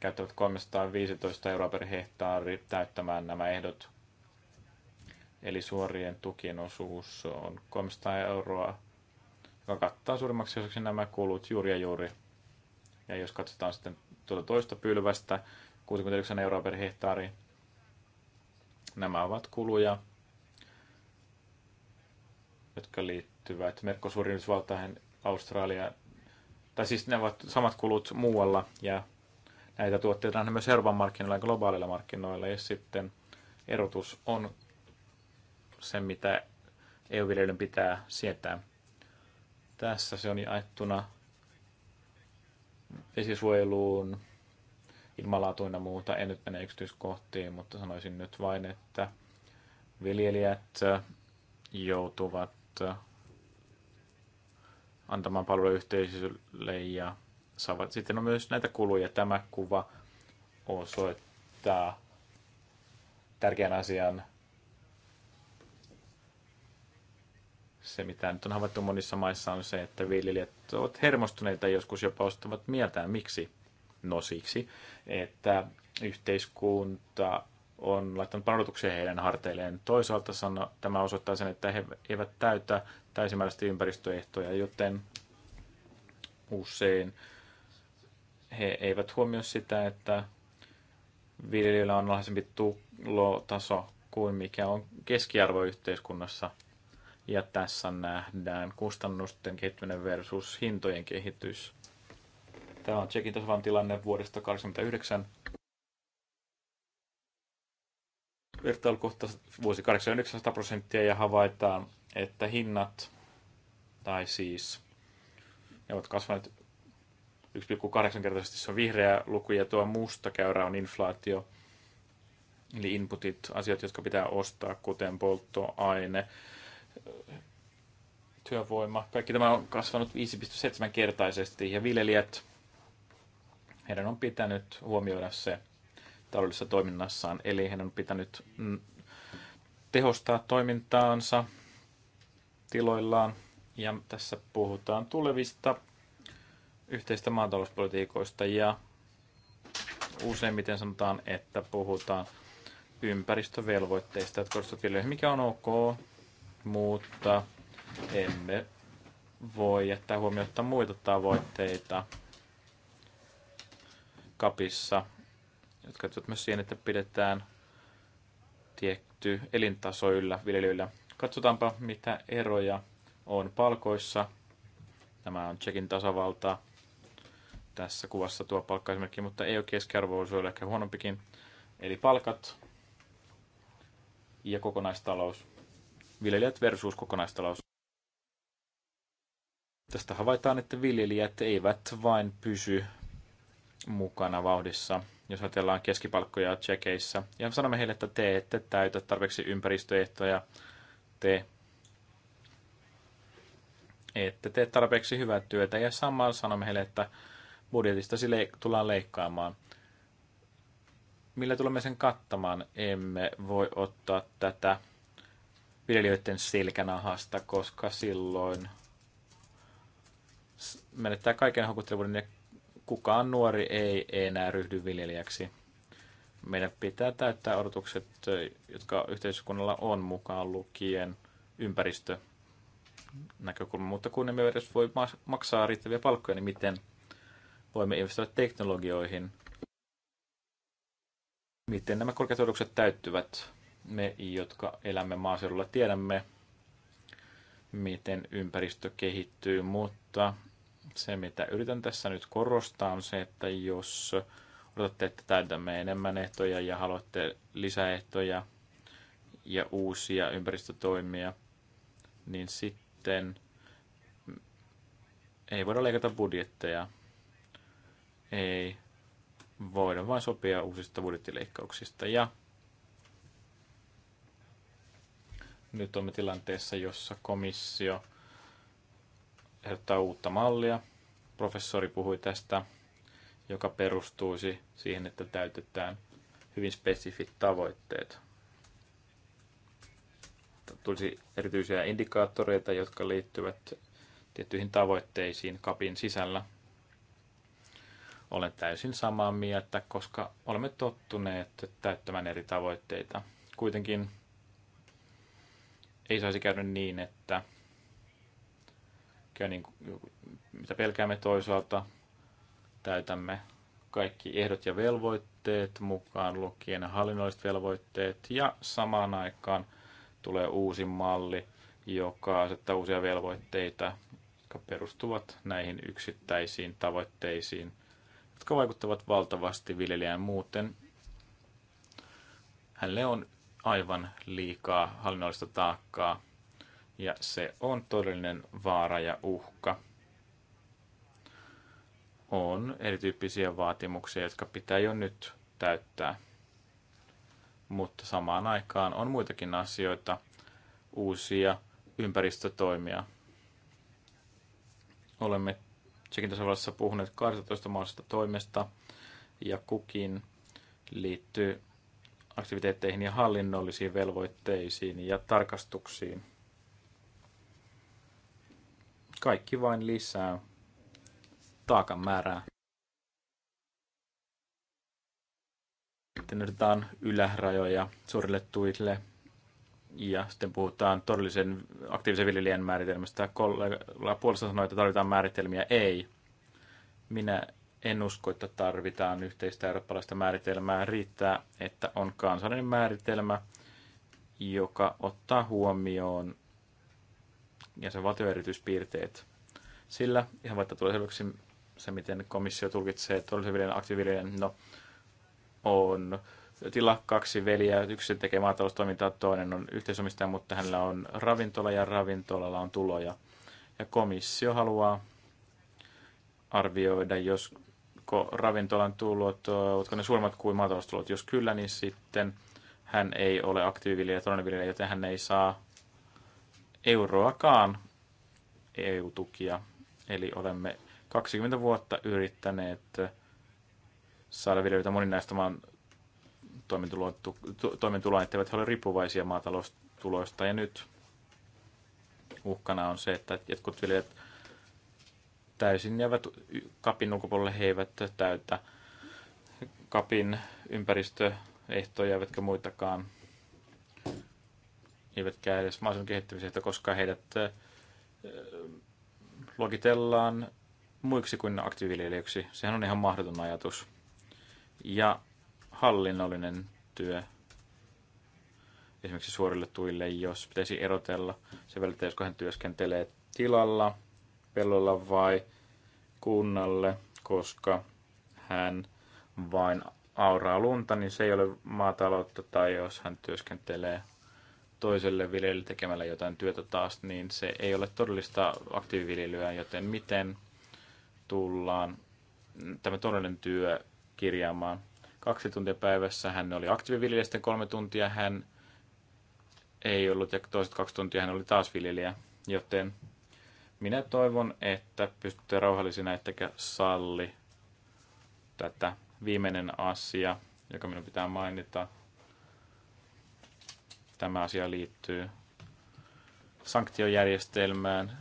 käyttävät 315 euroa per hehtaari täyttämään nämä ehdot. Eli suorien tukien osuus on 300 euroa, joka kattaa suurimmaksi osaksi nämä kulut juuri ja juuri. Ja jos katsotaan sitten tuota toista pylvästä, 69 euroa per hehtaari. Nämä ovat kuluja, jotka liittyvät Mercosurin Yhdysvaltain Australia, tai siis ne ovat samat kulut muualla, ja näitä tuotteita on myös Euroopan markkinoilla ja globaaleilla markkinoilla, ja sitten erotus on se, mitä EU-viljelyn pitää sietää. Tässä se on jaettuna vesisuojeluun, ilmalaatuina muuta. En nyt mene yksityiskohtiin, mutta sanoisin nyt vain, että viljelijät äh, joutuvat äh, antamaan palveluja yhteisölle ja saavat sitten on myös näitä kuluja. Tämä kuva osoittaa tärkeän asian Se, mitä nyt on havaittu monissa maissa, on se, että viljelijät ovat hermostuneita joskus jopa ostavat mieltään. Miksi? No siksi, että yhteiskunta on laittanut panotuksia heidän harteilleen. Toisaalta sano, tämä osoittaa sen, että he eivät täytä täysimääräisesti ympäristöehtoja, joten usein he eivät huomioi sitä, että viljelijöillä on alhaisempi tulotaso kuin mikä on keskiarvo yhteiskunnassa. Ja tässä nähdään kustannusten kehittyminen versus hintojen kehitys. Tämä on Tsekin tasavan tilanne vuodesta 1989. Vertailukohta vuosi 800 prosenttia ja havaitaan, että hinnat, tai siis ne ovat kasvaneet 1,8-kertaisesti. Se on vihreä luku ja tuo musta käyrä on inflaatio. Eli inputit, asiat, jotka pitää ostaa, kuten polttoaine, työvoima. Kaikki tämä on kasvanut 5,7-kertaisesti ja viljelijät, heidän on pitänyt huomioida se taloudellisessa toiminnassaan, eli heidän on pitänyt mm, tehostaa toimintaansa tiloillaan. Ja tässä puhutaan tulevista yhteistä maatalouspolitiikoista ja useimmiten sanotaan, että puhutaan ympäristövelvoitteista, jotka korostuvat mikä on ok, mutta emme voi jättää huomiota muita tavoitteita kapissa, jotka liittyvät myös siihen, että pidetään tietty elintaso yllä viljelyillä. Katsotaanpa, mitä eroja on palkoissa. Tämä on Tsekin tasavalta. Tässä kuvassa tuo palkka esimerkki, mutta ei ole keskiarvo, se ehkä huonompikin. Eli palkat ja kokonaistalous viljelijät versus kokonaistalous. Tästä havaitaan, että viljelijät eivät vain pysy mukana vauhdissa, jos ajatellaan keskipalkkoja tsekeissä. Ja sanomme heille, että te ette täytä tarpeeksi ympäristöehtoja, te ette tee tarpeeksi hyvää työtä. Ja samalla sanomme heille, että budjetista sille tullaan leikkaamaan. Millä tulemme sen kattamaan? Emme voi ottaa tätä viljelijöiden selkänahasta, koska silloin menettää kaiken houkuttelevuuden ja kukaan nuori ei enää ryhdy viljelijäksi. Meidän pitää täyttää odotukset, jotka yhteiskunnalla on mukaan lukien ympäristö näkökulma, mutta kun emme edes voi maksaa riittäviä palkkoja, niin miten voimme investoida teknologioihin? Miten nämä korkeat odotukset täyttyvät? Me, jotka elämme maaseudulla, tiedämme, miten ympäristö kehittyy, mutta se, mitä yritän tässä nyt korostaa, on se, että jos odotatte, että täytämme enemmän ehtoja ja haluatte lisäehtoja ja uusia ympäristötoimia, niin sitten ei voida leikata budjetteja. Ei voida vain sopia uusista budjettileikkauksista. Ja Nyt olemme tilanteessa, jossa komissio ehdottaa uutta mallia. Professori puhui tästä, joka perustuisi siihen, että täytetään hyvin spesifit tavoitteet. Tulisi erityisiä indikaattoreita, jotka liittyvät tiettyihin tavoitteisiin kapin sisällä. Olen täysin samaa mieltä, koska olemme tottuneet täyttämään eri tavoitteita. Kuitenkin ei saisi käydä niin, että käy niin, mitä pelkäämme toisaalta, täytämme kaikki ehdot ja velvoitteet mukaan lukien hallinnolliset velvoitteet ja samaan aikaan tulee uusi malli, joka asettaa uusia velvoitteita, jotka perustuvat näihin yksittäisiin tavoitteisiin, jotka vaikuttavat valtavasti viljelijään muuten. Hänelle on aivan liikaa hallinnollista taakkaa ja se on todellinen vaara ja uhka. On erityyppisiä vaatimuksia, jotka pitää jo nyt täyttää. Mutta samaan aikaan on muitakin asioita, uusia ympäristötoimia. Olemme Tsekin tasavallassa puhuneet 12 maasta toimesta ja kukin liittyy aktiviteetteihin ja hallinnollisiin velvoitteisiin ja tarkastuksiin. Kaikki vain lisää taakan määrää. Sitten otetaan ylärajoja suurille tuille ja sitten puhutaan todellisen aktiivisen viljelijän määritelmästä. Kollega puolesta sanoi, että tarvitaan määritelmiä. Ei. Minä en usko, että tarvitaan yhteistä eurooppalaista määritelmää. Riittää, että on kansallinen määritelmä, joka ottaa huomioon ja sen erityispiirteet. Sillä, ihan vaikka tulee selväksi se, miten komissio tulkitsee todellisuuden aktiiviviljelijän, no, on tila kaksi veljeä, yksi tekee maataloustoimintaa, toinen on yhteisomistaja, mutta hänellä on ravintola ja ravintolalla on tuloja. Ja komissio haluaa arvioida, jos ovatko ravintolan tulot, ovatko ne suuremmat kuin maataloustulot? Jos kyllä, niin sitten hän ei ole aktiiviviljelijä, todellinen joten hän ei saa euroakaan EU-tukia. Eli olemme 20 vuotta yrittäneet saada viljelijöitä moninaistamaan toimintuloa, toimeentuloa, etteivät he ole riippuvaisia maataloustuloista. Ja nyt uhkana on se, että jotkut viljelijät täysin jäävät kapin ulkopuolelle, he eivät täytä kapin ympäristöehtoja, eivätkä muitakaan, eivätkä edes maaseudun kehittämisehtoja, koska heidät logitellaan muiksi kuin aktiiviviljelijöiksi. Sehän on ihan mahdoton ajatus. Ja hallinnollinen työ esimerkiksi suorille tuille, jos pitäisi erotella se välillä, josko hän työskentelee tilalla – pellolla vai kunnalle, koska hän vain auraa lunta, niin se ei ole maataloutta, tai jos hän työskentelee toiselle viljelijälle tekemällä jotain työtä taas, niin se ei ole todellista aktiiviviljelyä, joten miten tullaan tämä todellinen työ kirjaamaan. Kaksi tuntia päivässä hän oli aktiiviviljelijä, sitten kolme tuntia hän ei ollut, ja toiset kaksi tuntia hän oli taas viljelijä, joten minä toivon, että pystytte rauhallisina ettekä salli tätä viimeinen asia, joka minun pitää mainita. Tämä asia liittyy sanktiojärjestelmään.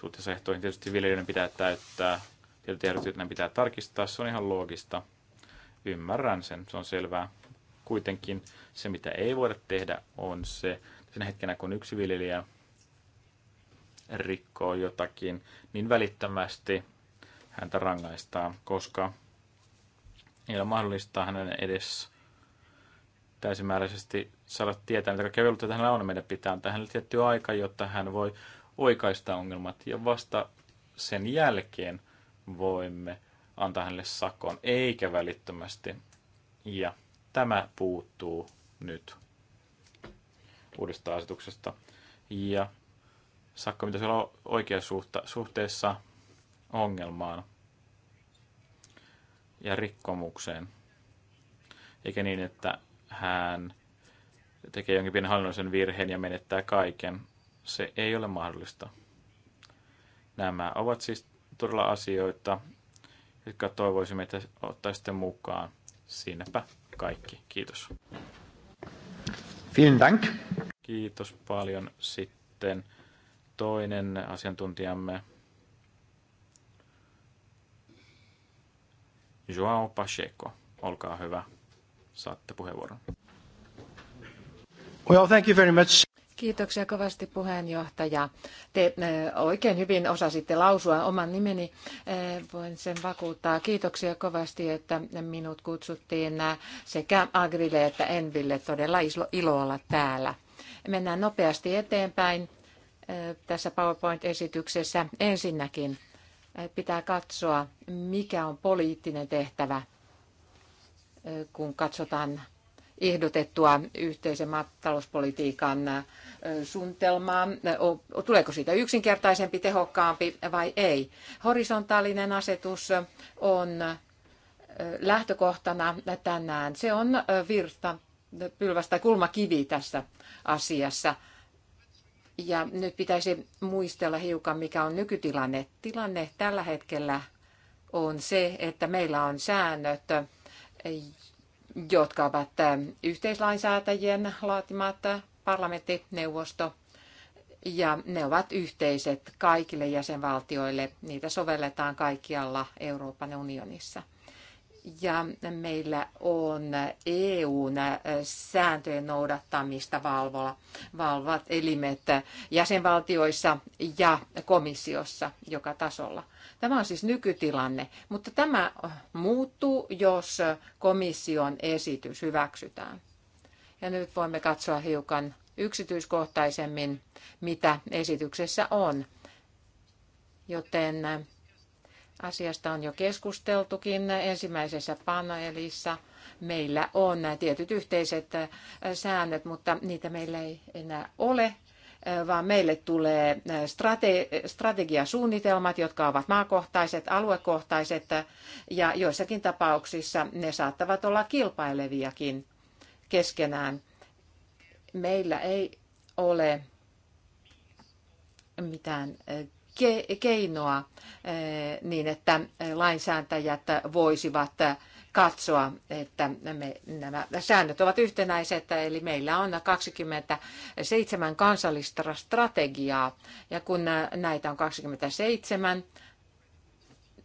Suhteessa ehtoihin tietysti viljelijöiden pitää täyttää tietyt ehdot, joita pitää tarkistaa. Se on ihan loogista. Ymmärrän sen, se on selvää. Kuitenkin se, mitä ei voida tehdä, on se, että sen hetkenä kun yksi viljelijä rikkoo jotakin, niin välittömästi häntä rangaistaan, koska ei ole mahdollista hänen edes täysimääräisesti saada tietää, mitä kaikkea velvoitteita hänellä on. Meidän pitää antaa hänelle tietty aika, jotta hän voi oikaista ongelmat ja vasta sen jälkeen voimme antaa hänelle sakon, eikä välittömästi. Ja tämä puuttuu nyt uudesta asetuksesta. Ja sakko pitäisi olla oikeassa suhta, suhteessa ongelmaan ja rikkomukseen. Eikä niin, että hän tekee jonkin pienen hallinnollisen virheen ja menettää kaiken. Se ei ole mahdollista. Nämä ovat siis todella asioita, jotka toivoisimme, että ottaisitte mukaan. Siinäpä kaikki. Kiitos. Vielen Dank. Kiitos paljon sitten toinen asiantuntijamme, Joao Pacheco. Olkaa hyvä, saatte puheenvuoron. Well, thank you very much. Kiitoksia kovasti puheenjohtaja. Te eh, oikein hyvin osasitte lausua oman nimeni. Eh, voin sen vakuuttaa. Kiitoksia kovasti, että minut kutsuttiin eh, sekä Agrille että Enville. Todella ilo olla täällä. Mennään nopeasti eteenpäin tässä PowerPoint-esityksessä. Ensinnäkin pitää katsoa, mikä on poliittinen tehtävä, kun katsotaan ehdotettua yhteisen maatalouspolitiikan suunnitelmaa. Tuleeko siitä yksinkertaisempi, tehokkaampi vai ei? Horisontaalinen asetus on lähtökohtana tänään. Se on virta, pylväs tai kulmakivi tässä asiassa. Ja nyt pitäisi muistella hiukan, mikä on nykytilanne. Tilanne tällä hetkellä on se, että meillä on säännöt, jotka ovat yhteislainsäätäjien laatimat parlamenttineuvosto. ja ne ovat yhteiset kaikille jäsenvaltioille. Niitä sovelletaan kaikkialla Euroopan unionissa ja meillä on EUn äh, sääntöjen noudattamista valvolla, elimet jäsenvaltioissa ja komissiossa joka tasolla. Tämä on siis nykytilanne, mutta tämä äh, muuttuu, jos komission esitys hyväksytään. Ja nyt voimme katsoa hiukan yksityiskohtaisemmin, mitä esityksessä on. Joten äh, Asiasta on jo keskusteltukin ensimmäisessä paneelissa. Meillä on tietyt yhteiset säännöt, mutta niitä meillä ei enää ole, vaan meille tulee strate- strategiasuunnitelmat, jotka ovat maakohtaiset, aluekohtaiset ja joissakin tapauksissa ne saattavat olla kilpaileviakin keskenään. Meillä ei ole mitään keinoa eh, niin, että eh, lainsääntäjät voisivat eh, katsoa, että me, nämä säännöt ovat yhtenäiset, eli meillä on 27 kansallista strategiaa, ja kun näitä on 27,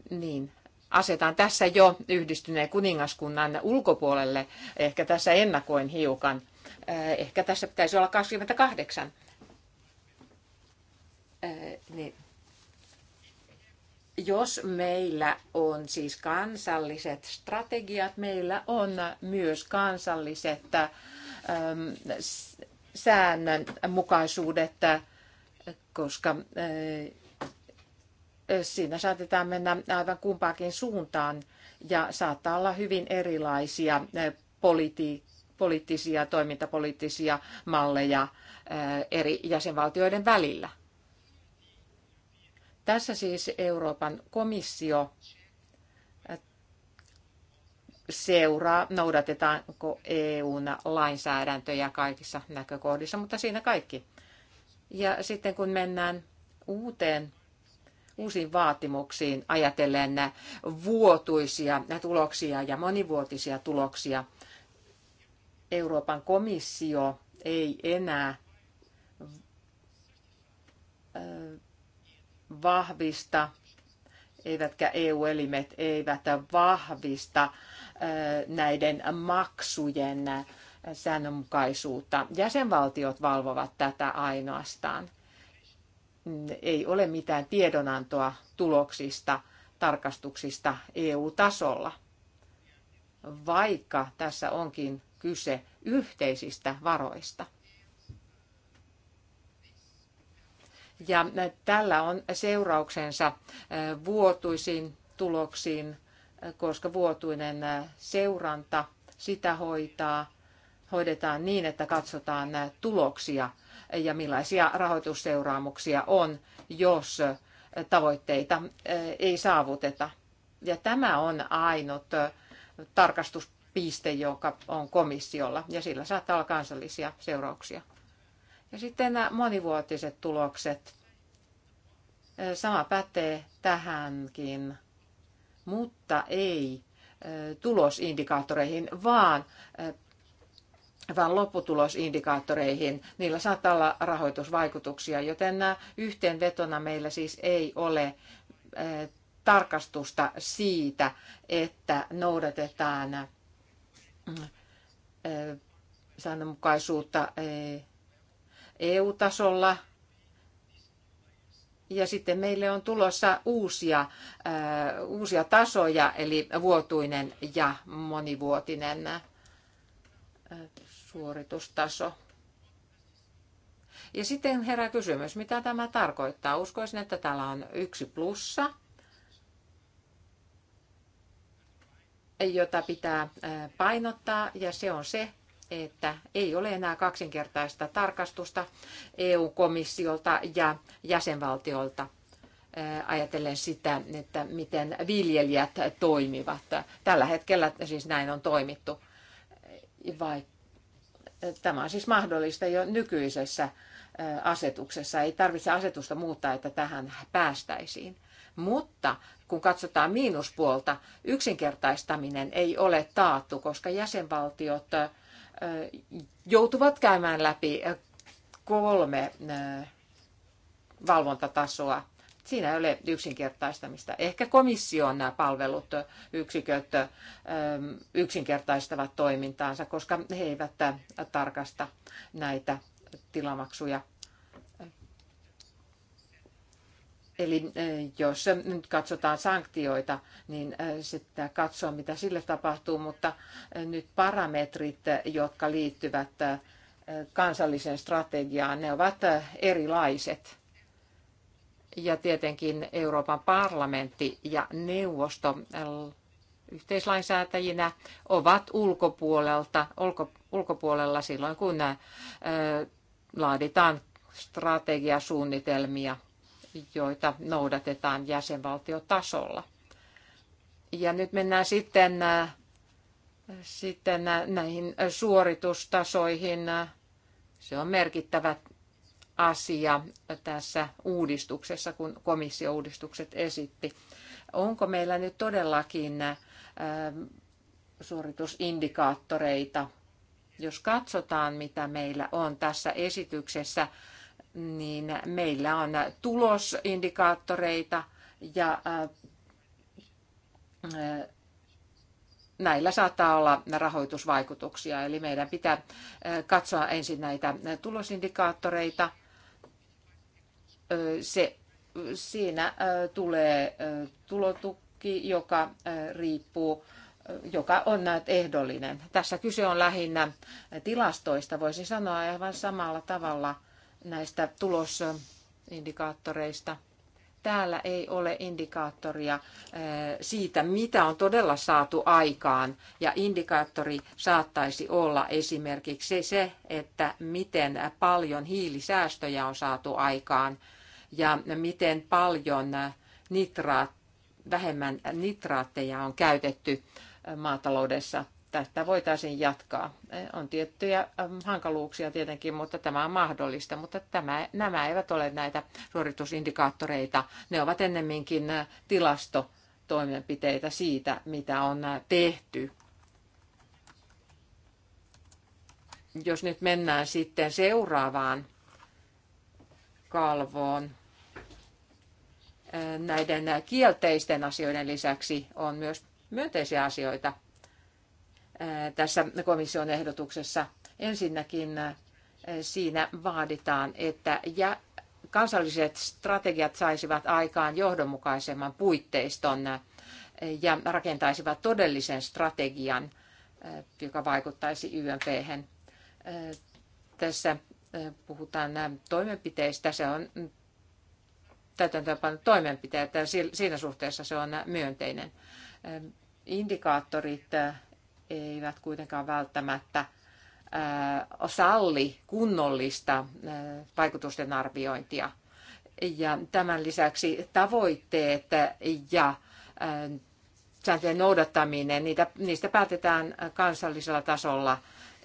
niin asetan tässä jo yhdistyneen kuningaskunnan ulkopuolelle, ehkä tässä ennakoin hiukan, ehkä tässä pitäisi olla 28. Niin jos meillä on siis kansalliset strategiat, meillä on myös kansalliset ähm, säännönmukaisuudet, koska äh, siinä saatetaan mennä aivan kumpaakin suuntaan ja saattaa olla hyvin erilaisia äh, politi- poliittisia, toimintapoliittisia malleja äh, eri jäsenvaltioiden välillä. Tässä siis Euroopan komissio seuraa, noudatetaanko EUn lainsäädäntöjä kaikissa näkökohdissa, mutta siinä kaikki. Ja sitten kun mennään uuteen, uusiin vaatimuksiin ajatellen vuotuisia tuloksia ja monivuotisia tuloksia, Euroopan komissio ei enää vahvista, eivätkä EU-elimet eivät vahvista näiden maksujen säännönmukaisuutta. Jäsenvaltiot valvovat tätä ainoastaan. Ei ole mitään tiedonantoa tuloksista, tarkastuksista EU-tasolla, vaikka tässä onkin kyse yhteisistä varoista. Ja tällä on seurauksensa äh, vuotuisiin tuloksiin, äh, koska vuotuinen äh, seuranta sitä hoitaa, hoidetaan niin, että katsotaan tuloksia ja millaisia rahoitusseuraamuksia on, jos tavoitteita ei saavuteta. Ja tämä on ainut tarkastuspiste, joka on komissiolla, ja sillä saattaa olla kansallisia seurauksia. Ja sitten nämä monivuotiset tulokset. Sama pätee tähänkin, mutta ei tulosindikaattoreihin, vaan, vaan lopputulosindikaattoreihin. Niillä saattaa olla rahoitusvaikutuksia, joten yhteenvetona meillä siis ei ole tarkastusta siitä, että noudatetaan mm, säännönmukaisuutta EU-tasolla. Ja sitten meille on tulossa uusia, äh, uusia tasoja, eli vuotuinen ja monivuotinen äh, suoritustaso. Ja sitten herää kysymys, mitä tämä tarkoittaa. Uskoisin, että täällä on yksi plussa, jota pitää äh, painottaa, ja se on se, että ei ole enää kaksinkertaista tarkastusta EU-komissiolta ja jäsenvaltiolta eh, ajatellen sitä, että miten viljelijät toimivat. Tällä hetkellä siis näin on toimittu. Vai, tämä on siis mahdollista jo nykyisessä eh, asetuksessa. Ei tarvitse asetusta muuttaa, että tähän päästäisiin. Mutta kun katsotaan miinuspuolta, yksinkertaistaminen ei ole taattu, koska jäsenvaltiot eh, joutuvat käymään läpi kolme valvontatasoa. Siinä ei ole yksinkertaistamista. Ehkä komission nämä palvelut, yksiköt yksinkertaistavat toimintaansa, koska he eivät tarkasta näitä tilamaksuja Eli eh, jos nyt katsotaan sanktioita, niin eh, sitten katsoa, mitä sille tapahtuu, mutta eh, nyt parametrit, jotka liittyvät kansalliseen strategiaan, ne ovat erilaiset. Ja tietenkin Euroopan parlamentti ja neuvosto yhteislainsäätäjinä ovat ulkopuolelta, ulko, ulkopuolella silloin, kun laaditaan strategiasuunnitelmia – joita noudatetaan jäsenvaltiotasolla. Ja nyt mennään sitten, äh, sitten äh, näihin suoritustasoihin. Se on merkittävä asia tässä uudistuksessa, kun komissio-uudistukset esitti. Onko meillä nyt todellakin äh, suoritusindikaattoreita? Jos katsotaan, mitä meillä on tässä esityksessä, niin meillä on tulosindikaattoreita ja äh, äh, näillä saattaa olla rahoitusvaikutuksia. Eli meidän pitää äh, katsoa ensin näitä tulosindikaattoreita. Se, siinä tulee tulotukki, joka riippuu joka on ehdollinen. Tässä kyse on lähinnä tilastoista. Voisin sanoa aivan samalla tavalla – näistä tulosindikaattoreista. Täällä ei ole indikaattoria eh, siitä, mitä on todella saatu aikaan. Ja indikaattori saattaisi olla esimerkiksi se, että miten paljon hiilisäästöjä on saatu aikaan ja miten paljon nitraat, vähemmän nitraatteja on käytetty eh, maataloudessa – tästä voitaisiin jatkaa. On tiettyjä ähm, hankaluuksia tietenkin, mutta tämä on mahdollista. Mutta tämä, nämä eivät ole näitä suoritusindikaattoreita. Ne ovat ennemminkin äh, tilastotoimenpiteitä siitä, mitä on äh, tehty. Jos nyt mennään sitten seuraavaan kalvoon, äh, näiden kielteisten asioiden lisäksi on myös myönteisiä asioita – tässä komission ehdotuksessa. Ensinnäkin siinä vaaditaan, että kansalliset strategiat saisivat aikaan johdonmukaisemman puitteiston ja rakentaisivat todellisen strategian, joka vaikuttaisi YMP. hen. Tässä puhutaan toimenpiteistä. Se on täytäntöönpano ja Siinä suhteessa se on myönteinen. Indikaattorit eivät kuitenkaan välttämättä salli kunnollista vaikutusten arviointia. Ja tämän lisäksi tavoitteet ja sääntöjen noudattaminen, niitä, niistä päätetään kansallisella tasolla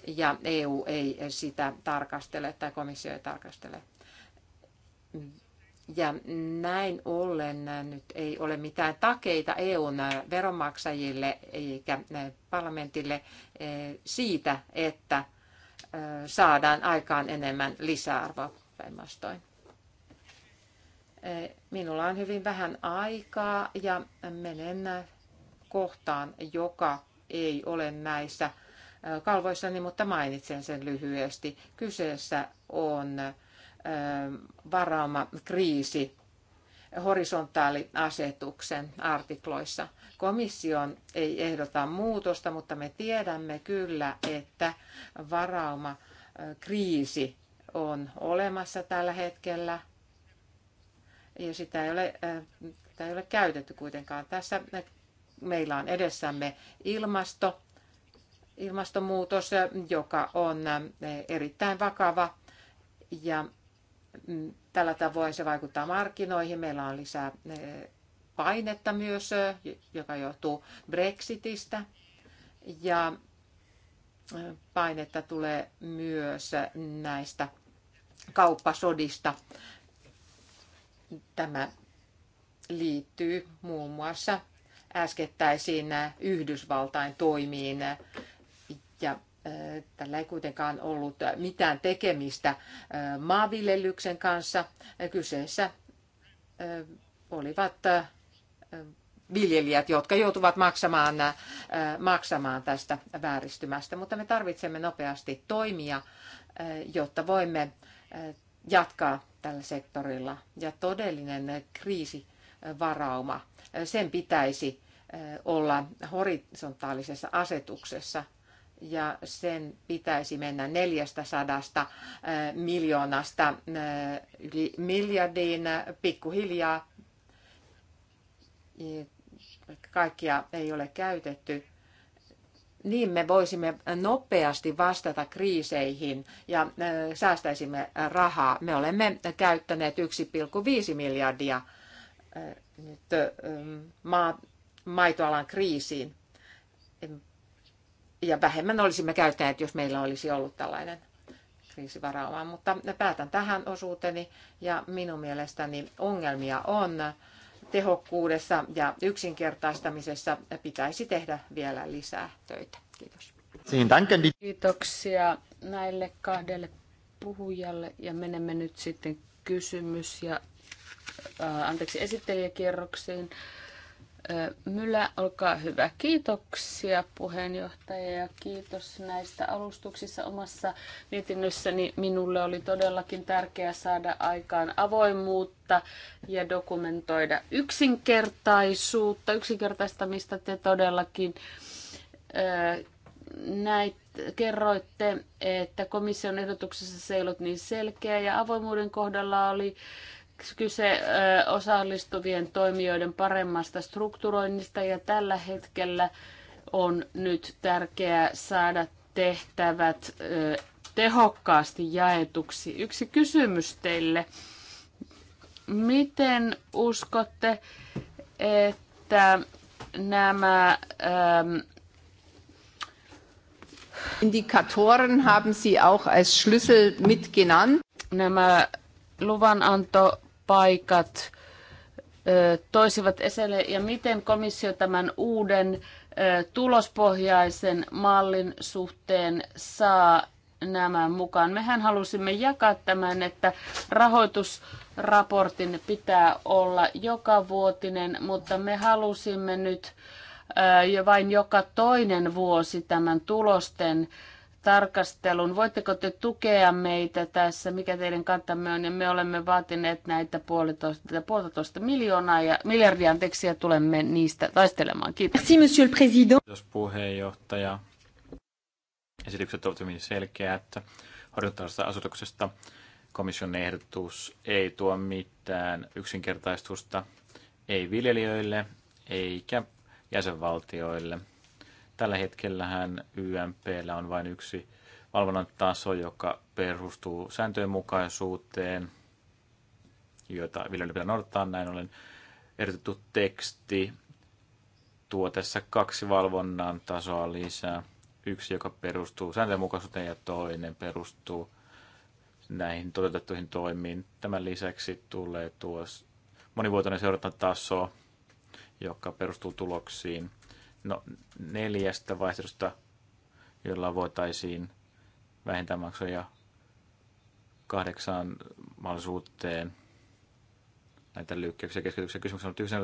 ja EU ei sitä tarkastele tai komissio ei tarkastele. Ja näin ollen nyt ei ole mitään takeita EUn veronmaksajille eikä parlamentille eh, siitä, että eh, saadaan aikaan enemmän lisäarvoa päinvastoin. Eh, minulla on hyvin vähän aikaa ja menen kohtaan, joka ei ole näissä kalvoissani, mutta mainitsen sen lyhyesti. Kyseessä on Ähm, varauma kriisi horisontaaliasetuksen artikloissa. Komission ei ehdota muutosta, mutta me tiedämme kyllä, että varauma äh, kriisi on olemassa tällä hetkellä ja sitä ei ole, äh, sitä ei ole käytetty kuitenkaan. Tässä äh, meillä on edessämme ilmasto, ilmastonmuutos, joka on erittäin vakava ja Tällä tavoin se vaikuttaa markkinoihin. Meillä on lisää eh, painetta myös, eh, joka johtuu Brexitistä. Ja eh, painetta tulee myös näistä kauppasodista. Tämä liittyy muun muassa äskettäisiin Yhdysvaltain toimiin ja Tällä ei kuitenkaan ollut mitään tekemistä maanviljelyksen kanssa. Kyseessä olivat viljelijät, jotka joutuvat maksamaan, maksamaan tästä vääristymästä. Mutta me tarvitsemme nopeasti toimia, jotta voimme jatkaa tällä sektorilla. Ja todellinen kriisivarauma, sen pitäisi olla horisontaalisessa asetuksessa ja sen pitäisi mennä 400 äh, miljoonasta äh, yli miljardiin äh, pikkuhiljaa. Kaikkia ei ole käytetty. Niin me voisimme nopeasti vastata kriiseihin ja säästäisimme rahaa. Me olemme käyttäneet 1,5 miljardia nyt ähm, maitoalan kriisiin ja vähemmän olisimme käyttäneet, jos meillä olisi ollut tällainen kriisivarauma. Mutta päätän tähän osuuteni ja minun mielestäni ongelmia on tehokkuudessa ja yksinkertaistamisessa pitäisi tehdä vielä lisää töitä. Kiitos. Kiitoksia näille kahdelle puhujalle ja menemme nyt sitten kysymys ja äh, anteeksi esittelijäkierroksiin. Mylä, olkaa hyvä. Kiitoksia puheenjohtaja ja kiitos näistä alustuksissa omassa mietinnössäni. Minulle oli todellakin tärkeää saada aikaan avoimuutta ja dokumentoida yksinkertaisuutta, yksinkertaistamista te todellakin näitte kerroitte, että komission ehdotuksessa se ei ollut niin selkeä ja avoimuuden kohdalla oli kyse osallistuvien toimijoiden paremmasta strukturoinnista ja tällä hetkellä on nyt tärkeää saada tehtävät tehokkaasti jaetuksi. Yksi kysymys teille. Miten uskotte, että nämä ähm, Indikatoren haben Sie auch als Schlüssel mitgenannt. Nämä luvananto paikat toisivat esille ja miten komissio tämän uuden tulospohjaisen mallin suhteen saa nämä mukaan. Mehän halusimme jakaa tämän, että rahoitusraportin pitää olla joka vuotinen, mutta me halusimme nyt jo vain joka toinen vuosi tämän tulosten tarkastelun. Voitteko te tukea meitä tässä, mikä teidän kantamme on, ja me olemme vaatineet näitä puolitoista, puolitoista miljoonaa ja miljardia anteeksi, ja tulemme niistä taistelemaan. Kiitos. Merci, monsieur le président. Kiitos puheenjohtaja. Esitykset ovat hyvin selkeät. Horjuttavasta asutuksesta komission ehdotus ei tuo mitään yksinkertaistusta, ei viljelijöille eikä jäsenvaltioille – Tällä hetkellähän YMPllä on vain yksi valvonnan taso, joka perustuu sääntöjen mukaisuuteen, joita viljelijöiden pitää noudattaa. Näin ollen erotettu teksti tuo tässä kaksi valvonnan tasoa lisää. Yksi, joka perustuu sääntöjen mukaisuuteen ja toinen perustuu näihin toteutettuihin toimiin. Tämän lisäksi tulee tuo monivuotoinen seurantataso, joka perustuu tuloksiin – no, neljästä vaihtoehdosta, jolla voitaisiin vähentää maksuja kahdeksaan mahdollisuuteen näitä lykkäyksiä ja keskityksiä. Kysymys on yksi,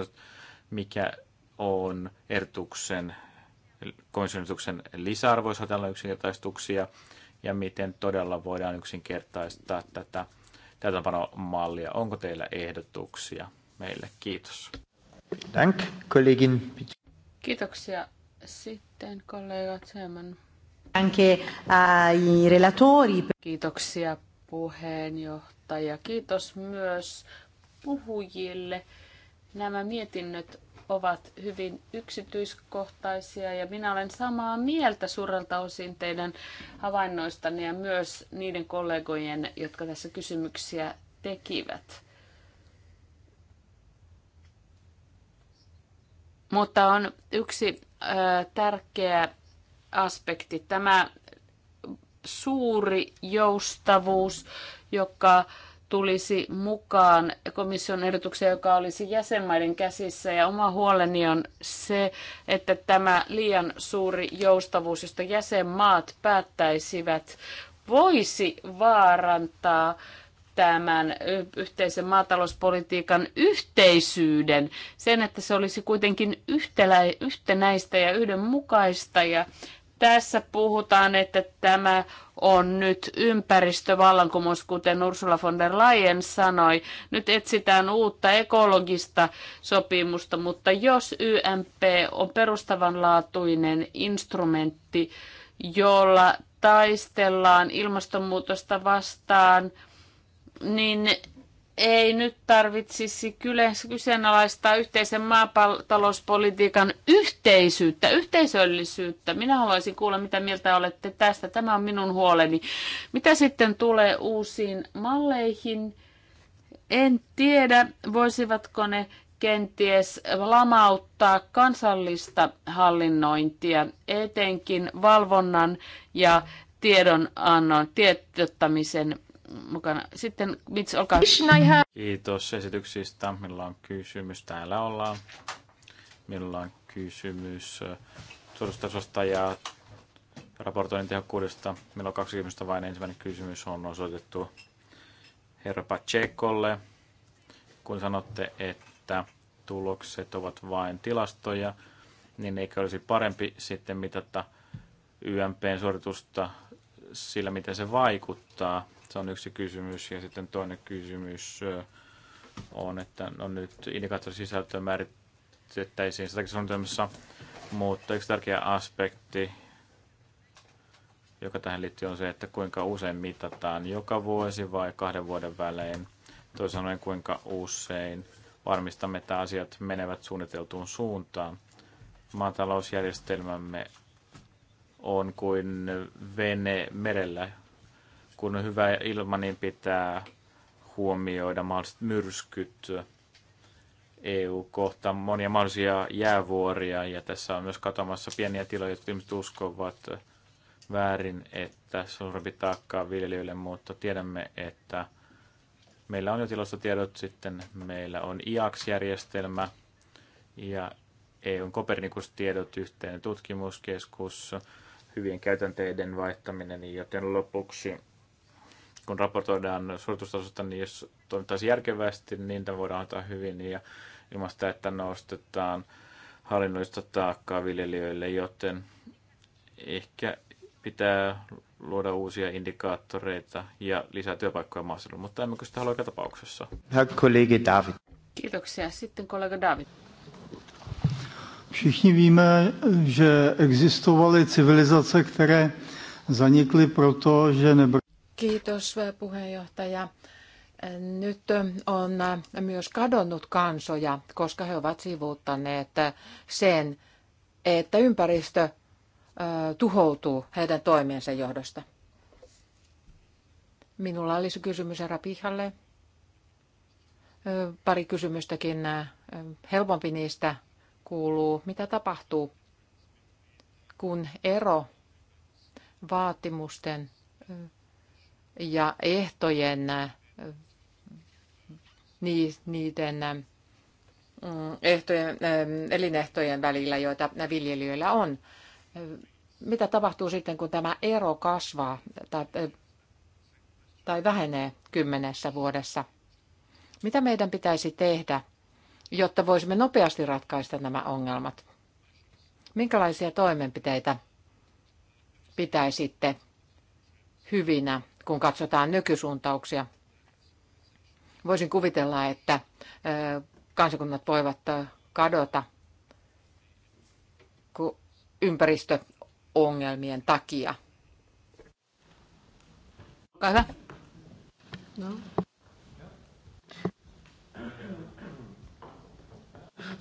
mikä on ertuksen komissioituksen lisäarvoissa tällä yksinkertaistuksia, ja miten todella voidaan yksinkertaistaa tätä täytäntöpanomallia. Onko teillä ehdotuksia meille? Kiitos. Dank, kollegin. Kiitoksia sitten kollega Zeman. Anche ai relatori. Kiitoksia puheenjohtaja. Kiitos myös puhujille. Nämä mietinnöt ovat hyvin yksityiskohtaisia ja minä olen samaa mieltä suurelta osin teidän havainnoistanne ja myös niiden kollegojen, jotka tässä kysymyksiä tekivät. Mutta on yksi tärkeä aspekti tämä suuri joustavuus, joka tulisi mukaan komission ehdotukseen, joka olisi jäsenmaiden käsissä. Ja oma huoleni on se, että tämä liian suuri joustavuus, josta jäsenmaat päättäisivät, voisi vaarantaa tämän yhteisen maatalouspolitiikan yhteisyyden, sen, että se olisi kuitenkin yhtelä, yhtenäistä ja yhdenmukaista. Ja tässä puhutaan, että tämä on nyt ympäristövallankumous, kuten Ursula von der Leyen sanoi. Nyt etsitään uutta ekologista sopimusta, mutta jos YMP on perustavanlaatuinen instrumentti, jolla taistellaan ilmastonmuutosta vastaan – niin ei nyt tarvitsisi kyllä kyseenalaistaa yhteisen maatalouspolitiikan yhteisyyttä, yhteisöllisyyttä. Minä haluaisin kuulla, mitä mieltä olette tästä. Tämä on minun huoleni. Mitä sitten tulee uusiin malleihin? En tiedä, voisivatko ne kenties lamauttaa kansallista hallinnointia, etenkin valvonnan ja tiedonannon tiedottamisen mukana. Sitten Mitch, olkaa hyvä. Kiitos esityksistä. Minulla on kysymys. Täällä ollaan. Minulla on kysymys äh, suoritustasosta ja raportoinnin tehokkuudesta. Meillä on 20 vain ensimmäinen kysymys on osoitettu herra Pachecolle, kun sanotte, että tulokset ovat vain tilastoja, niin eikö olisi parempi sitten mitata YMPn suoritusta sillä, miten se vaikuttaa se on yksi kysymys. Ja sitten toinen kysymys on, että on no nyt sisältöä määritettäisiin sitäkin suunnitelmassa. Mutta yksi tärkeä aspekti, joka tähän liittyy, on se, että kuinka usein mitataan joka vuosi vai kahden vuoden välein. Toisin sanoen, kuinka usein varmistamme, että asiat menevät suunniteltuun suuntaan. Maatalousjärjestelmämme on kuin vene merellä, kun on hyvä ilma, niin pitää huomioida mahdolliset myrskyt. EU kohtaan, monia mahdollisia jäävuoria ja tässä on myös katomassa pieniä tiloja, jotka ihmiset uskovat väärin, että suurempi taakkaa viljelijöille, mutta tiedämme, että meillä on jo tiedot sitten, meillä on IAX-järjestelmä ja EUn Kopernikus-tiedot yhteinen tutkimuskeskus, hyvien käytänteiden vaihtaminen, joten lopuksi kun raportoidaan suoritustasosta, niin jos toimittaisiin järkevästi, niin tämä voidaan antaa hyvin ja ilman sitä, että nostetaan hallinnollista taakkaa viljelijöille, joten ehkä pitää luoda uusia indikaattoreita ja lisää työpaikkoja maaseudulla, mutta emmekö sitä halua tapauksessa. Herr kollegi David. Kiitoksia. Sitten kollega David. Všichni víme, že existovaly civilizace, které zanikly proto, že nebyly. Kiitos puheenjohtaja. Nyt on myös kadonnut kansoja, koska he ovat sivuuttaneet sen, että ympäristö tuhoutuu heidän toimiensa johdosta. Minulla olisi kysymys herra Pihalle. Pari kysymystäkin helpompi niistä kuuluu. Mitä tapahtuu, kun ero vaatimusten ja ehtojen, niiden mm, ehtojen, elinehtojen välillä, joita viljelijöillä on. Mitä tapahtuu sitten, kun tämä ero kasvaa tai, tai vähenee kymmenessä vuodessa? Mitä meidän pitäisi tehdä, jotta voisimme nopeasti ratkaista nämä ongelmat? Minkälaisia toimenpiteitä pitäisitte hyvinä kun katsotaan nykysuuntauksia. Voisin kuvitella, että kansakunnat voivat kadota ympäristöongelmien takia. Olkaa hyvä. No.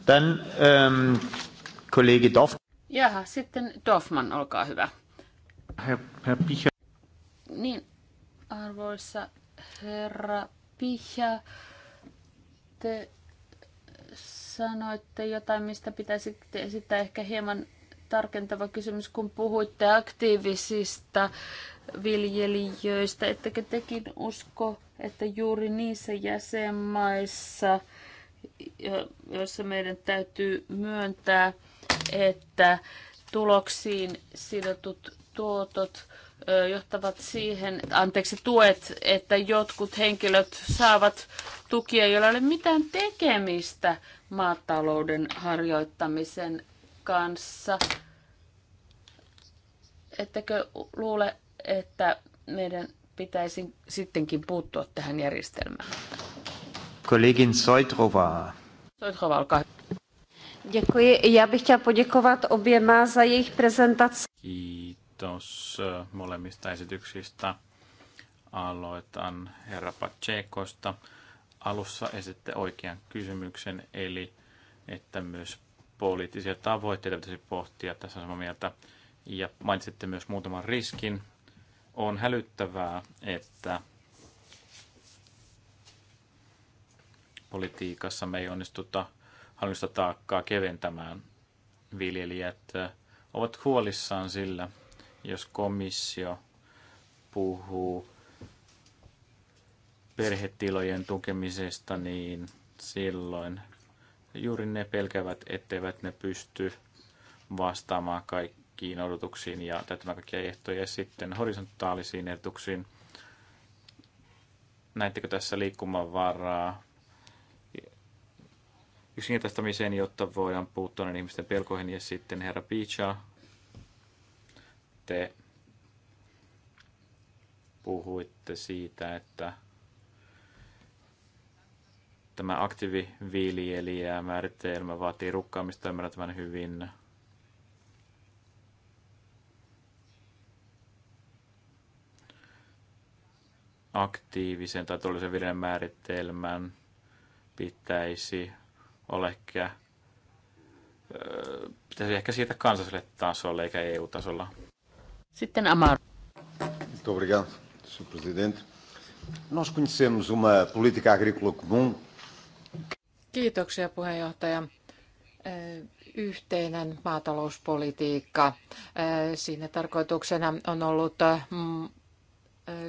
Dann ähm, Dorf. Jaha, sitten Dorfman, olkaa hyvä. Herr, Herr Niin, Arvoisa herra Pihja, te sanoitte jotain, mistä pitäisi esittää ehkä hieman tarkentava kysymys, kun puhuitte aktiivisista viljelijöistä. Ettekö tekin usko, että juuri niissä jäsenmaissa, joissa meidän täytyy myöntää, että tuloksiin sidotut tuotot johtavat siihen, anteeksi, tuet, että jotkut henkilöt saavat tukia, joilla ei ole mitään tekemistä maatalouden harjoittamisen kanssa. Ettekö luule, että meidän pitäisi sittenkin puuttua tähän järjestelmään? Kollegin Soitrova. Soitrova, olkaa hyvä. Děkuji. Já bych chtěla poděkovat oběma za jejich prezentaci. Kiitos molemmista esityksistä. Aloitan herra Pachecosta. Alussa esitte oikean kysymyksen, eli että myös poliittisia tavoitteita pitäisi pohtia. Tässä samaa mieltä. Ja mainitsitte myös muutaman riskin. On hälyttävää, että politiikassa me ei onnistuta hallinnosta taakkaa keventämään. Viljelijät ovat huolissaan sillä, jos komissio puhuu perhetilojen tukemisesta, niin silloin juuri ne pelkävät, etteivät ne pysty vastaamaan kaikkiin odotuksiin ja täyttämään kaikkia ehtoja. sitten horisontaalisiin ehdotuksiin. Näettekö tässä liikkumavaraa yksinkertaistamiseen, jotta voidaan puuttua ihmisten pelkoihin. Ja sitten herra Picha te puhuitte siitä, että tämä aktiiviviljelijä määritelmä vaatii rukkaamista ymmärrettävän hyvin. Aktiivisen tai tuollisen viljelijän määritelmän pitäisi olla ehkä, pitäisi ehkä siitä kansalliselle tasolle eikä EU-tasolla. Sitten Amaro. Muito obrigado, Sr. Presidente. Nós conhecemos uma política agrícola comum. Kiitoksia puheenjohtaja. Yhteinen maatalouspolitiikka. Siinä tarkoituksena on ollut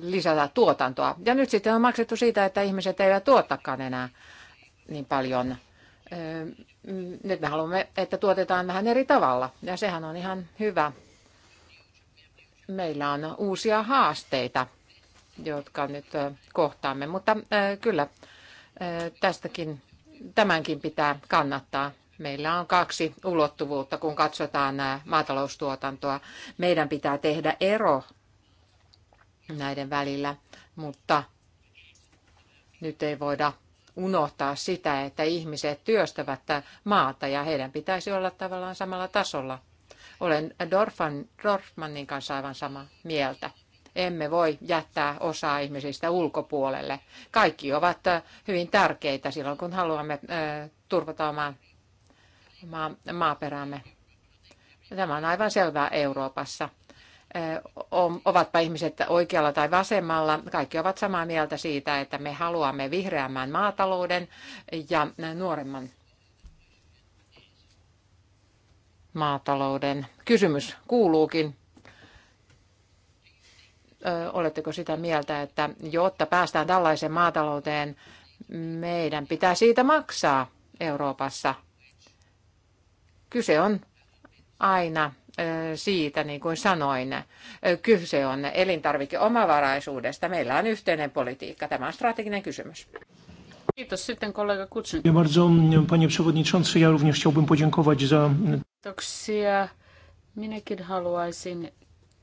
lisätä tuotantoa. Ja nyt sitten on maksettu siitä, että ihmiset eivät tuottakaan enää niin paljon. Nyt me haluamme, että tuotetaan vähän eri tavalla. Ja sehän on ihan hyvä meillä on uusia haasteita, jotka nyt kohtaamme. Mutta kyllä tästäkin, tämänkin pitää kannattaa. Meillä on kaksi ulottuvuutta, kun katsotaan maataloustuotantoa. Meidän pitää tehdä ero näiden välillä, mutta nyt ei voida unohtaa sitä, että ihmiset työstävät maata ja heidän pitäisi olla tavallaan samalla tasolla olen Dorfman, Dorfmannin kanssa aivan samaa mieltä. Emme voi jättää osaa ihmisistä ulkopuolelle. Kaikki ovat äh, hyvin tärkeitä silloin, kun haluamme äh, turvata omaa, omaa maaperäämme. Tämä on aivan selvää Euroopassa äh, ovatpa ihmiset oikealla tai vasemmalla, kaikki ovat samaa mieltä siitä, että me haluamme vihreämmän maatalouden ja nuoremman maatalouden. Kysymys kuuluukin, oletteko sitä mieltä, että jotta päästään tällaiseen maatalouteen, meidän pitää siitä maksaa Euroopassa? Kyse on aina siitä, niin kuin sanoin, kyse on elintarvikeomavaraisuudesta. Meillä on yhteinen politiikka. Tämä on strateginen kysymys. Kiitos. Sitten kollega Kutsin. Ja bardzo, panie przewodniczący, ja również chciałbym podziękować za... Kiitoksia. Minäkin haluaisin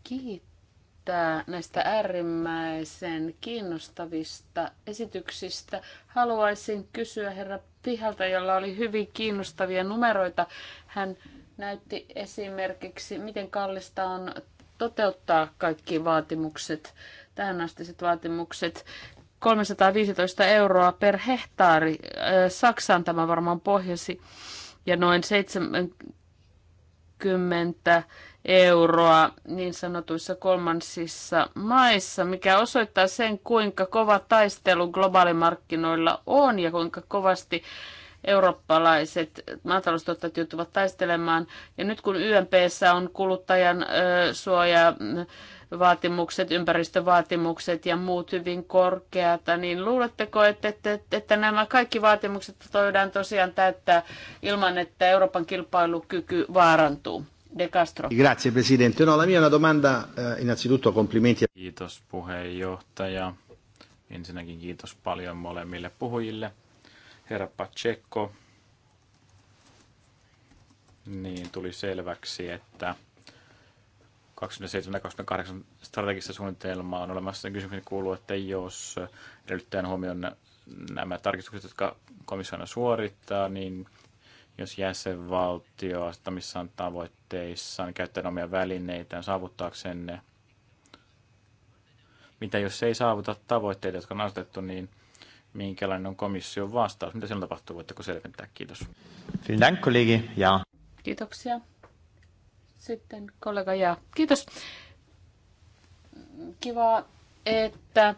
kiittää näistä äärimmäisen kiinnostavista esityksistä. Haluaisin kysyä herra Pihalta, jolla oli hyvin kiinnostavia numeroita. Hän näytti esimerkiksi, miten kallista on toteuttaa kaikki vaatimukset, tähänastiset vaatimukset. 315 euroa per hehtaari. Saksaan tämä varmaan pohjasi ja noin 70 euroa niin sanotuissa kolmansissa maissa, mikä osoittaa sen, kuinka kova taistelu globaalimarkkinoilla on ja kuinka kovasti eurooppalaiset maataloustuottajat joutuvat taistelemaan. Ja nyt kun YMPssä on kuluttajan suoja vaatimukset, ympäristövaatimukset ja muut hyvin korkeata, niin luuletteko, että, että, että nämä kaikki vaatimukset voidaan tosiaan täyttää ilman, että Euroopan kilpailukyky vaarantuu? De Castro. Grazie Presidente. No, la mia una domanda eh, innanzitutto complimenti. Kiitos puheenjohtaja. Ensinnäkin kiitos paljon molemmille puhujille. Herra Pacheco, niin tuli selväksi, että 27-28 strategista suunnitelmaa on olemassa. Kysymys kuuluu, että jos edellyttäen huomioon nämä tarkistukset, jotka komissio suorittaa, niin jos jäsenvaltio asettamissaan tavoitteissaan niin käyttää omia välineitään saavuttaakseen ne, mitä jos ei saavuta tavoitteita, jotka on asetettu, niin minkälainen on komission vastaus? Mitä silloin tapahtuu? Voitteko selventää? Kiitos. Vielen Dank, kollegi. Ja. Kiitoksia. Sitten kollega Jaa. Kiitos. Kiva, että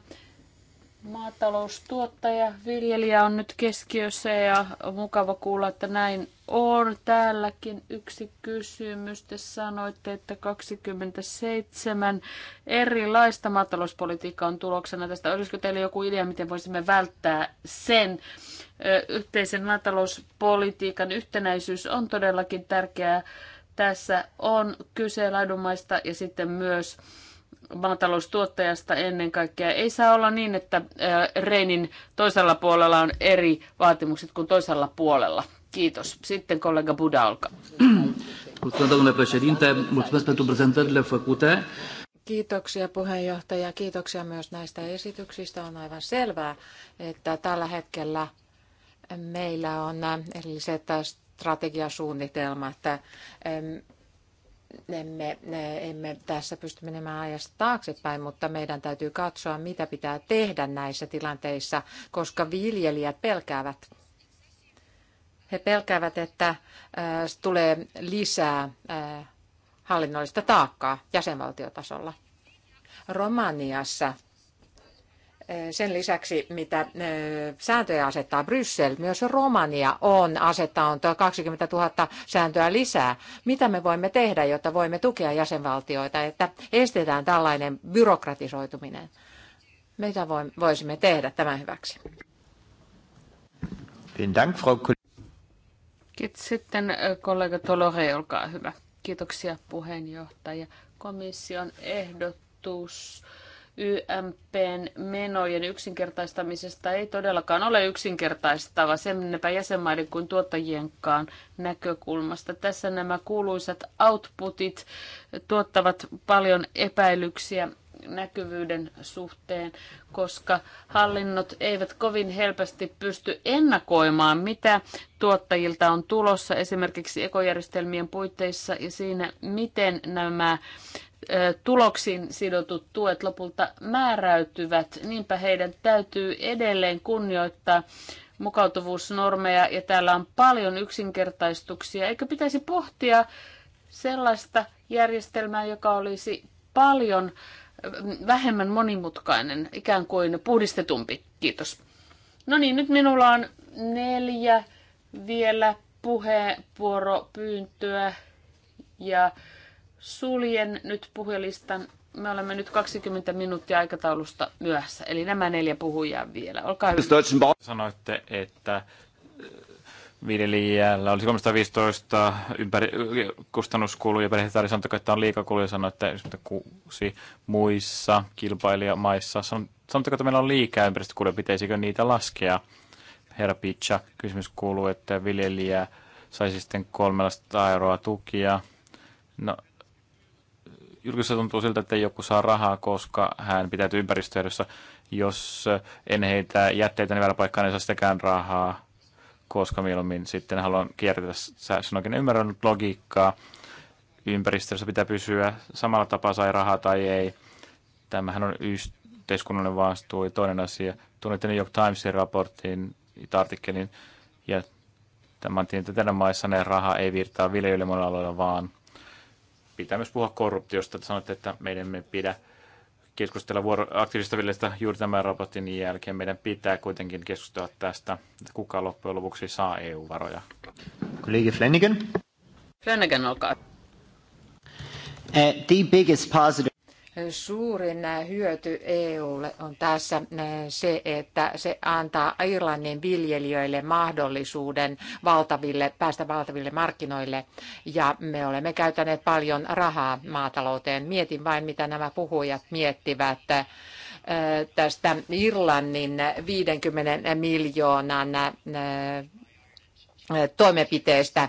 maataloustuottaja, viljelijä on nyt keskiössä ja on mukava kuulla, että näin on. Täälläkin yksi kysymys. Te sanoitte, että 27 erilaista maatalouspolitiikkaa on tuloksena tästä. Olisiko teillä joku idea, miten voisimme välttää sen? Yhteisen maatalouspolitiikan yhtenäisyys on todellakin tärkeää tässä on kyse laidunmaista ja sitten myös maataloustuottajasta ennen kaikkea. Ei saa olla niin, että Reinin toisella puolella on eri vaatimukset kuin toisella puolella. Kiitos. Sitten kollega Buda, olkaa. Kiitoksia puheenjohtaja. Kiitoksia myös näistä esityksistä. On aivan selvää, että tällä hetkellä meillä on erilliset strategiasuunnitelma, että emme, emme tässä pysty menemään ajasta taaksepäin, mutta meidän täytyy katsoa, mitä pitää tehdä näissä tilanteissa, koska viljelijät pelkäävät. He pelkäävät, että tulee lisää hallinnollista taakkaa jäsenvaltiotasolla. Romaniassa sen lisäksi, mitä sääntöjä asettaa Bryssel, myös Romania on asettanut 20 000 sääntöä lisää. Mitä me voimme tehdä, jotta voimme tukea jäsenvaltioita, että estetään tällainen byrokratisoituminen? Mitä voisimme tehdä tämän hyväksi? Kiitos. Sitten kollega Tolore, olkaa hyvä. Kiitoksia puheenjohtaja. Komission ehdotus YMPn menojen yksinkertaistamisesta ei todellakaan ole yksinkertaistava semmepä jäsenmaiden kuin tuottajienkaan näkökulmasta. Tässä nämä kuuluisat outputit tuottavat paljon epäilyksiä näkyvyyden suhteen, koska hallinnot eivät kovin helposti pysty ennakoimaan, mitä tuottajilta on tulossa esimerkiksi ekojärjestelmien puitteissa ja siinä, miten nämä tuloksiin sidotut tuet lopulta määräytyvät, niinpä heidän täytyy edelleen kunnioittaa mukautuvuusnormeja ja täällä on paljon yksinkertaistuksia. Eikö pitäisi pohtia sellaista järjestelmää, joka olisi paljon vähemmän monimutkainen, ikään kuin puhdistetumpi. Kiitos. No niin, nyt minulla on neljä vielä puheenvuoropyyntöä ja Suljen nyt puhelistan. Me olemme nyt 20 minuuttia aikataulusta myöhässä, eli nämä neljä puhujaa vielä. Olkaa hyvä. Sanoitte, että äh, viljelijällä olisi 315 ympäri, kustannuskuluja per hehtaari, että on liikakuluja, sanoi, että 96 muissa kilpailijamaissa. Sanotteko, että meillä on liikaa ympäristökuluja, pitäisikö niitä laskea? Herra Pitcha, kysymys kuuluu, että viljelijä saisi sitten 300 euroa tukia. No, julkisuudessa tuntuu siltä, että joku saa rahaa, koska hän pitää ympäristöehdossa. Jos en heitä jätteitä niin paikkaan, niin saa sitäkään rahaa, koska mieluummin sitten haluan kiertää sanoikin, ymmärrän logiikkaa. Ympäristössä pitää pysyä samalla tapaa sai rahaa tai ei. Tämähän on yhteiskunnallinen vastuu ja toinen asia. Tunnette New York Timesin raportin artikkelin ja tämän tietenkin maissa ne raha ei virtaa viljelijöille aloilla, vaan – pitää myös puhua korruptiosta. Sanoitte, että meidän me pidä keskustella vuoro- viljelijästä juuri tämän raportin jälkeen. Meidän pitää kuitenkin keskustella tästä, että kuka loppujen lopuksi saa EU-varoja. Kollegi Flanagan. Flanagan, olkaa. Uh, the biggest positive Suurin hyöty EUlle on tässä eh, se, että se antaa Irlannin viljelijöille mahdollisuuden valtaville, päästä valtaville markkinoille. Ja me olemme käyttäneet paljon rahaa maatalouteen. Mietin vain, mitä nämä puhujat miettivät eh, tästä Irlannin 50 miljoonan eh, toimenpiteestä,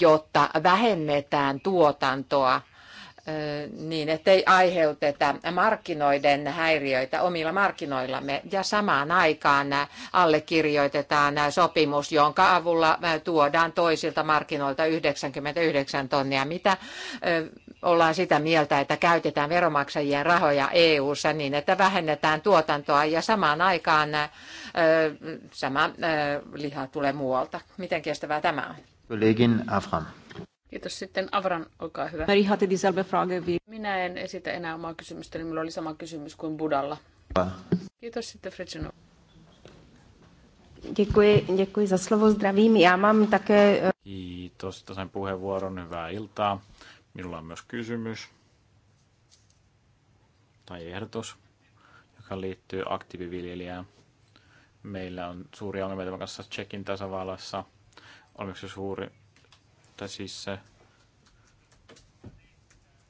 jotta vähennetään tuotantoa niin, ettei aiheuteta markkinoiden häiriöitä omilla markkinoillamme. Ja samaan aikaan allekirjoitetaan sopimus, jonka avulla tuodaan toisilta markkinoilta 99 tonnia. Mitä ollaan sitä mieltä, että käytetään veromaksajien rahoja EU-ssa niin, että vähennetään tuotantoa ja samaan aikaan sama liha tulee muualta. Miten kestävää tämä on? Kollegin Afram. Kiitos sitten Avran, olkaa hyvä. Minä en esitä enää omaa kysymystä, niin minulla oli sama kysymys kuin Budalla. Kiitos sitten Fritzinov. Děkuji, děkuji za slovo, zdravím. Já mám také... Eh, Kiitos, että sain puheenvuoron. Hyvää iltaa. Minulla on myös kysymys tai ehdotus, joka liittyy aktiiviviljelijään. Meillä on suuri ongelma tämän kanssa Tsekin tasavallassa. Olemme suuri mutta siis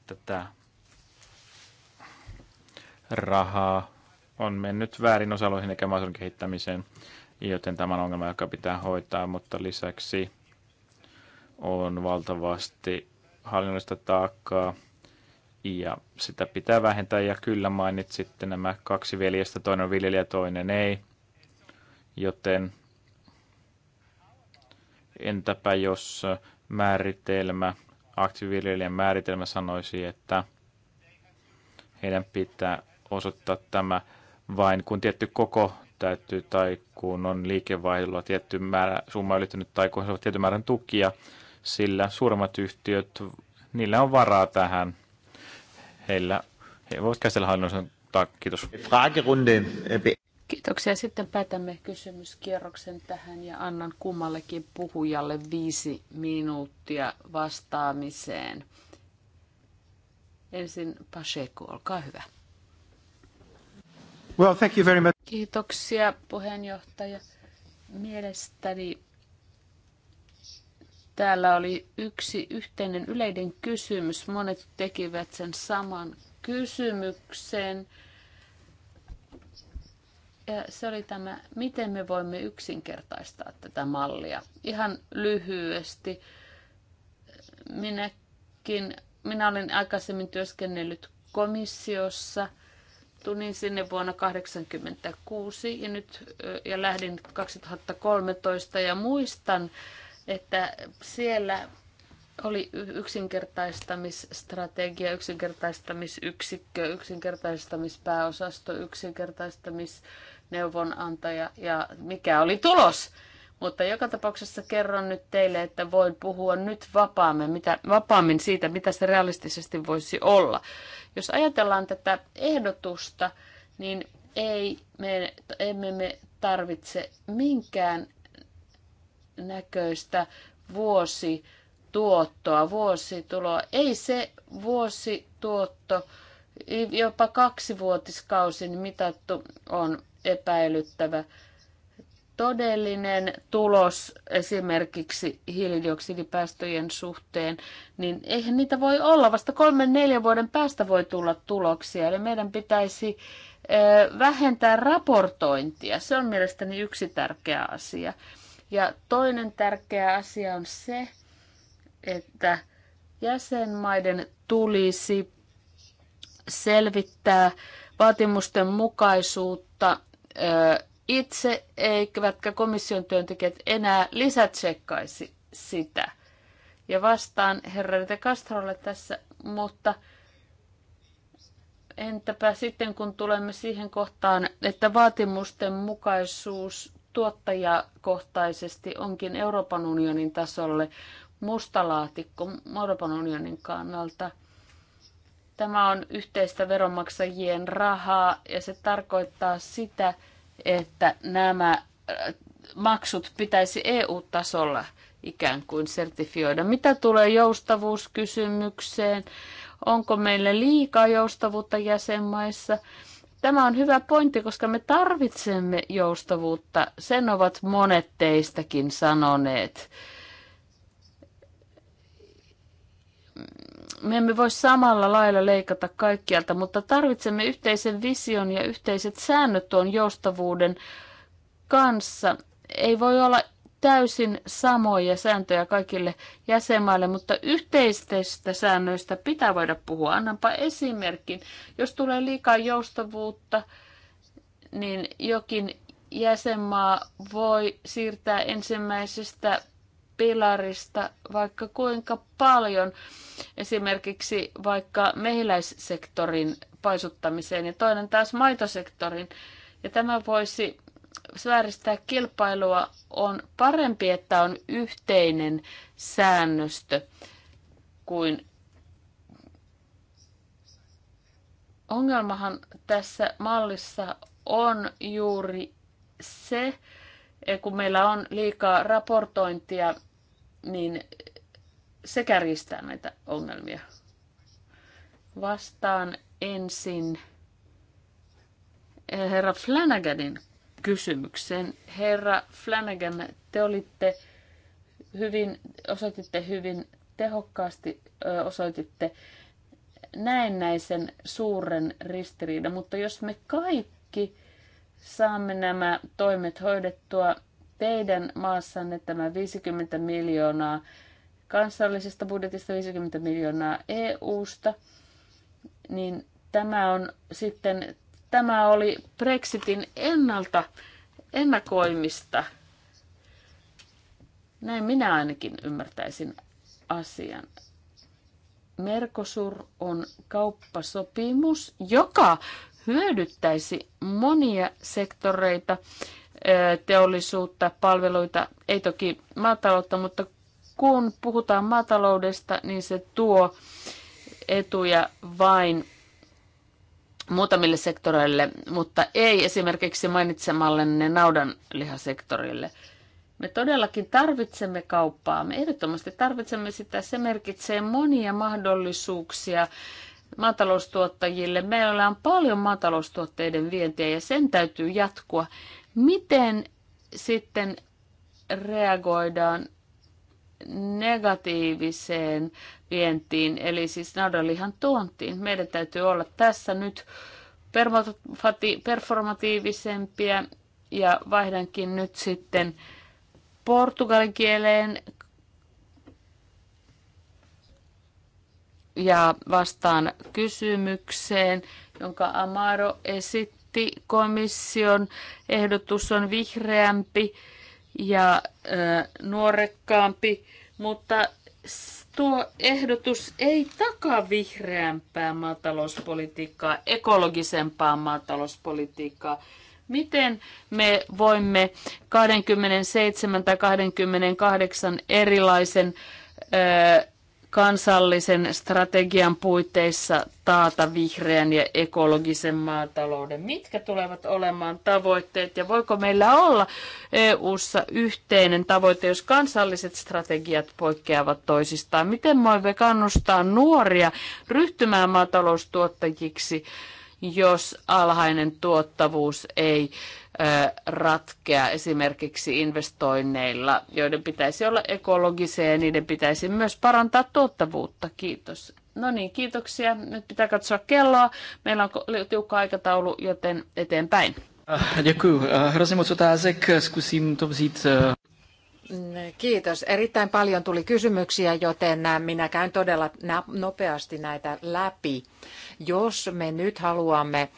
tätä rahaa on mennyt väärin osaloihin eikä maaseudun kehittämiseen, joten tämä on ongelma, joka pitää hoitaa, mutta lisäksi on valtavasti hallinnollista taakkaa ja sitä pitää vähentää. Ja kyllä mainitsitte nämä kaksi veljestä, toinen on viljelijä, toinen ei. Joten entäpä jos määritelmä, aktiiviviljelijän määritelmä sanoisi, että heidän pitää osoittaa tämä vain kun tietty koko täyttyy tai kun on liikevaihdolla tietty määrä, summa ylittynyt tai kun he ovat tietyn määrän tukia, sillä suuremmat yhtiöt, niillä on varaa tähän. Heillä, he voivat käsitellä hallinnollisen takia. Kiitos. Kiitoksia. Sitten päätämme kysymyskierroksen tähän ja annan kummallekin puhujalle viisi minuuttia vastaamiseen. Ensin Pacheco, olkaa hyvä. Well, thank you very much. Kiitoksia puheenjohtaja. Mielestäni täällä oli yksi yhteinen yleinen kysymys. Monet tekivät sen saman kysymyksen ja se oli tämä, miten me voimme yksinkertaistaa tätä mallia. Ihan lyhyesti. Minäkin, minä olin aikaisemmin työskennellyt komissiossa. Tulin sinne vuonna 1986 ja, nyt, ja lähdin 2013 ja muistan, että siellä oli yksinkertaistamisstrategia, yksinkertaistamisyksikkö, yksinkertaistamispääosasto, yksinkertaistamis neuvonantaja ja mikä oli tulos. Mutta joka tapauksessa kerron nyt teille, että voin puhua nyt vapaammin, mitä, vapaammin siitä, mitä se realistisesti voisi olla. Jos ajatellaan tätä ehdotusta, niin ei me, emme me tarvitse minkään näköistä vuosi tuottoa, vuosituloa. Ei se vuosituotto, jopa kaksivuotiskausin mitattu on epäilyttävä. Todellinen tulos esimerkiksi hiilidioksidipäästöjen suhteen, niin eihän niitä voi olla. Vasta kolmen neljän vuoden päästä voi tulla tuloksia. Eli meidän pitäisi vähentää raportointia. Se on mielestäni yksi tärkeä asia. Ja toinen tärkeä asia on se, että jäsenmaiden tulisi selvittää vaatimusten mukaisuutta itse eivätkä komission työntekijät enää lisätsekkaisi sitä. Ja vastaan herra de Castrolle tässä, mutta entäpä sitten kun tulemme siihen kohtaan, että vaatimusten mukaisuus tuottajakohtaisesti onkin Euroopan unionin tasolle mustalaatikko Euroopan unionin kannalta – Tämä on yhteistä veronmaksajien rahaa ja se tarkoittaa sitä, että nämä äh, maksut pitäisi EU-tasolla ikään kuin sertifioida. Mitä tulee joustavuuskysymykseen? Onko meillä liikaa joustavuutta jäsenmaissa? Tämä on hyvä pointti, koska me tarvitsemme joustavuutta. Sen ovat monet teistäkin sanoneet. me emme voi samalla lailla leikata kaikkialta, mutta tarvitsemme yhteisen vision ja yhteiset säännöt tuon joustavuuden kanssa. Ei voi olla täysin samoja sääntöjä kaikille jäsenmaille, mutta yhteistestä säännöistä pitää voida puhua. Annanpa esimerkin. Jos tulee liikaa joustavuutta, niin jokin jäsenmaa voi siirtää ensimmäisestä pilarista vaikka kuinka paljon esimerkiksi vaikka mehiläissektorin paisuttamiseen ja toinen taas maitosektorin. Ja tämä voisi vääristää kilpailua. On parempi, että on yhteinen säännöstö kuin ongelmahan tässä mallissa on juuri se, Eh, kun meillä on liikaa raportointia, niin se kärjistää näitä ongelmia. Vastaan ensin eh, herra Flanaganin kysymykseen. Herra Flanagan, te olitte hyvin, osoititte hyvin tehokkaasti, osoititte näennäisen suuren ristiriidan, mutta jos me kaikki saamme nämä toimet hoidettua teidän maassanne tämä 50 miljoonaa kansallisesta budjetista, 50 miljoonaa EU-sta, niin tämä on sitten, tämä oli Brexitin ennalta ennakoimista. Näin minä ainakin ymmärtäisin asian. Mercosur on kauppasopimus, joka hyödyttäisi monia sektoreita, teollisuutta, palveluita, ei toki maataloutta, mutta kun puhutaan maataloudesta, niin se tuo etuja vain muutamille sektoreille, mutta ei esimerkiksi mainitsemallenne naudanlihasektorille. Me todellakin tarvitsemme kauppaa, me ehdottomasti tarvitsemme sitä. Se merkitsee monia mahdollisuuksia maataloustuottajille. Meillä on paljon maataloustuotteiden vientiä ja sen täytyy jatkua. Miten sitten reagoidaan negatiiviseen vientiin, eli siis naudanlihan tuontiin. Meidän täytyy olla tässä nyt performatiivisempia ja vaihdankin nyt sitten portugalin kieleen ja vastaan kysymykseen, jonka Amaro esitti. Komission ehdotus on vihreämpi ja ö, nuorekkaampi, mutta tuo ehdotus ei takaa vihreämpää maatalouspolitiikkaa, ekologisempaa maatalouspolitiikkaa. Miten me voimme 27 tai 28 erilaisen ö, kansallisen strategian puitteissa taata vihreän ja ekologisen maatalouden? Mitkä tulevat olemaan tavoitteet ja voiko meillä olla EU-ssa yhteinen tavoite, jos kansalliset strategiat poikkeavat toisistaan? Miten voimme kannustaa nuoria ryhtymään maataloustuottajiksi? jos alhainen tuottavuus ei ratkea esimerkiksi investoinneilla, joiden pitäisi olla ekologisia ja niiden pitäisi myös parantaa tuottavuutta. Kiitos. No niin, kiitoksia. Nyt pitää katsoa kelloa. Meillä on tiukka aikataulu, joten eteenpäin. Ah, Děkuji. Eh, hrozně moc otázek, zkusím to vzít. Eh, Kiitos. Erittäin paljon tuli kysymyksiä, joten minä käyn todella nopeasti näitä läpi. Jos me nyt haluamme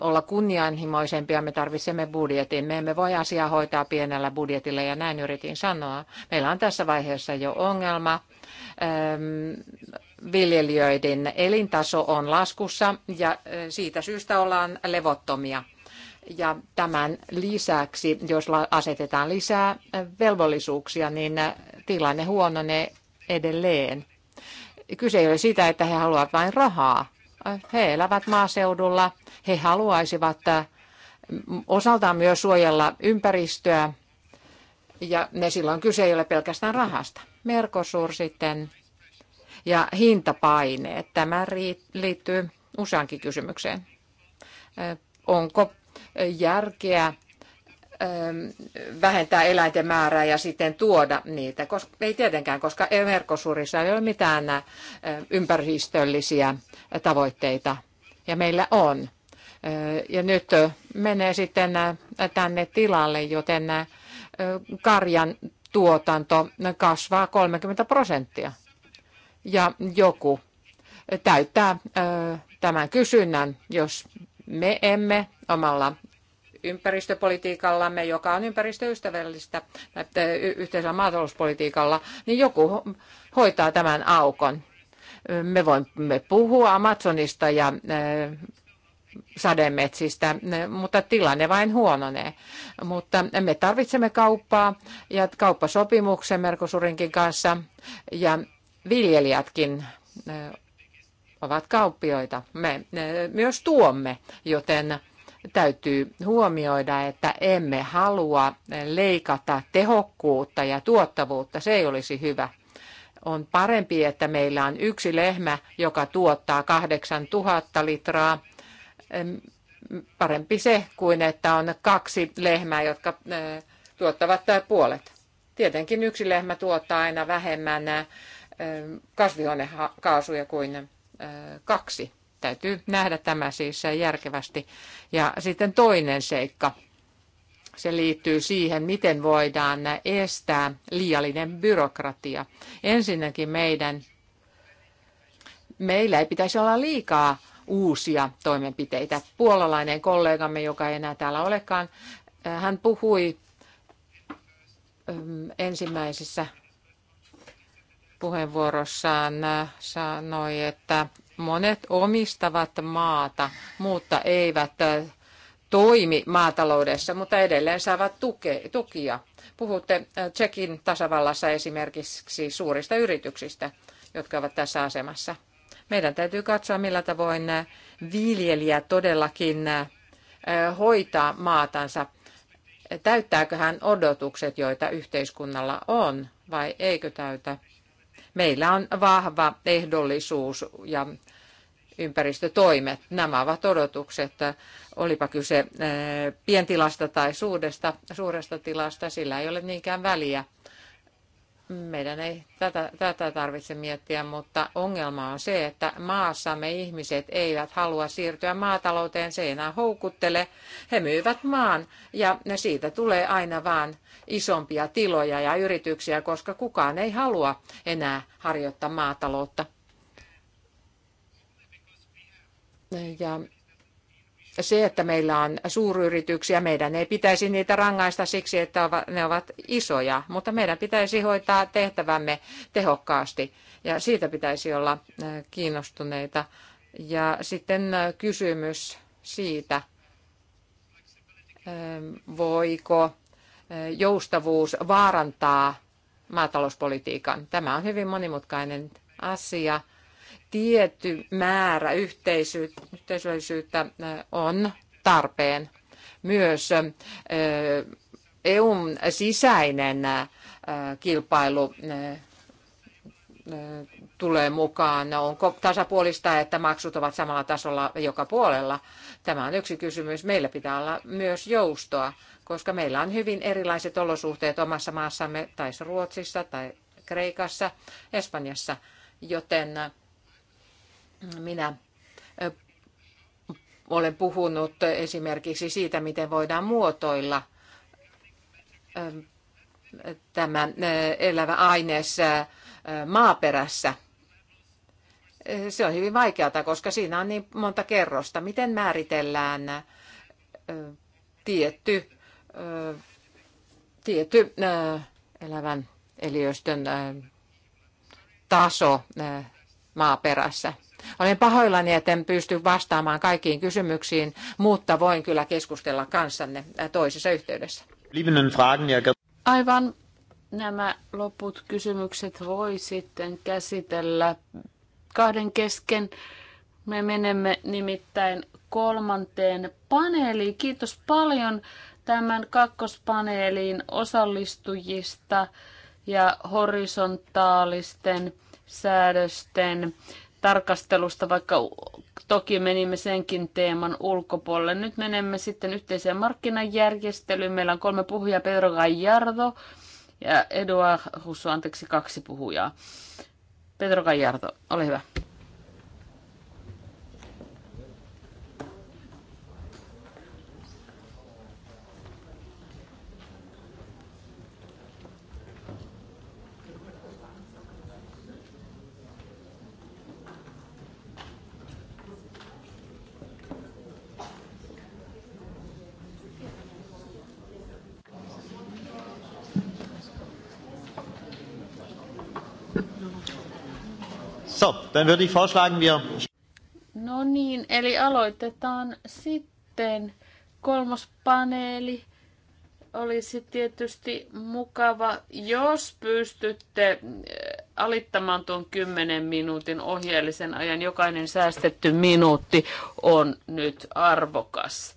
olla kunnianhimoisempia, me tarvitsemme budjetin. Me emme voi asiaa hoitaa pienellä budjetilla ja näin yritin sanoa. Meillä on tässä vaiheessa jo ongelma. Viljelijöiden elintaso on laskussa ja siitä syystä ollaan levottomia ja tämän lisäksi, jos asetetaan lisää eh, velvollisuuksia, niin eh, tilanne huononee edelleen. Kyse ei ole sitä, että he haluavat vain rahaa. Eh, he elävät maaseudulla, he haluaisivat osaltaan myös suojella ympäristöä, ja ne silloin kyse ei ole pelkästään rahasta. Merkosur sitten ja hintapaineet. Tämä liittyy useankin kysymykseen. Onko järkeä ähm, vähentää eläinten määrää ja sitten tuoda niitä. Koska, ei tietenkään, koska Merkosurissa ei ole mitään äh, ympäristöllisiä tavoitteita. Ja meillä on. Äh, ja nyt äh, menee sitten tänne tilalle, joten karjan tuotanto kasvaa 30 prosenttia. Ja joku täyttää tämän kysynnän, jos me emme omalla ympäristöpolitiikallamme, joka on ympäristöystävällistä, yhteisellä maatalouspolitiikalla, niin joku hoitaa tämän aukon. Me voimme puhua Amazonista ja e, sademetsistä, e, mutta tilanne vain huononee. Mutta me tarvitsemme kauppaa ja kauppasopimuksen Merkosurinkin kanssa ja viljelijätkin e, ovat kauppioita. Me myös tuomme, joten täytyy huomioida, että emme halua leikata tehokkuutta ja tuottavuutta. Se ei olisi hyvä. On parempi, että meillä on yksi lehmä, joka tuottaa 8000 litraa. Parempi se kuin, että on kaksi lehmää, jotka e, tuottavat puolet. Tietenkin yksi lehmä tuottaa aina vähemmän e, kasvihuonekaasuja kuin kaksi. Täytyy nähdä tämä siis järkevästi. Ja sitten toinen seikka. Se liittyy siihen, miten voidaan estää liiallinen byrokratia. Ensinnäkin meidän, meillä ei pitäisi olla liikaa uusia toimenpiteitä. Puolalainen kollegamme, joka ei enää täällä olekaan, hän puhui ensimmäisessä puheenvuorossaan sanoi, että monet omistavat maata, mutta eivät toimi maataloudessa, mutta edelleen saavat tuke, tukia. Puhutte Tsekin tasavallassa esimerkiksi suurista yrityksistä, jotka ovat tässä asemassa. Meidän täytyy katsoa, millä tavoin viljelijä todellakin hoitaa maatansa. Täyttääkö hän odotukset, joita yhteiskunnalla on, vai eikö täytä? Meillä on vahva ehdollisuus ja ympäristötoimet. Nämä ovat odotukset, olipa kyse eh, pientilasta tai suuresta, suuresta tilasta, sillä ei ole niinkään väliä meidän ei tätä, tätä tarvitse miettiä, mutta ongelma on se, että maassamme ihmiset eivät halua siirtyä maatalouteen, se ei enää houkuttele. He myyvät maan ja siitä tulee aina vaan isompia tiloja ja yrityksiä, koska kukaan ei halua enää harjoittaa maataloutta. Ja se, että meillä on suuryrityksiä, meidän ei pitäisi niitä rangaista siksi, että ne ovat isoja, mutta meidän pitäisi hoitaa tehtävämme tehokkaasti ja siitä pitäisi olla kiinnostuneita. Ja sitten kysymys siitä, voiko joustavuus vaarantaa maatalouspolitiikan. Tämä on hyvin monimutkainen asia tietty määrä yhteisöllisyyttä äh, on tarpeen. Myös äh, EUn sisäinen äh, kilpailu tulee mukaan. Onko tasapuolista, että maksut ovat samalla tasolla joka puolella? Tämä on yksi kysymys. Meillä pitää olla myös joustoa, koska meillä on hyvin erilaiset olosuhteet omassa maassamme, tai Ruotsissa, tai Kreikassa, Espanjassa, joten minä olen puhunut esimerkiksi siitä, miten voidaan muotoilla tämä elävä aines maaperässä. Se on hyvin vaikeata, koska siinä on niin monta kerrosta. Miten määritellään tietty, tietty elävän eliöstön taso maaperässä? Olen pahoillani, että en pysty vastaamaan kaikkiin kysymyksiin, mutta voin kyllä keskustella kanssanne äh, toisessa yhteydessä. Aivan nämä loput kysymykset voi sitten käsitellä kahden kesken. Me menemme nimittäin kolmanteen paneeliin. Kiitos paljon tämän kakkospaneeliin osallistujista ja horisontaalisten säädösten tarkastelusta, vaikka toki menimme senkin teeman ulkopuolelle. Nyt menemme sitten yhteiseen markkinajärjestelyyn. Meillä on kolme puhujaa, Pedro Gallardo ja Eduard Husso, anteeksi kaksi puhujaa. Pedro Gallardo, ole hyvä. Dann würde ich vorschlagen, wir... No niin, eli aloitetaan sitten. Kolmas paneeli olisi tietysti mukava, jos pystytte eh, alittamaan tuon 10 minuutin ohjeellisen ajan. Jokainen säästetty minuutti on nyt arvokas.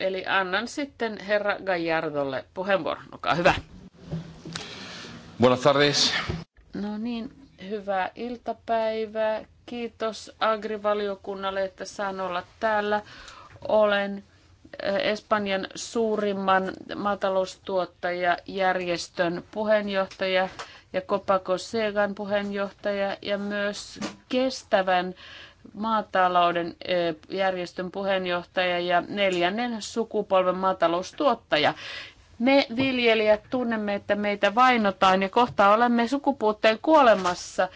Eli annan sitten herra Gajardolle puheenvuoron. Olkaa hyvä. Buenas tardes. No niin, hyvää iltapäivää. Kiitos Agrivaliokunnalle, että saan olla täällä. Olen eh, Espanjan suurimman maataloustuottajajärjestön puheenjohtaja ja Copaco Segan puheenjohtaja ja myös kestävän maatalouden eh, järjestön puheenjohtaja ja neljännen sukupolven maataloustuottaja. Me viljelijät tunnemme, että meitä vainotaan ja kohta olemme sukupuutteen kuolemassa.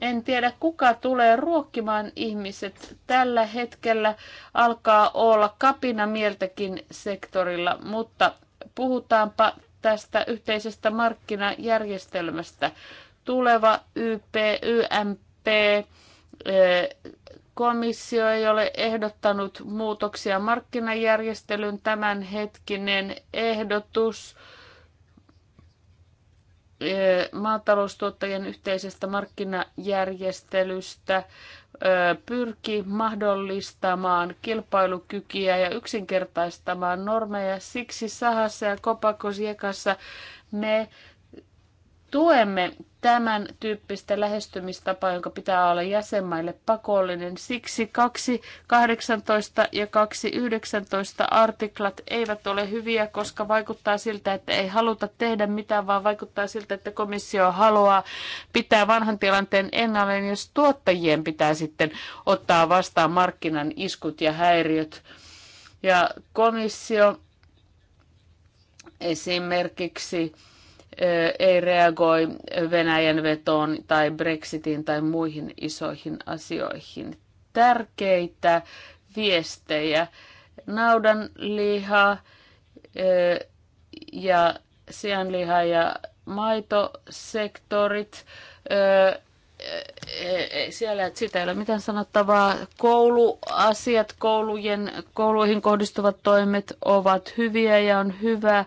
En tiedä, kuka tulee ruokkimaan ihmiset. Tällä hetkellä alkaa olla kapina mieltäkin sektorilla, mutta puhutaanpa tästä yhteisestä markkinajärjestelmästä. Tuleva YP, YMP, eh, komissio ei ole ehdottanut muutoksia markkinajärjestelyn tämänhetkinen ehdotus eh, maataloustuottajien yhteisestä markkinajärjestelystä eh, pyrki mahdollistamaan kilpailukykyä ja yksinkertaistamaan normeja. Siksi Sahassa ja Kopakosiekassa me tuemme tämän tyyppistä lähestymistapaa, jonka pitää olla jäsenmaille pakollinen. Siksi 2.18 ja 2.19 artiklat eivät ole hyviä, koska vaikuttaa siltä, että ei haluta tehdä mitään, vaan vaikuttaa siltä, että komissio haluaa pitää vanhan tilanteen ennalleen, jos tuottajien pitää sitten ottaa vastaan markkinan iskut ja häiriöt. Ja komissio esimerkiksi ei reagoi Venäjän vetoon tai Brexitiin tai muihin isoihin asioihin. Tärkeitä viestejä. Naudanliha ja sianliha ja maitosektorit. E, siellä että siitä ei ole mitään sanottavaa. Kouluasiat, koulujen, kouluihin kohdistuvat toimet ovat hyviä ja on hyvä,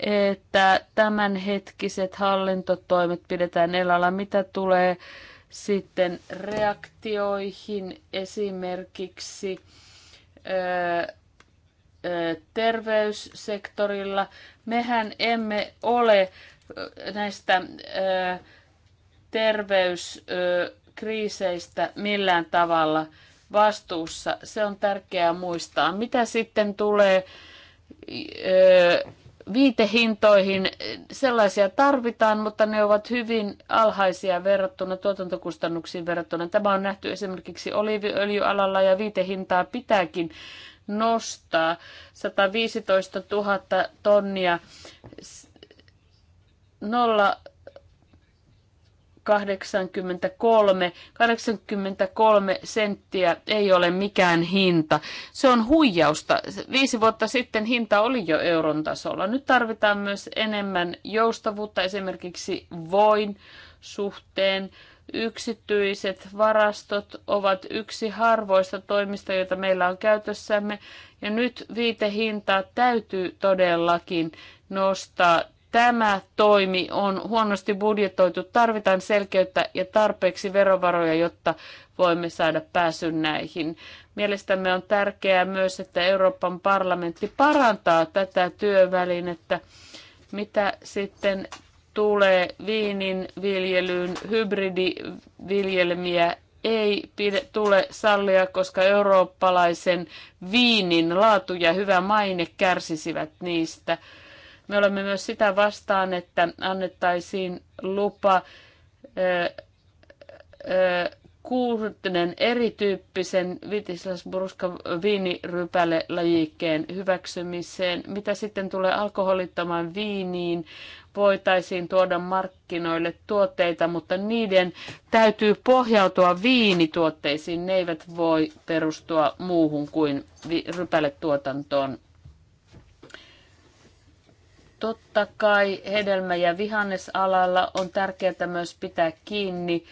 että tämänhetkiset hallintotoimet pidetään elällä. Mitä tulee sitten reaktioihin esimerkiksi terveyssektorilla. Mehän emme ole näistä terveyskriiseistä millään tavalla vastuussa. Se on tärkeää muistaa. Mitä sitten tulee viitehintoihin. Sellaisia tarvitaan, mutta ne ovat hyvin alhaisia verrattuna tuotantokustannuksiin verrattuna. Tämä on nähty esimerkiksi oliiviöljyalalla ja viitehintaa pitääkin nostaa 115 000 tonnia nolla 83, 83 senttiä ei ole mikään hinta. Se on huijausta. Viisi vuotta sitten hinta oli jo euron tasolla. Nyt tarvitaan myös enemmän joustavuutta esimerkiksi voin suhteen. Yksityiset varastot ovat yksi harvoista toimista, joita meillä on käytössämme. Ja nyt viitehintaa täytyy todellakin nostaa Tämä toimi on huonosti budjetoitu. Tarvitaan selkeyttä ja tarpeeksi verovaroja, jotta voimme saada pääsyn näihin. Mielestämme on tärkeää myös, että Euroopan parlamentti parantaa tätä työvälinettä, mitä sitten tulee viinin viljelyyn, hybridiviljelmiä ei pide, tule sallia, koska eurooppalaisen viinin laatu ja hyvä maine kärsisivät niistä. Me olemme myös sitä vastaan, että annettaisiin lupa kuuruttinen erityyppisen Vitislasburska viinirypäle lajikkeen hyväksymiseen. Mitä sitten tulee alkoholittomaan viiniin, voitaisiin tuoda markkinoille tuotteita, mutta niiden täytyy pohjautua viinituotteisiin. Ne eivät voi perustua muuhun kuin rypäletuotantoon Totta kai hedelmä- ja vihannesalalla on tärkeää myös pitää kiinni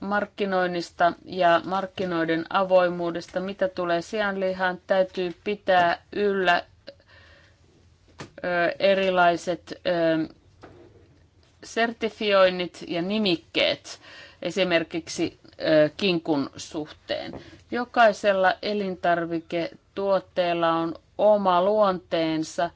markkinoinnista ja markkinoiden avoimuudesta. Mitä tulee sianlihaan, täytyy pitää yllä erilaiset sertifioinnit ja nimikkeet esimerkiksi kinkun suhteen. Jokaisella elintarviketuotteella on oma luonteensa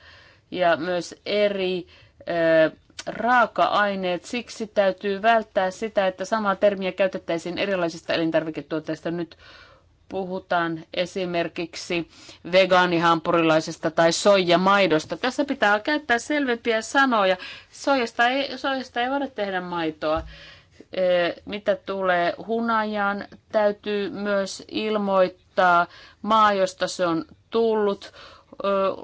ja myös eri ö, raaka-aineet. Siksi täytyy välttää sitä, että samaa termiä käytettäisiin erilaisista elintarviketuotteista. Nyt puhutaan esimerkiksi vegaanihampurilaisesta tai soijamaidosta. Tässä pitää käyttää selvempiä sanoja. Soijasta ei, soijasta ei voida tehdä maitoa. Mitä tulee hunajaan, täytyy myös ilmoittaa maa, josta se on tullut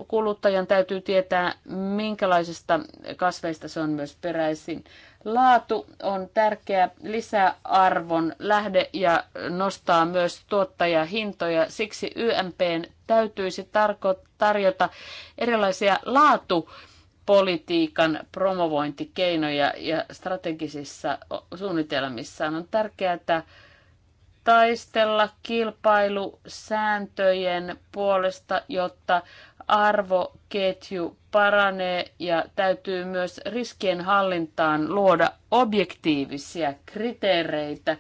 kuluttajan täytyy tietää, minkälaisista kasveista se on myös peräisin. Laatu on tärkeä lisäarvon lähde ja nostaa myös tuottajahintoja. Siksi YMPn täytyisi tarjota erilaisia laatu politiikan promovointikeinoja ja strategisissa suunnitelmissa on tärkeää, että taistella kilpailusääntöjen puolesta, jotta arvoketju paranee ja täytyy myös riskien hallintaan luoda objektiivisia kriteereitä.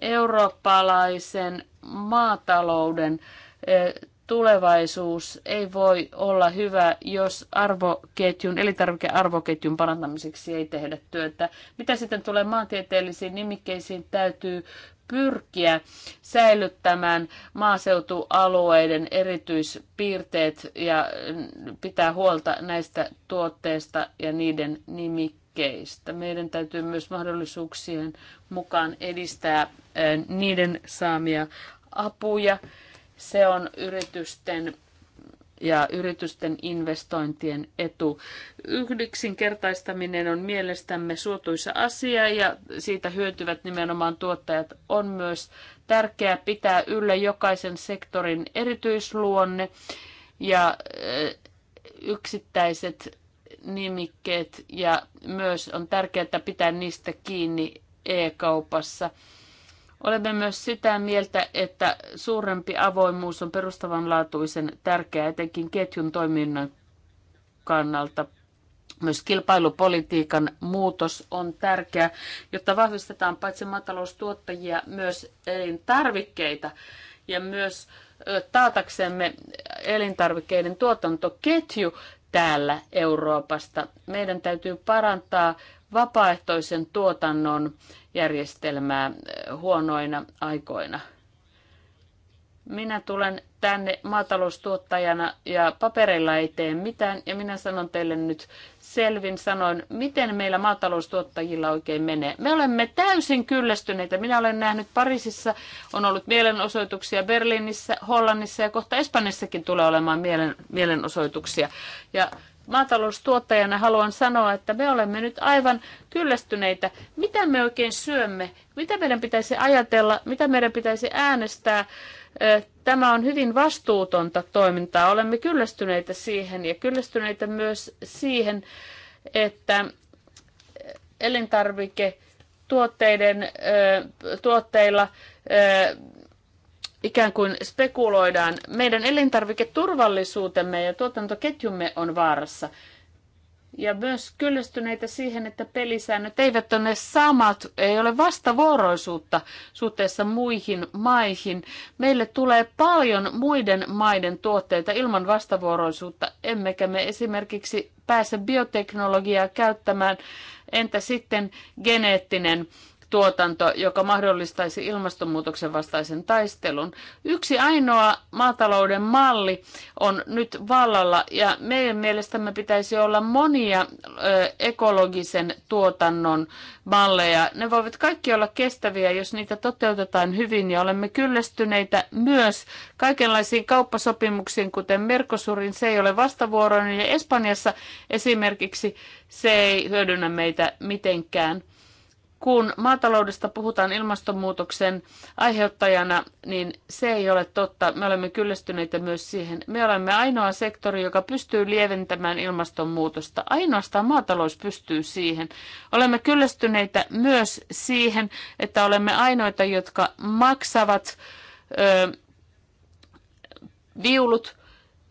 Eurooppalaisen maatalouden eh, tulevaisuus ei voi olla hyvä, jos arvoketjun, elintarvikearvoketjun parantamiseksi ei tehdä työtä. Mitä sitten tulee maantieteellisiin nimikkeisiin, täytyy pyrkiä säilyttämään maaseutualueiden erityispiirteet ja pitää huolta näistä tuotteista ja niiden nimikkeistä. Meidän täytyy myös mahdollisuuksien mukaan edistää niiden saamia apuja. Se on yritysten ja yritysten investointien etu. Yksinkertaistaminen on mielestämme suotuisa asia ja siitä hyötyvät nimenomaan tuottajat. On myös tärkeää pitää yllä jokaisen sektorin erityisluonne ja eh, yksittäiset nimikkeet ja myös on tärkeää pitää niistä kiinni e-kaupassa. Olemme myös sitä mieltä, että suurempi avoimuus on perustavanlaatuisen tärkeää etenkin ketjun toiminnan kannalta. Myös kilpailupolitiikan muutos on tärkeä, jotta vahvistetaan paitsi maataloustuottajia myös elintarvikkeita ja myös taataksemme elintarvikkeiden tuotantoketju täällä Euroopasta. Meidän täytyy parantaa vapaaehtoisen tuotannon järjestelmää eh, huonoina aikoina. Minä tulen tänne maataloustuottajana ja papereilla ei tee mitään ja minä sanon teille nyt selvin sanoin, miten meillä maataloustuottajilla oikein menee. Me olemme täysin kyllästyneitä. Minä olen nähnyt Pariisissa, on ollut mielenosoituksia Berliinissä, Hollannissa ja kohta Espanjassakin tulee olemaan mielen, mielenosoituksia. Ja maataloustuottajana haluan sanoa, että me olemme nyt aivan kyllästyneitä. Mitä me oikein syömme? Mitä meidän pitäisi ajatella? Mitä meidän pitäisi äänestää? Tämä on hyvin vastuutonta toimintaa. Olemme kyllästyneitä siihen ja kyllästyneitä myös siihen, että elintarvike tuotteiden, tuotteilla ikään kuin spekuloidaan. Meidän elintarviketurvallisuutemme ja tuotantoketjumme on vaarassa. Ja myös kyllästyneitä siihen, että pelisäännöt eivät ole ne samat, ei ole vastavuoroisuutta suhteessa muihin maihin. Meille tulee paljon muiden maiden tuotteita ilman vastavuoroisuutta, emmekä me esimerkiksi pääse bioteknologiaa käyttämään. Entä sitten geneettinen tuotanto, joka mahdollistaisi ilmastonmuutoksen vastaisen taistelun. Yksi ainoa maatalouden malli on nyt vallalla ja meidän mielestämme pitäisi olla monia ekologisen tuotannon malleja. Ne voivat kaikki olla kestäviä, jos niitä toteutetaan hyvin ja olemme kyllästyneitä myös kaikenlaisiin kauppasopimuksiin, kuten Mercosurin, se ei ole vastavuoroinen ja Espanjassa esimerkiksi se ei hyödynnä meitä mitenkään kun maataloudesta puhutaan ilmastonmuutoksen aiheuttajana, niin se ei ole totta. Me olemme kyllästyneitä myös siihen. Me olemme ainoa sektori, joka pystyy lieventämään ilmastonmuutosta. Ainoastaan maatalous pystyy siihen. Olemme kyllästyneitä myös siihen, että olemme ainoita, jotka maksavat ö, viulut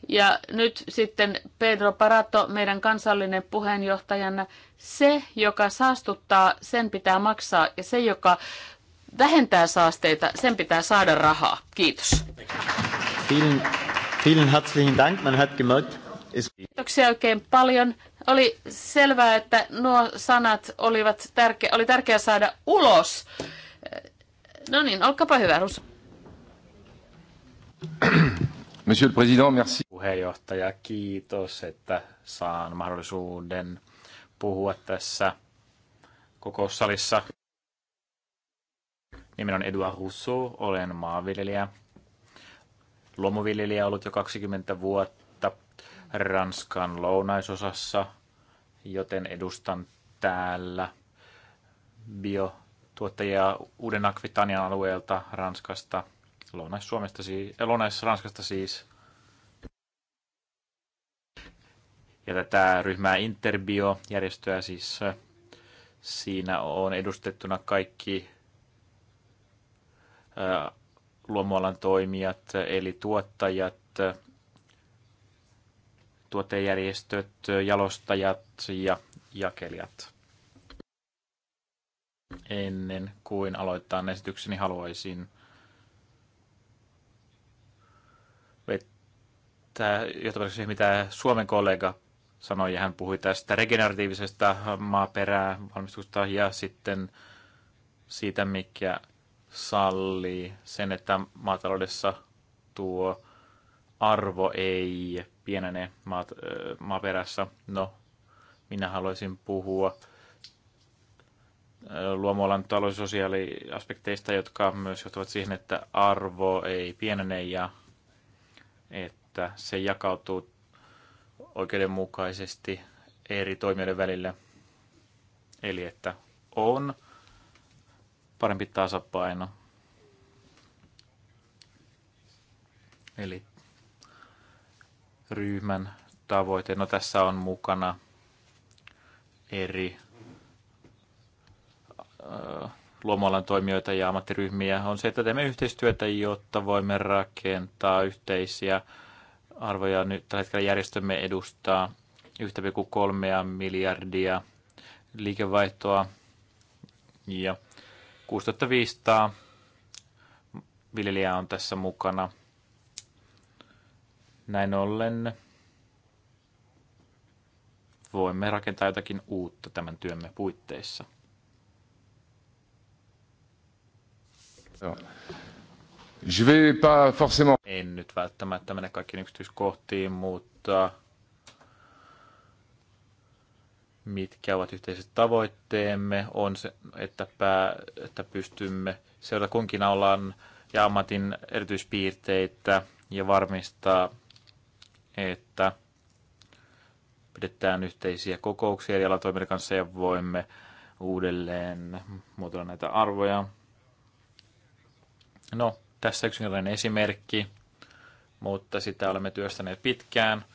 ja nyt sitten Pedro Parato, meidän kansallinen puheenjohtajana, se, joka saastuttaa, sen pitää maksaa ja se, joka vähentää saasteita, sen pitää saada rahaa. Kiitos. Vielen, vielen herzlichen Dank. Man hat gemerkt, Kiitoksia oikein paljon. Oli selvää, että nuo sanat olivat tärke, oli tärkeää saada ulos. No niin, olkaapa hyvä, Rus. Monsieur le Président, merci. Puheenjohtaja, kiitos, että saan mahdollisuuden puhua tässä kokoussalissa. Nimeni on Edouard Rousseau, olen maanviljelijä, lomuviljelijä ollut jo 20 vuotta Ranskan lounaisosassa, joten edustan täällä biotuottajia Uuden Akvitanian alueelta Ranskasta – Lounais-Suomesta siis, eh, Lounais-Ranskasta siis. Ja tätä ryhmää Interbio-järjestöä siis eh, siinä on edustettuna kaikki eh, luomualan toimijat, eli tuottajat, tuotejärjestöt, jalostajat ja jakelijat. Ennen kuin aloittaa esitykseni, haluaisin tämä johtopäätökseni, mitä Suomen kollega sanoi, ja hän puhui tästä regeneratiivisesta maaperää valmistusta ja sitten siitä, mikä sallii sen, että maataloudessa tuo arvo ei pienene maat, maaperässä. No, minä haluaisin puhua luomualan taloussosiaaliaspekteista, jotka myös johtavat siihen, että arvo ei pienene ja et, että se jakautuu oikeudenmukaisesti eri toimijoiden välille, Eli että on parempi tasapaino. Eli ryhmän tavoite. No tässä on mukana eri äh, luomualan toimijoita ja ammattiryhmiä on se, että teemme yhteistyötä, jotta voimme rakentaa yhteisiä arvoja. Nyt tällä hetkellä järjestömme edustaa 1,3 miljardia liikevaihtoa ja 6500 viljelijää on tässä mukana. Näin ollen voimme rakentaa jotakin uutta tämän työmme puitteissa. Joo. Je vais pas forcément... En nyt välttämättä mene kaikkiin yksityiskohtiin, mutta mitkä ovat yhteiset tavoitteemme, on se, että, pää, että pystymme seurata kunkin alan ja ammatin erityispiirteitä ja varmistaa, että pidetään yhteisiä kokouksia eri alatoimijoiden kanssa ja voimme uudelleen muotoilla näitä arvoja. No, tässä yksinkertainen esimerkki, mutta sitä olemme työstäneet pitkään,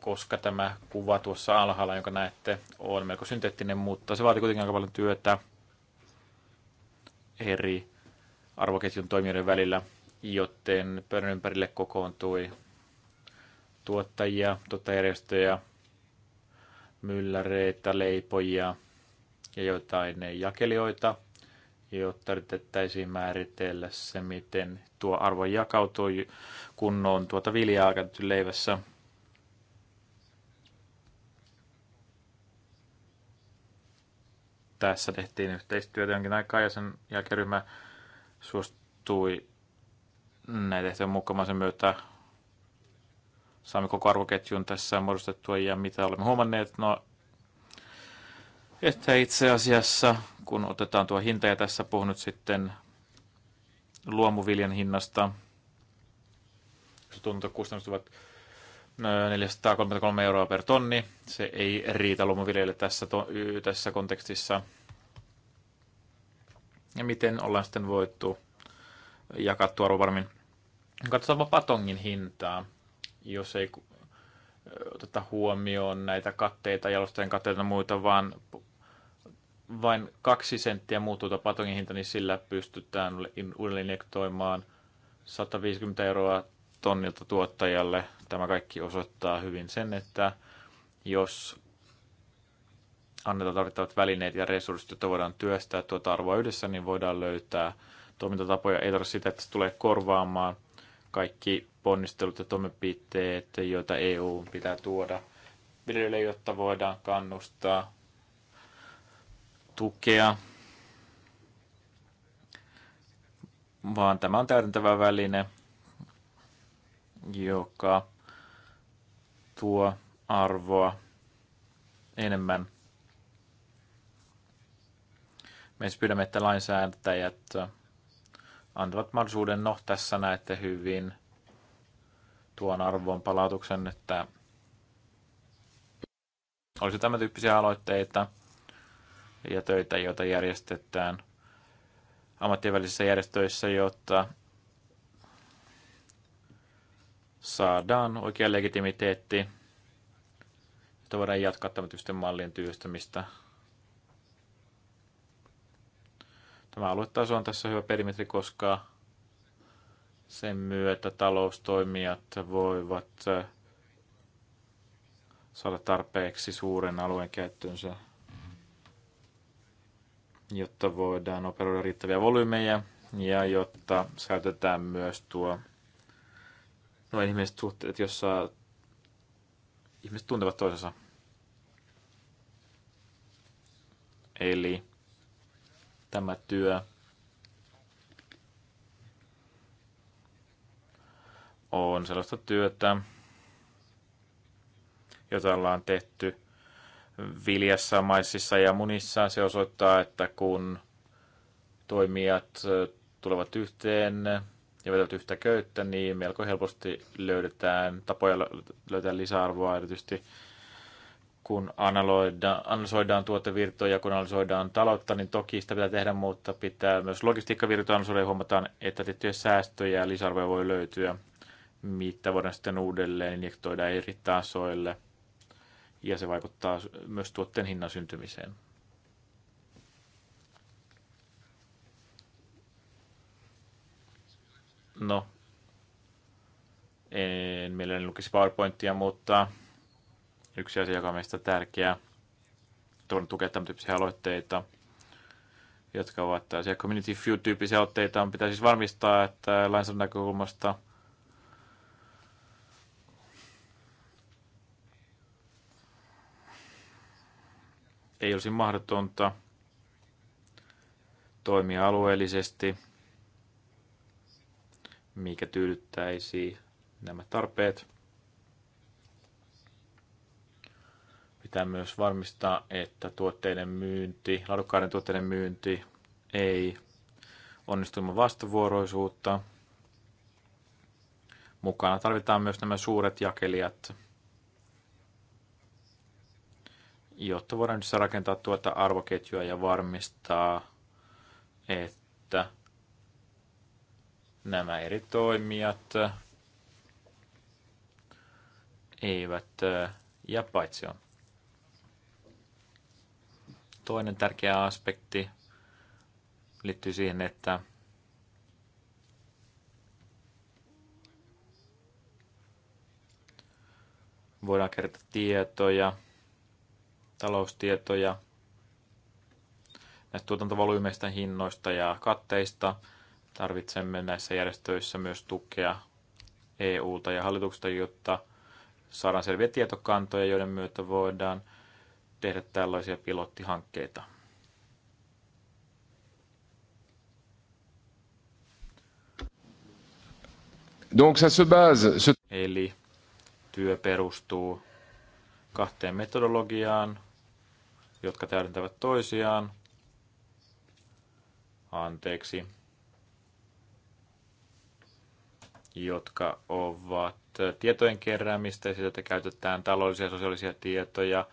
koska tämä kuva tuossa alhaalla, jonka näette, on melko synteettinen, mutta se vaatii kuitenkin aika paljon työtä eri arvoketjun toimijoiden välillä, joten pöydän ympärille kokoontui tuottajia, tuottajärjestöjä, mylläreitä, leipojia ja joitain jakelijoita – jotta yritettäisiin määritellä se, miten tuo arvo jakautuu, kun tuota viljaa käytetty leivässä. Tässä tehtiin yhteistyötä jonkin aikaa ja sen jälkeen suostui näitä tehtyjen mukaan sen myötä saamme koko arvoketjun tässä muodostettua ja mitä olemme huomanneet, no että itse asiassa kun otetaan tuo hinta, ja tässä puhun nyt sitten luomuviljan hinnasta, jos tuntokustannukset ovat 433 euroa per tonni. Se ei riitä luomuviljelle tässä, to, tässä kontekstissa. Ja miten ollaan sitten voittu jakaa tuo arvo varmin? Katsotaan patongin hintaa, jos ei oteta huomioon näitä katteita, jalostajien katteita ja muita, vaan vain kaksi senttiä muuttuu tuo patongin hinta, niin sillä pystytään uudelleen 150 euroa tonnilta tuottajalle. Tämä kaikki osoittaa hyvin sen, että jos annetaan tarvittavat välineet ja resurssit, joita voidaan työstää tuota arvoa yhdessä, niin voidaan löytää toimintatapoja. Ei tarvitse sitä, että se tulee korvaamaan kaikki ponnistelut ja toimenpiteet, joita EU pitää tuoda viljelijöille, jotta voidaan kannustaa tukea, vaan tämä on täydentävä väline, joka tuo arvoa enemmän. Me siis pyydämme, että lainsäätäjät antavat mahdollisuuden, no tässä näette hyvin tuon arvon palautuksen, että olisi tämän tyyppisiä aloitteita, ja töitä, joita järjestetään ammattivälisissä järjestöissä, jotta saadaan oikea legitimiteetti, jotta voidaan jatkaa tämmöisten mallien työstämistä. Tämä aluetaso on tässä hyvä perimetri, koska sen myötä taloustoimijat voivat eh, saada tarpeeksi suuren alueen käyttöönsä jotta voidaan operoida riittäviä volyymeja ja jotta säätetään myös tuo, no ihmiset suhteet, jossa ihmiset tuntevat toisensa. Eli tämä työ on sellaista työtä, jota ollaan tehty viljassa, maississa ja munissa. Se osoittaa, että kun toimijat tulevat yhteen ja vetävät yhtä köyttä, niin melko helposti löydetään tapoja löytää lisäarvoa, erityisesti kun analysoidaan tuotevirtoja, kun analysoidaan taloutta, niin toki sitä pitää tehdä, mutta pitää myös logistiikkavirtoja analysoida ja huomataan, että tiettyjä säästöjä ja lisäarvoja voi löytyä, mitä voidaan sitten uudelleen injektoida eri tasoille – ja se vaikuttaa myös tuotteen hinnan syntymiseen. No, en mielelläni lukisi PowerPointia, mutta yksi asia, joka on meistä tärkeä, on tukea tämän tyyppisiä aloitteita, jotka ovat tällaisia community view tyyppisiä aloitteita, on pitää siis varmistaa, että lainsäädännön näkökulmasta – ei olisi mahdotonta toimia alueellisesti, mikä tyydyttäisi nämä tarpeet. Pitää myös varmistaa, että tuotteiden myynti, laadukkaiden tuotteiden myynti ei onnistu ilman vastavuoroisuutta. Mukana tarvitaan myös nämä suuret jakelijat – jotta voidaan yhdessä rakentaa tuota arvoketjua ja varmistaa, että nämä eri toimijat eivät äh, ja paitsi on. Toinen tärkeä aspekti liittyy siihen, että voidaan kerätä tietoja – taloustietoja näistä tuotantovolyymeista, hinnoista ja katteista. Tarvitsemme näissä järjestöissä myös tukea EUlta ja hallituksesta, jotta saadaan selviä tietokantoja, joiden myötä voidaan tehdä tällaisia pilottihankkeita. Donc ça se base, se... Eli työ perustuu kahteen metodologiaan, jotka täydentävät toisiaan. Anteeksi. Jotka ovat tietojen keräämistä ja sitä, että käytetään taloudellisia ja sosiaalisia tietoja,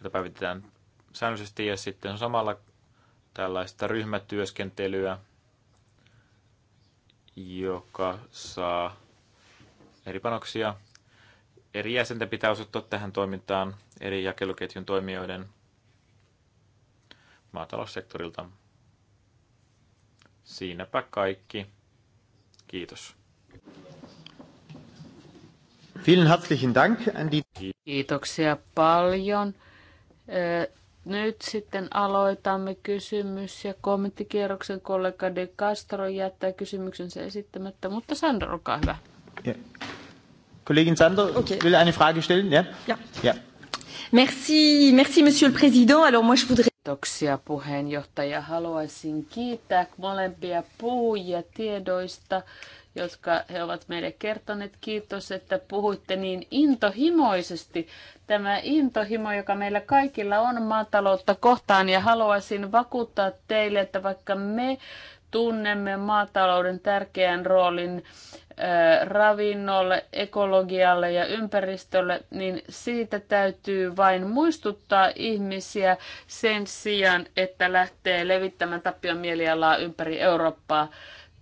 joita päivitetään säännöllisesti ja sitten on samalla tällaista ryhmätyöskentelyä, joka saa eri panoksia. Eri jäsentä pitää osoittaa tähän toimintaan eri jakeluketjun toimijoiden maataloussektorilta. Siinäpä kaikki. Kiitos. Vielen herzlichen Dank an die... Kiitoksia paljon. Nyt sitten aloitamme kysymys- ja kommenttikierroksen. Kollega De Castro jättää kysymyksensä esittämättä, mutta Sandra, olkaa hyvä. Ja. Kollegin Sandra, okay. will eine Frage stellen? Ja. ja. ja. Merci, merci Monsieur le Président. Alors moi je voudrais Kiitoksia puheenjohtaja. Haluaisin kiittää molempia puhujia tiedoista, jotka he ovat meille kertoneet. Kiitos, että puhuitte niin intohimoisesti. Tämä intohimo, joka meillä kaikilla on maataloutta kohtaan ja haluaisin vakuuttaa teille, että vaikka me tunnemme maatalouden tärkeän roolin äh, ravinnolle, ekologialle ja ympäristölle, niin siitä täytyy vain muistuttaa ihmisiä sen sijaan, että lähtee levittämään tappion mielialaa ympäri Eurooppaa.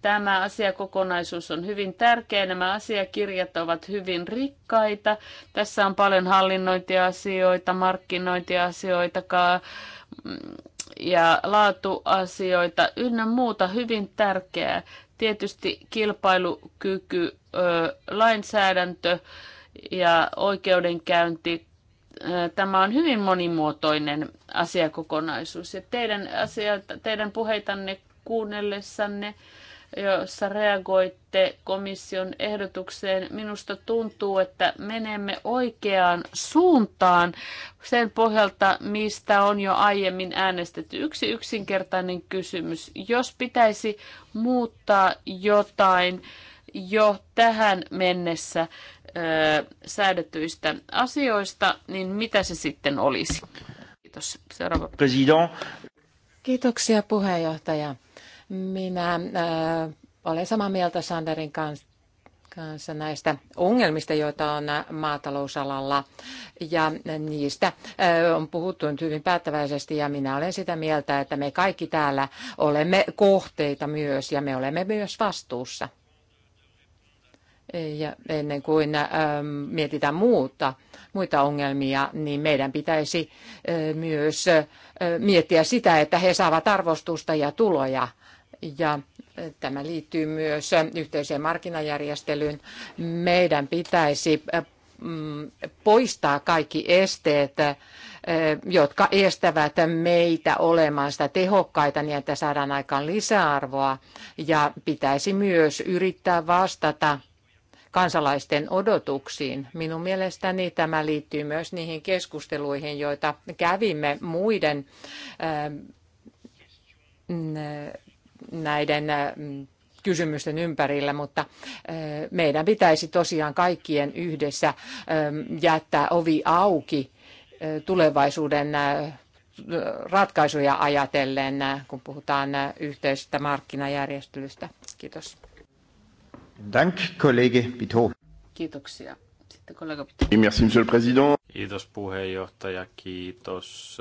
Tämä asiakokonaisuus on hyvin tärkeä. Nämä asiakirjat ovat hyvin rikkaita. Tässä on paljon hallinnointiasioita, markkinointiasioita, ja laatuasioita ynnä muuta hyvin tärkeää. Tietysti kilpailukyky, lainsäädäntö ja oikeudenkäynti. Tämä on hyvin monimuotoinen asiakokonaisuus ja teidän, asia, teidän puheitanne kuunnellessanne jossa reagoitte komission ehdotukseen. Minusta tuntuu, että menemme oikeaan suuntaan sen pohjalta, mistä on jo aiemmin äänestetty. Yksi yksinkertainen kysymys. Jos pitäisi muuttaa jotain jo tähän mennessä ö, säädetyistä asioista, niin mitä se sitten olisi? Kiitos. Seuraava. President. Kiitoksia puheenjohtaja. Minä äh, olen samaa mieltä Sanderin kanssa kanssa näistä ongelmista, joita on maatalousalalla ja niistä äh, on puhuttu nyt hyvin päättäväisesti ja minä olen sitä mieltä, että me kaikki täällä olemme kohteita myös ja me olemme myös vastuussa. Ja ennen kuin äh, mietitään muuta, muita ongelmia, niin meidän pitäisi myös miettiä sitä, että he saavat arvostusta ja tuloja – ja tämä liittyy myös yhteiseen markkinajärjestelyyn. Meidän pitäisi äh, mm, poistaa kaikki esteet, äh, jotka estävät meitä olemasta tehokkaita niin, että saadaan aikaan lisäarvoa. Ja pitäisi myös yrittää vastata kansalaisten odotuksiin. Minun mielestäni tämä liittyy myös niihin keskusteluihin, joita kävimme muiden äh, näiden äh, mm, kysymysten ympärillä, mutta äh, meidän pitäisi tosiaan kaikkien yhdessä ähm, jättää ovi auki äh, tulevaisuuden ratkaisuja ajatellen, kun puhutaan yhteisestä markkinajärjestelystä. Kiitos. Dank, kollegi Pito. Kiitoksia. Sitten kollega Pito. Merci, monsieur le président. Kiitos puheenjohtaja, kiitos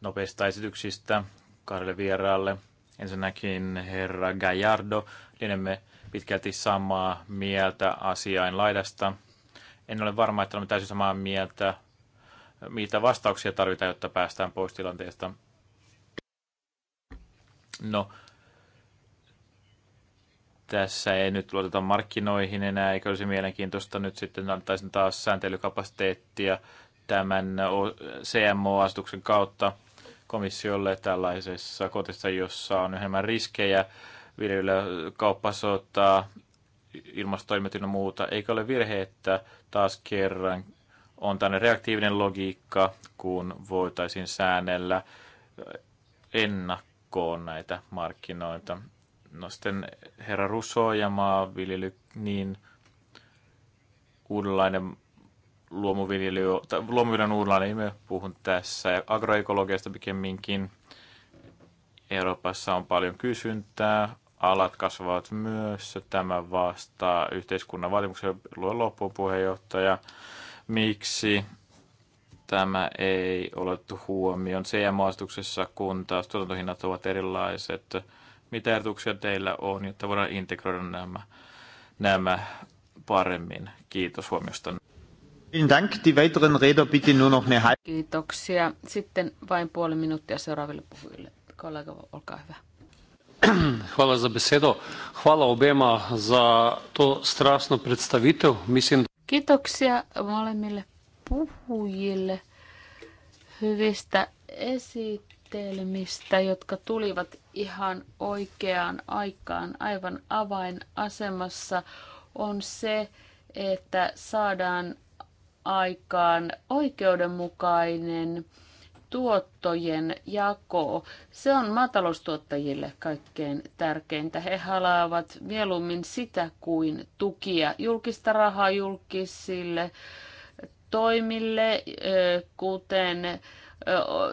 nopeista esityksistä kahdelle vieraalle. Ensinnäkin herra Gallardo, lienemme pitkälti samaa mieltä asiain laidasta. En ole varma, että olemme täysin samaa mieltä, mitä vastauksia tarvitaan, jotta päästään pois tilanteesta. No, tässä ei nyt luoteta markkinoihin enää, eikö olisi mielenkiintoista nyt sitten antaisin taas sääntelykapasiteettia tämän CMO-asetuksen kautta komissiolle tällaisessa kotissa, jossa on enemmän riskejä viljelijöillä kauppasota, ilmastoimet ja muuta. Eikö ole virhe, että taas kerran on tämmöinen reaktiivinen logiikka, kun voitaisiin säännellä ennakkoon näitä markkinoita. No sitten herra Russo ja maanviljely, niin uudenlainen luomuviljely, luomuviljelyn uudenlainen niin puhun tässä agroekologiasta pikemminkin. Euroopassa on paljon kysyntää, alat kasvavat myös. Tämä vastaa yhteiskunnan vaatimuksen luen loppuun puheenjohtaja. Miksi tämä ei ole otettu huomioon CM-asetuksessa, kun taas tuotantohinnat ovat erilaiset? Mitä ehdotuksia teillä on, jotta voidaan integroida nämä, nämä paremmin? Kiitos huomiostanne. Kiitoksia. Sitten vain puoli minuuttia seuraaville puhujille. Kollega, olkaa hyvä. Hvala za besedo. Hvala obema za to strasno predstavitev. Mislim... Kiitoksia molemmille puhujille hyvistä esitelmistä, jotka tulivat ihan oikeaan aikaan. Aivan avainasemassa on se, että saadaan aikaan oikeudenmukainen tuottojen jako. Se on maataloustuottajille kaikkein tärkeintä. He halaavat mieluummin sitä kuin tukia, julkista rahaa julkisille toimille, kuten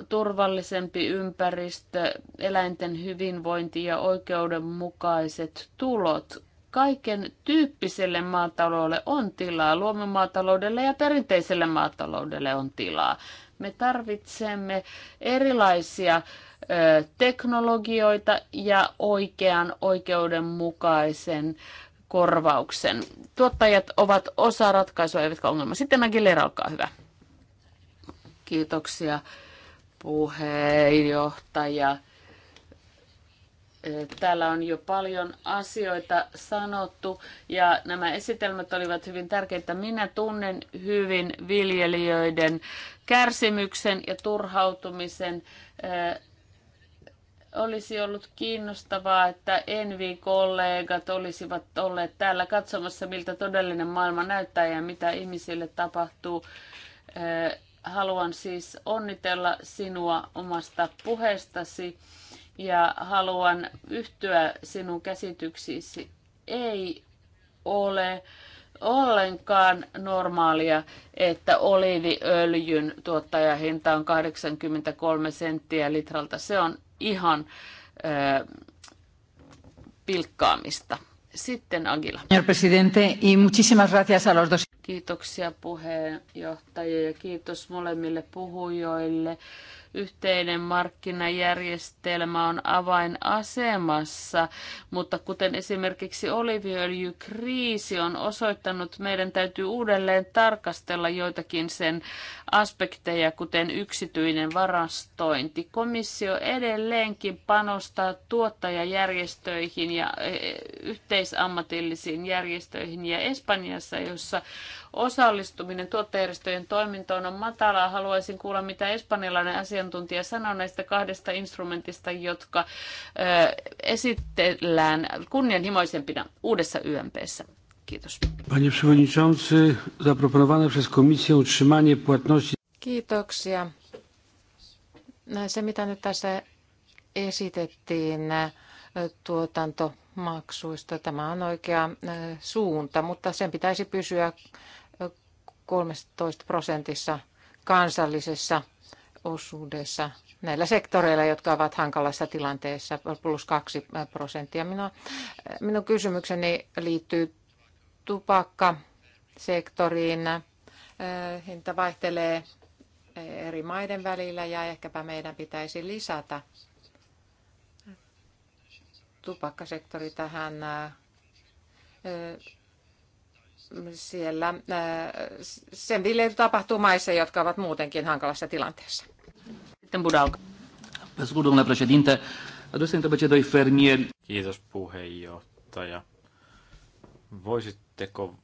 turvallisempi ympäristö, eläinten hyvinvointi ja oikeudenmukaiset tulot kaiken tyyppiselle maataloudelle on tilaa, luomumaataloudelle ja perinteiselle maataloudelle on tilaa. Me tarvitsemme erilaisia ö, teknologioita ja oikean oikeudenmukaisen korvauksen. Tuottajat ovat osa ratkaisua, eivätkä ongelma. Sitten Agilera, olkaa hyvä. Kiitoksia puheenjohtaja Täällä on jo paljon asioita sanottu ja nämä esitelmät olivat hyvin tärkeitä. Minä tunnen hyvin viljelijöiden kärsimyksen ja turhautumisen. Olisi ollut kiinnostavaa, että Envi-kollegat olisivat olleet täällä katsomassa, miltä todellinen maailma näyttää ja mitä ihmisille tapahtuu haluan siis onnitella sinua omasta puheestasi ja haluan yhtyä sinun käsityksiisi. Ei ole ollenkaan normaalia, että oliiviöljyn tuottajahinta on 83 senttiä litralta. Se on ihan ö, pilkkaamista. Sitten Agila. Señor presidente, y muchísimas gracias a los dos. Kiitoksia puheenjohtajille ja kiitos molemmille puhujoille yhteinen markkinajärjestelmä on avainasemassa, mutta kuten esimerkiksi oliviöljykriisi on osoittanut, meidän täytyy uudelleen tarkastella joitakin sen aspekteja, kuten yksityinen varastointi. Komissio edelleenkin panostaa tuottajajärjestöihin ja e, e, yhteisammatillisiin järjestöihin ja Espanjassa, jossa osallistuminen tuottajärjestöjen toimintoon on matalaa. Haluaisin kuulla, mitä espanjalainen asia asiantuntija sanoi näistä kahdesta instrumentista, jotka ö, esitellään kunnianhimoisempina uudessa YMPssä? Kiitos. Panie przewodniczący, zaproponowane przez komisję utrzymanie płatności. Kiitoksia. Se, mitä nyt tässä esitettiin tuotantomaksuista, tämä on oikea suunta, mutta sen pitäisi pysyä 13 prosentissa kansallisessa osuudessa näillä sektoreilla, jotka ovat hankalassa tilanteessa, plus kaksi prosenttia. Minun, minun kysymykseni liittyy tupakkasektoriin. Hinta vaihtelee eri maiden välillä ja ehkäpä meidän pitäisi lisätä tupakkasektori tähän siellä äh, sen viljely tapahtuu maissa, jotka ovat muutenkin hankalassa tilanteessa. Sitten Budalka. Kiitos puheenjohtaja. Voisitteko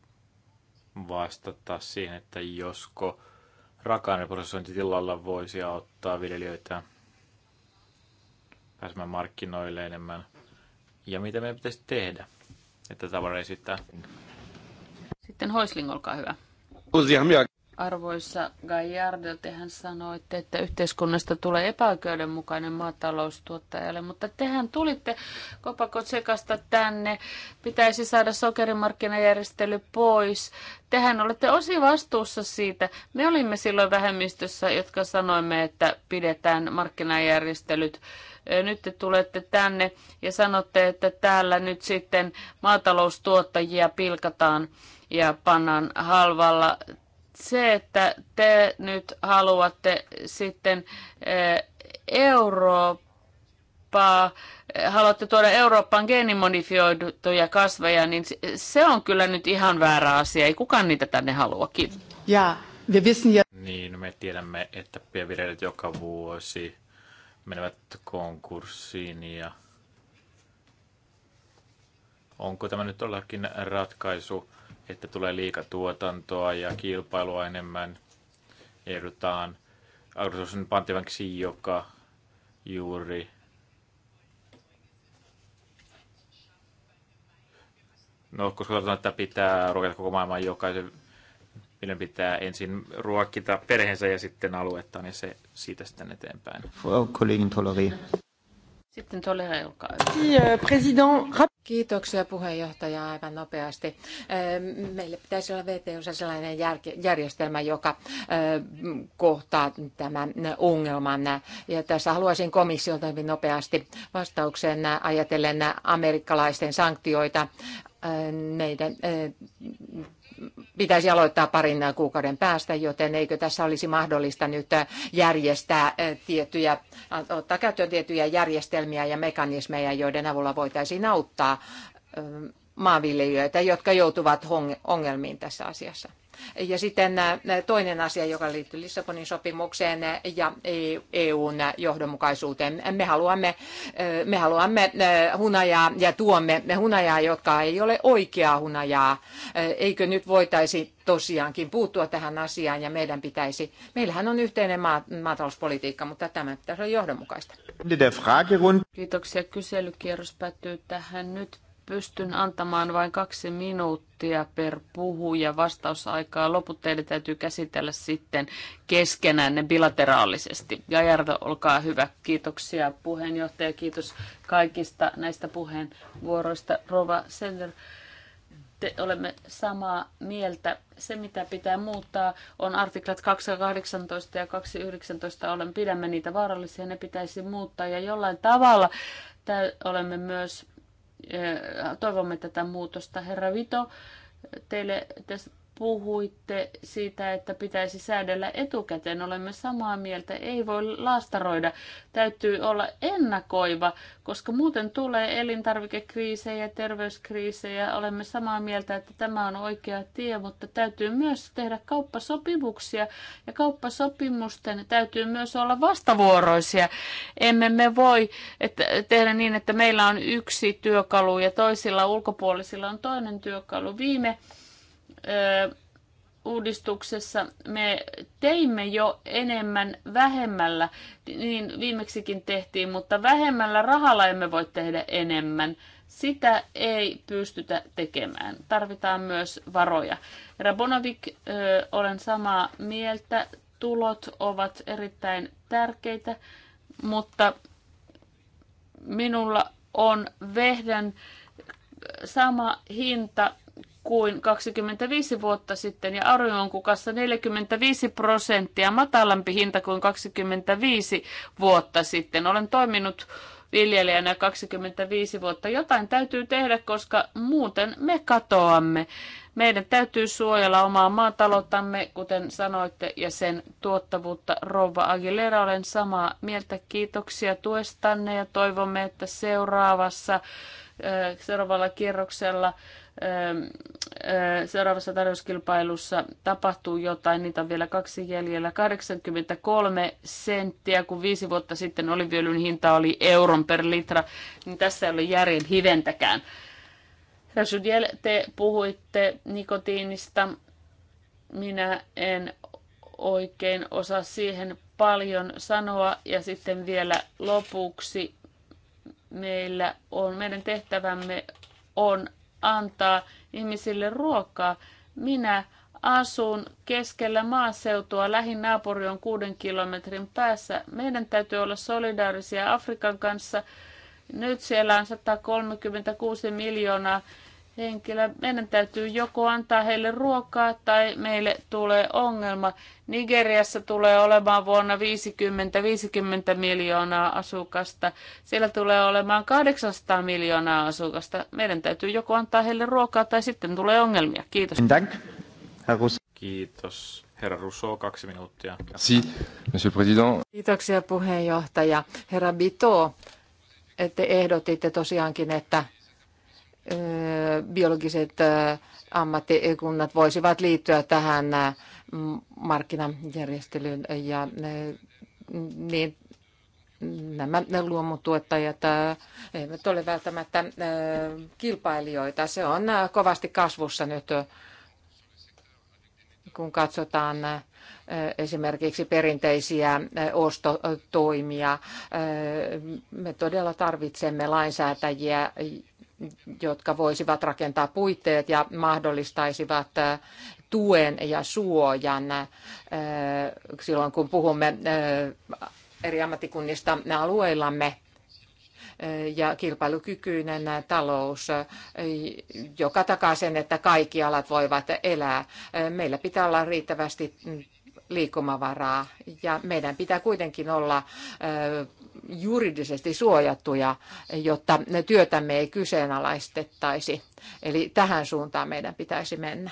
vastata siihen, että josko raaka voisi auttaa viljelijöitä pääsemään markkinoille enemmän? Ja mitä meidän pitäisi tehdä, että tavara esittää? Sitten Hoisling, olkaa hyvä. Arvoisa Gajardo, tehän sanoitte, että yhteiskunnasta tulee epäoikeudenmukainen maataloustuottajalle, mutta tehän tulitte sekasta tänne. Pitäisi saada sokerimarkkinajärjestely pois. Tehän olette osi vastuussa siitä. Me olimme silloin vähemmistössä, jotka sanoimme, että pidetään markkinajärjestelyt nyt te tulette tänne ja sanotte, että täällä nyt sitten maataloustuottajia pilkataan ja pannaan halvalla. Se, että te nyt haluatte sitten eh, Eurooppaa, eh, haluatte tuoda Eurooppaan geenimodifioituja kasveja, niin se on kyllä nyt ihan väärä asia. Ei kukaan niitä tänne halua. Kiitos. Ja, Niin, me tiedämme, että pienviljelijät joka vuosi menevät konkurssiin ja onko tämä nyt ollakin ratkaisu että tulee liikatuotantoa ja kilpailua enemmän. Ehdotaan Agrososin panttivankiksi, joka juuri No, koska katsotaan, että pitää ruokata koko maailman jokaisen, niiden pitää ensin ruokita perheensä ja sitten aluettaan niin ja se siitä sitten eteenpäin. Kollegin Toleri. Sitten Tolera, olkaa hyvä. Euh, Kiitoksia puheenjohtaja aivan nopeasti. Öö, Meillä pitäisi olla VTOssa sellainen järjestelmä, joka öö, kohtaa tämän ongelman. Ja tässä haluaisin komissiolta hyvin nopeasti vastauksen ajatellen amerikkalaisten sanktioita öö, meidän pitäisi aloittaa parin kuukauden päästä, joten eikö tässä olisi mahdollista nyt järjestää tiettyjä, ottaa käyttöön tiettyjä järjestelmiä ja mekanismeja, joiden avulla voitaisiin auttaa maanviljelijöitä, jotka joutuvat ongelmiin tässä asiassa. Ja sitten toinen asia, joka liittyy Lissabonin sopimukseen ja EUn e johdonmukaisuuteen. Me haluamme, me haluamme hunajaa ja tuomme hunajaa, jotka ei ole oikeaa hunajaa. Eikö nyt voitaisi tosiaankin puuttua tähän asiaan ja meidän pitäisi, meillähän on yhteinen maatalouspolitiikka, mutta tämä pitäisi olla johdonmukaista. Kiitoksia. Kyselykierros päättyy tähän nyt pystyn antamaan vain kaksi minuuttia per puhuja vastausaikaa. Loput teille täytyy käsitellä sitten ne bilateraalisesti. Jarto, olkaa hyvä. Kiitoksia puheenjohtaja. Kiitos kaikista näistä puheenvuoroista. Rova Sender, te olemme samaa mieltä. Se, mitä pitää muuttaa, on artiklat 218 ja 219. Olen, pidämme niitä vaarallisia, ne pitäisi muuttaa. Ja jollain tavalla olemme myös Toivomme tätä muutosta. Herra Vito, teille, puhuitte siitä, että pitäisi säädellä etukäteen. Olemme samaa mieltä, ei voi laastaroida. Täytyy olla ennakoiva, koska muuten tulee elintarvikekriisejä, terveyskriisejä. Olemme samaa mieltä, että tämä on oikea tie, mutta täytyy myös tehdä kauppasopimuksia ja kauppasopimusten täytyy myös olla vastavuoroisia. Emme me voi että, tehdä niin, että meillä on yksi työkalu ja toisilla ulkopuolisilla on toinen työkalu. Viime uudistuksessa me teimme jo enemmän vähemmällä, niin viimeksikin tehtiin, mutta vähemmällä rahalla emme voi tehdä enemmän. Sitä ei pystytä tekemään. Tarvitaan myös varoja. Rabonovic, olen samaa mieltä. Tulot ovat erittäin tärkeitä, mutta minulla on vehden sama hinta kuin 25 vuotta sitten ja kukassa 45 prosenttia matalampi hinta kuin 25 vuotta sitten. Olen toiminut viljelijänä 25 vuotta. Jotain täytyy tehdä, koska muuten me katoamme. Meidän täytyy suojella omaa maatalouttamme, kuten sanoitte, ja sen tuottavuutta. Rouva Aguilera, olen samaa mieltä. Kiitoksia tuestanne ja toivomme, että seuraavassa, seuraavalla kierroksella seuraavassa tarjouskilpailussa tapahtuu jotain, niitä on vielä kaksi jäljellä. 83 senttiä, kun viisi vuotta sitten oliviöljyn hinta oli euron per litra, niin tässä ei ole järjen hiventäkään. Rasudiel, te puhuitte nikotiinista. Minä en oikein osaa siihen paljon sanoa. Ja sitten vielä lopuksi meillä on, meidän tehtävämme on antaa ihmisille ruokaa. Minä asun keskellä maaseutua, lähin naapuri on kuuden kilometrin päässä. Meidän täytyy olla solidaarisia Afrikan kanssa. Nyt siellä on 136 miljoonaa henkilö. Meidän täytyy joko antaa heille ruokaa tai meille tulee ongelma. Nigeriassa tulee olemaan vuonna 50-50 miljoonaa asukasta. Siellä tulee olemaan 800 miljoonaa asukasta. Meidän täytyy joko antaa heille ruokaa tai sitten tulee ongelmia. Kiitos. Kiitos. Herra Rousseau, kaksi minuuttia. Si, monsieur président. Kiitoksia puheenjohtaja. Herra Bito, että ehdotitte tosiaankin, että biologiset ammattikunnat voisivat liittyä tähän markkinajärjestelyyn ja niin nämä luomutuottajat eivät ole välttämättä kilpailijoita. Se on kovasti kasvussa nyt, kun katsotaan esimerkiksi perinteisiä ostotoimia. Me todella tarvitsemme lainsäätäjiä, jotka voisivat rakentaa puitteet ja mahdollistaisivat äh, tuen ja suojan äh, silloin, kun puhumme äh, eri ammattikunnista alueillamme ja kilpailukykyinen talous, joka takaa sen, että kaikki alat voivat elää. Meillä pitää olla riittävästi mm, liikkumavaraa ja meidän pitää kuitenkin olla juridisesti suojattuja, jotta ne työtämme ei kyseenalaistettaisi. Eli tähän suuntaan meidän pitäisi mennä.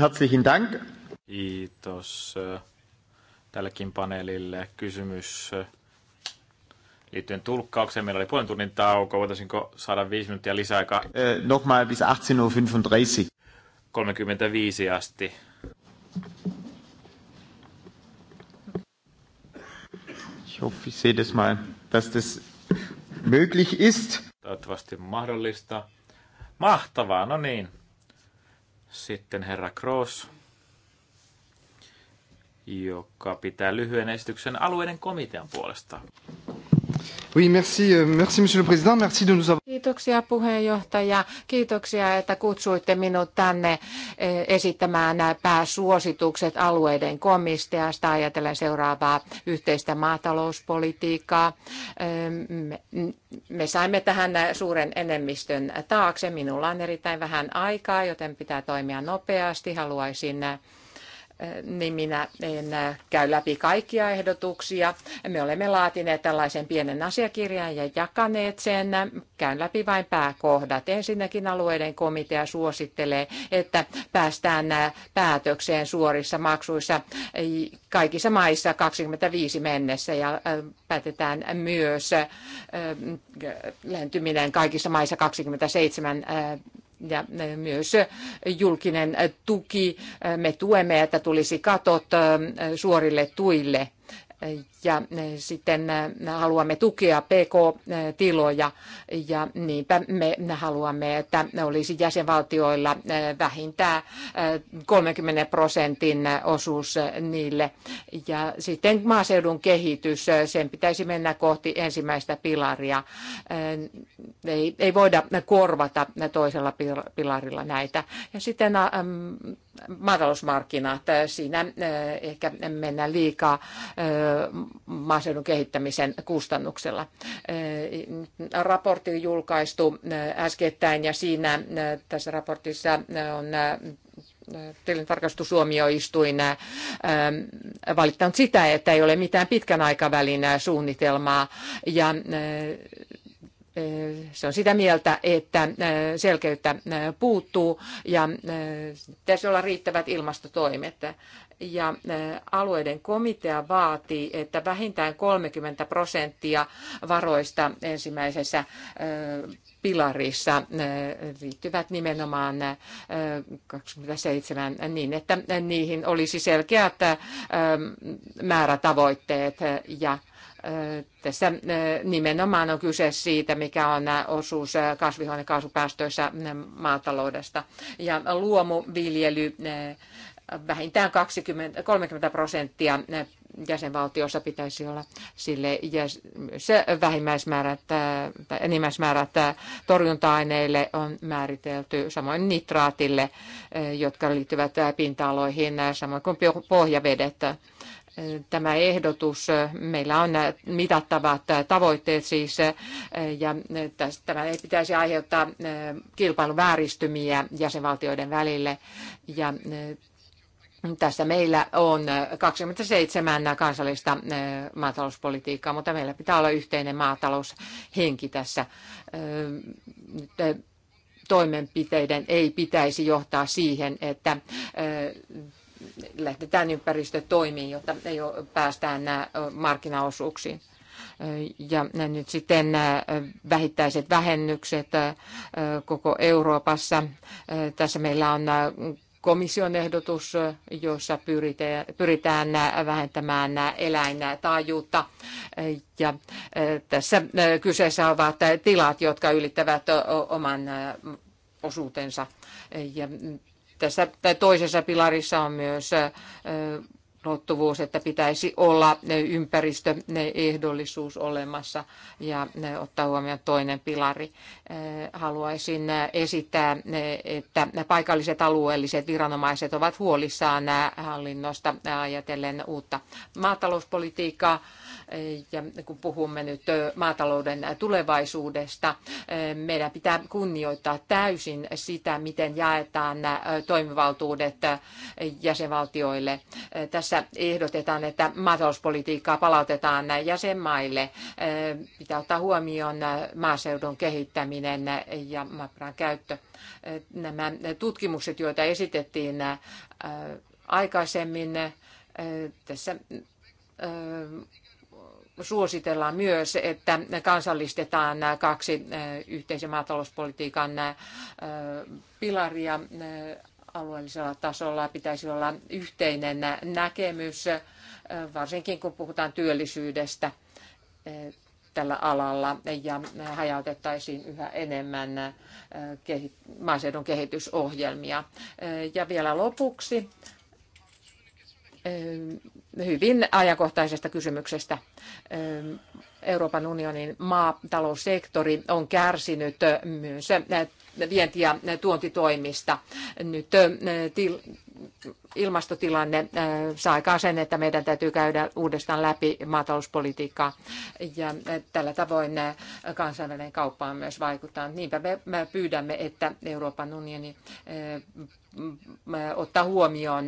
Herzlichen Dank. Kiitos äh, tällekin paneelille. Kysymys äh, liittyen tulkkaukseen. Meillä oli puolen tunnin tauko. Voitaisinko saada viisi minuuttia lisäaikaa? Eh, äh, nochmal bis 18.35 35 asti. hoffe, ich sehe das mal, dass das möglich ist. Toivottavasti mahdollista. Mahtavaa, no niin. Sitten herra Kroos, joka pitää lyhyen esityksen alueiden komitean puolesta. Oui, merci, euh, merci monsieur le président, merci de nous avoir... Kiitoksia puheenjohtaja. Kiitoksia, että kutsuitte minut tänne eh, esittämään nämä pääsuositukset alueiden komisteasta ajatellen seuraavaa yhteistä maatalouspolitiikkaa. Eh, me saimme tähän suuren enemmistön taakse. Minulla on erittäin vähän aikaa, joten pitää toimia nopeasti. Haluaisin eh, niin minä en äh, käy läpi kaikkia ehdotuksia. Me olemme laatineet tällaisen pienen asiakirjan ja jakaneet sen. Käyn läpi vain pääkohdat. Ensinnäkin alueiden komitea suosittelee, että päästään äh, päätökseen suorissa maksuissa äh, kaikissa maissa 25 mennessä ja päätetään myös lentyminen kaikissa maissa 27 ja e, myös julkinen tuki. E, me tuemme, että tulisi katot e, suorille tuille ja eh, sitten eh, haluamme tukea PK-tiloja ja niinpä me haluamme, että olisi jäsenvaltioilla eh, vähintään 30 prosentin osuus niille. Ja sitten maaseudun kehitys, sen pitäisi mennä kohti ensimmäistä pilaria. Ei, ei voida korvata toisella pilarilla näitä. Ja sitten maatalousmarkkinat. Siinä eh, ehkä mennään liikaa eh, maaseudun kehittämisen kustannuksella. Eh, raportti julkaistu äskettäin ja siinä tässä raportissa on tilintarkastusuomioistuin valittanut sitä, että ei ole mitään pitkän aikavälin suunnitelmaa ja se on sitä mieltä, että selkeyttä puuttuu ja pitäisi olla riittävät ilmastotoimet. Ja alueiden komitea vaatii, että vähintään 30 prosenttia varoista ensimmäisessä pilarissa liittyvät nimenomaan 27 niin, että niihin olisi selkeät määrätavoitteet ja tässä nimenomaan on kyse siitä, mikä on osuus kasvihuonekaasupäästöissä maataloudesta. Ja luomuviljely vähintään 20, 30 prosenttia jäsenvaltiossa pitäisi olla sille se vähimmäismäärät tai enimmäismäärät torjunta-aineille on määritelty, samoin nitraatille, jotka liittyvät pinta-aloihin, samoin kuin pohjavedet tämä ehdotus. Meillä on mitattavat tavoitteet siis, ja tämä ei pitäisi aiheuttaa kilpailun vääristymiä jäsenvaltioiden välille. Ja tässä meillä on 27 kansallista maatalouspolitiikkaa, mutta meillä pitää olla yhteinen maataloushenki tässä. Toimenpiteiden ei pitäisi johtaa siihen, että lähdetään toimii, jotta jo päästään nämä markkinaosuuksiin. Ja nyt sitten vähittäiset vähennykset koko Euroopassa. Tässä meillä on komission ehdotus, jossa pyritään vähentämään eläintaajuutta. Ja tässä kyseessä ovat tilat, jotka ylittävät oman osuutensa. Ja tässä toisessa pilarissa on myös ulottuvuus, että pitäisi olla ympäristöehdollisuus olemassa ja ottaa huomioon toinen pilari. Haluaisin esittää, että paikalliset alueelliset viranomaiset ovat huolissaan hallinnosta ajatellen uutta maatalouspolitiikkaa ja kun puhumme nyt maatalouden tulevaisuudesta, meidän pitää kunnioittaa täysin sitä, miten jaetaan toimivaltuudet jäsenvaltioille. Tässä ehdotetaan, että maatalouspolitiikkaa palautetaan jäsenmaille. Pitää ottaa huomioon maaseudun kehittäminen ja maaperän käyttö. Nämä tutkimukset, joita esitettiin aikaisemmin, tässä suositellaan myös, että kansallistetaan nämä kaksi eh, yhteisen maatalouspolitiikan eh, pilaria eh, alueellisella tasolla. Pitäisi olla yhteinen näkemys, varsinkin kun puhutaan työllisyydestä tällä alalla ja hajautettaisiin yhä enemmän maaseudun kehitysohjelmia. Ja vielä lopuksi hyvin ajankohtaisesta kysymyksestä. Euroopan unionin maataloussektori on kärsinyt myös vienti- ja tuontitoimista. Nyt ilmastotilanne äh, saa aikaan sen, että meidän täytyy käydä uudestaan läpi maatalouspolitiikkaa. Ja äh, tällä tavoin äh, kansainvälinen kauppa on myös vaikuttanut. Niinpä me pyydämme, että Euroopan unioni ottaa huomioon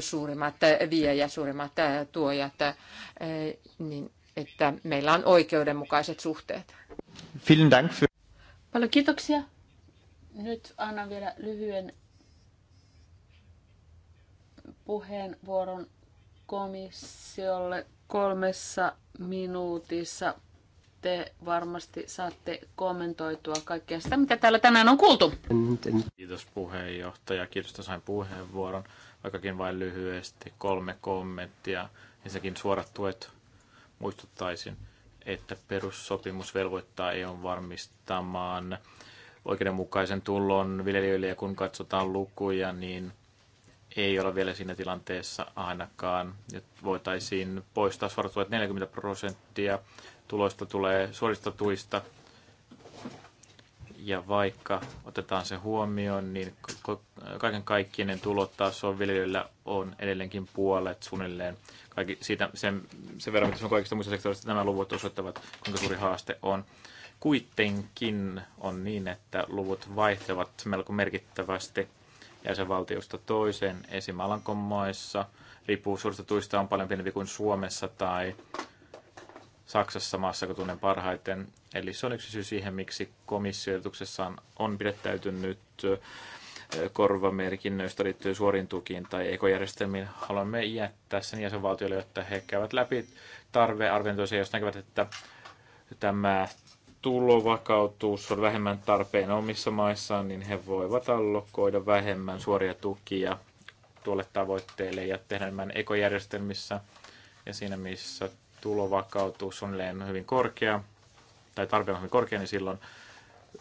suurimmat viejät, suurimmat tuojat, niin että meillä on oikeudenmukaiset suhteet. Vielen Dank. Paljon kiitoksia. Nyt annan vielä lyhyen puheenvuoron komissiolle kolmessa minuutissa. Te varmasti saatte kommentoitua kaikkea sitä, mitä täällä tänään on kuultu. Kiitos puheenjohtaja. Kiitos, että sain puheenvuoron. Vaikkakin vain lyhyesti kolme kommenttia. Ensinnäkin suorat tuet muistuttaisin, että perussopimus velvoittaa EUn varmistamaan oikeudenmukaisen tulon viljelijöille ja kun katsotaan lukuja, niin ei ole vielä siinä tilanteessa ainakaan. Nyt voitaisiin poistaa suorat 40 prosenttia, tuloista tulee suorista tuista. Ja vaikka otetaan se huomioon, niin kaiken kaikkien tulotaso viljelijöillä on edelleenkin puolet suunnilleen. Kaikki, siitä, sen, sen verran, mitä on kaikista muista sektoreista, nämä luvut osoittavat, kuinka suuri haaste on. Kuitenkin on niin, että luvut vaihtevat melko merkittävästi – jäsenvaltiosta toiseen. Esim. Alankomaissa riippuu suurista tuista on paljon pienempi kuin Suomessa tai Saksassa maassa, kun tunnen parhaiten. Eli se on yksi syy siihen, miksi komissioituksessa on pidettäytynyt korvamerkinnöistä liittyen suoriin tukiin tai ekojärjestelmiin. Haluamme jättää sen jäsenvaltioille, jotta he käyvät läpi tarvearviointoisia, jos näkevät, että tämä tulovakautus on vähemmän tarpeen omissa maissaan, niin he voivat allokoida vähemmän suoria tukia tuolle tavoitteelle ja tehdä enemmän ekojärjestelmissä. Ja siinä, missä tulovakautus on hyvin korkea, tai tarpeen on hyvin korkea, niin silloin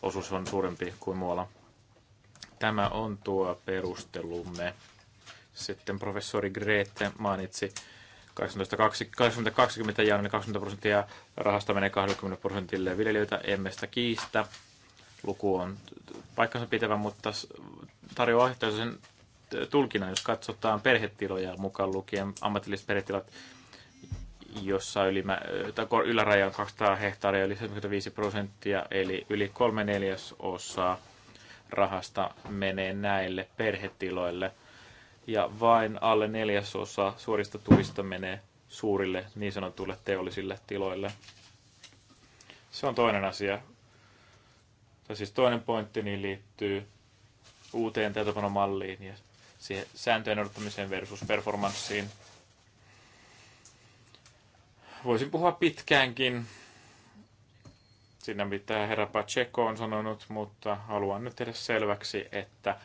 osuus on suurempi kuin muualla. Tämä on tuo perustelumme. Sitten professori Grete mainitsi 2020 ja 20 prosenttia rahasta menee 20 prosentille viljelijöitä, emme sitä kiistä. Luku on paikkansa pitävä, mutta tarjoaa sen tulkinnan, jos katsotaan perhetiloja mukaan lukien ammatilliset perhetilat, jossa ylimä, tai yläraja on 200 hehtaaria, yli 75 prosenttia, eli yli kolme neljäsosaa rahasta menee näille perhetiloille – ja vain alle neljäsosa suorista tuista menee suurille niin sanotuille teollisille tiloille. Se on toinen asia. Tai siis toinen pointti niin liittyy uuteen tietokonomalliin ja siihen sääntöjen noudattamiseen versus performanssiin. Voisin puhua pitkäänkin siinä, mitä herra Pacheco on sanonut, mutta haluan nyt tehdä selväksi, että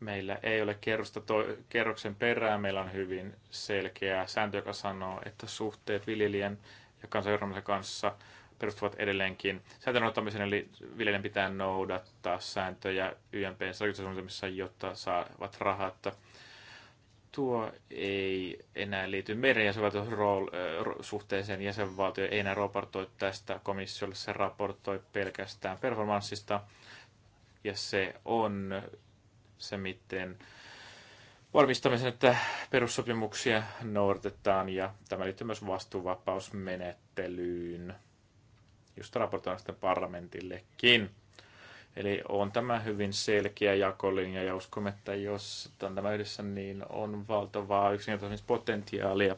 Meillä ei ole kerrosta to- kerroksen perää meillä on hyvin selkeä sääntö, joka sanoo, että suhteet viljelijän ja kansanviranomaisen kanssa perustuvat edelleenkin sääntöjen ottamiseen, eli viljelijän pitää noudattaa sääntöjä YMPn strategisessa jotta saavat rahat. Tuo ei enää liity meidän jäsenvaltiosuhteeseen. Jäsenvaltio ei enää raportoi tästä komissiolle, se raportoi pelkästään performanssista, ja se on se, miten varmistamisen, että perussopimuksia noudatetaan ja tämä liittyy myös vastuuvapausmenettelyyn, josta raportoidaan sitten parlamentillekin. Eli on tämä hyvin selkeä jakolinja ja uskomme, että jos on tämä yhdessä, niin on valtavaa potentiaalia.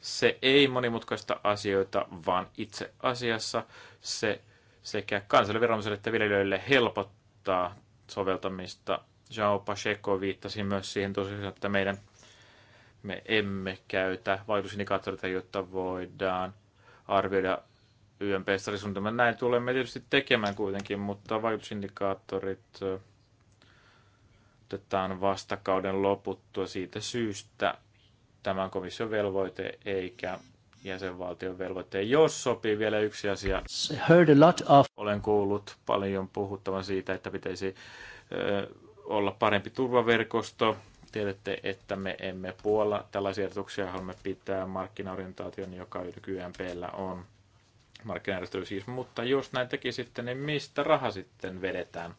Se ei monimutkaista asioita, vaan itse asiassa se sekä kansallisviranomaisille että viljelijöille helpottaa soveltamista Jao Pacheco viittasi myös siihen tosiaan, että meidän me emme käytä vaikutusindikaattoreita, jotta voidaan arvioida YMP-strategiasuunnitelmaa. Näin tulemme tietysti tekemään kuitenkin, mutta vaikutusindikaattorit otetaan vastakauden loputtua siitä syystä tämän komission velvoite eikä jäsenvaltion velvoite. Jos sopii vielä yksi asia. Heard a lot of... Olen kuullut paljon puhuttavan siitä, että pitäisi ö, olla parempi turvaverkosto. Tiedätte, että me emme puolla tällaisia ehdotuksia, haluamme pitää markkinaorientaation, joka YMPllä on markkinajärjestely siis, mutta jos näin tekisitte, niin mistä raha sitten vedetään?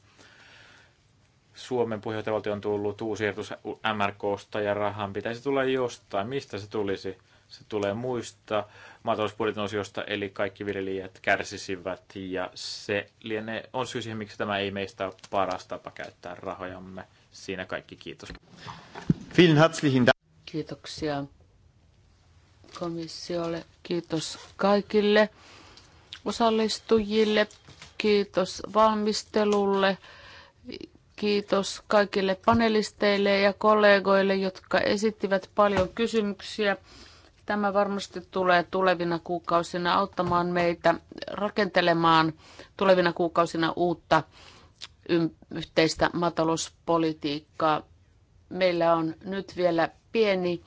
Suomen puheenjohtajavaltio on tullut uusi ehdotus MRKsta ja rahan pitäisi tulla jostain. Mistä se tulisi? Se tulee muista maatalousbudjetin osiosta, eli kaikki viljelijät kärsisivät, ja se lienee, on syy siihen, miksi tämä ei meistä ole paras tapa käyttää rahojamme. Siinä kaikki, kiitos. Kiitoksia komissiolle, kiitos kaikille osallistujille, kiitos valmistelulle, kiitos kaikille panelisteille ja kollegoille, jotka esittivät paljon kysymyksiä. Tämä varmasti tulee tulevina kuukausina auttamaan meitä rakentelemaan tulevina kuukausina uutta yhteistä maatalouspolitiikkaa. Meillä on nyt vielä pieni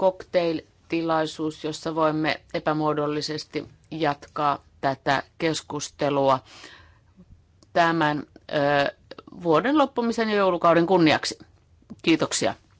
cocktail-tilaisuus, jossa voimme epämuodollisesti jatkaa tätä keskustelua tämän ö, vuoden loppumisen ja joulukauden kunniaksi. Kiitoksia.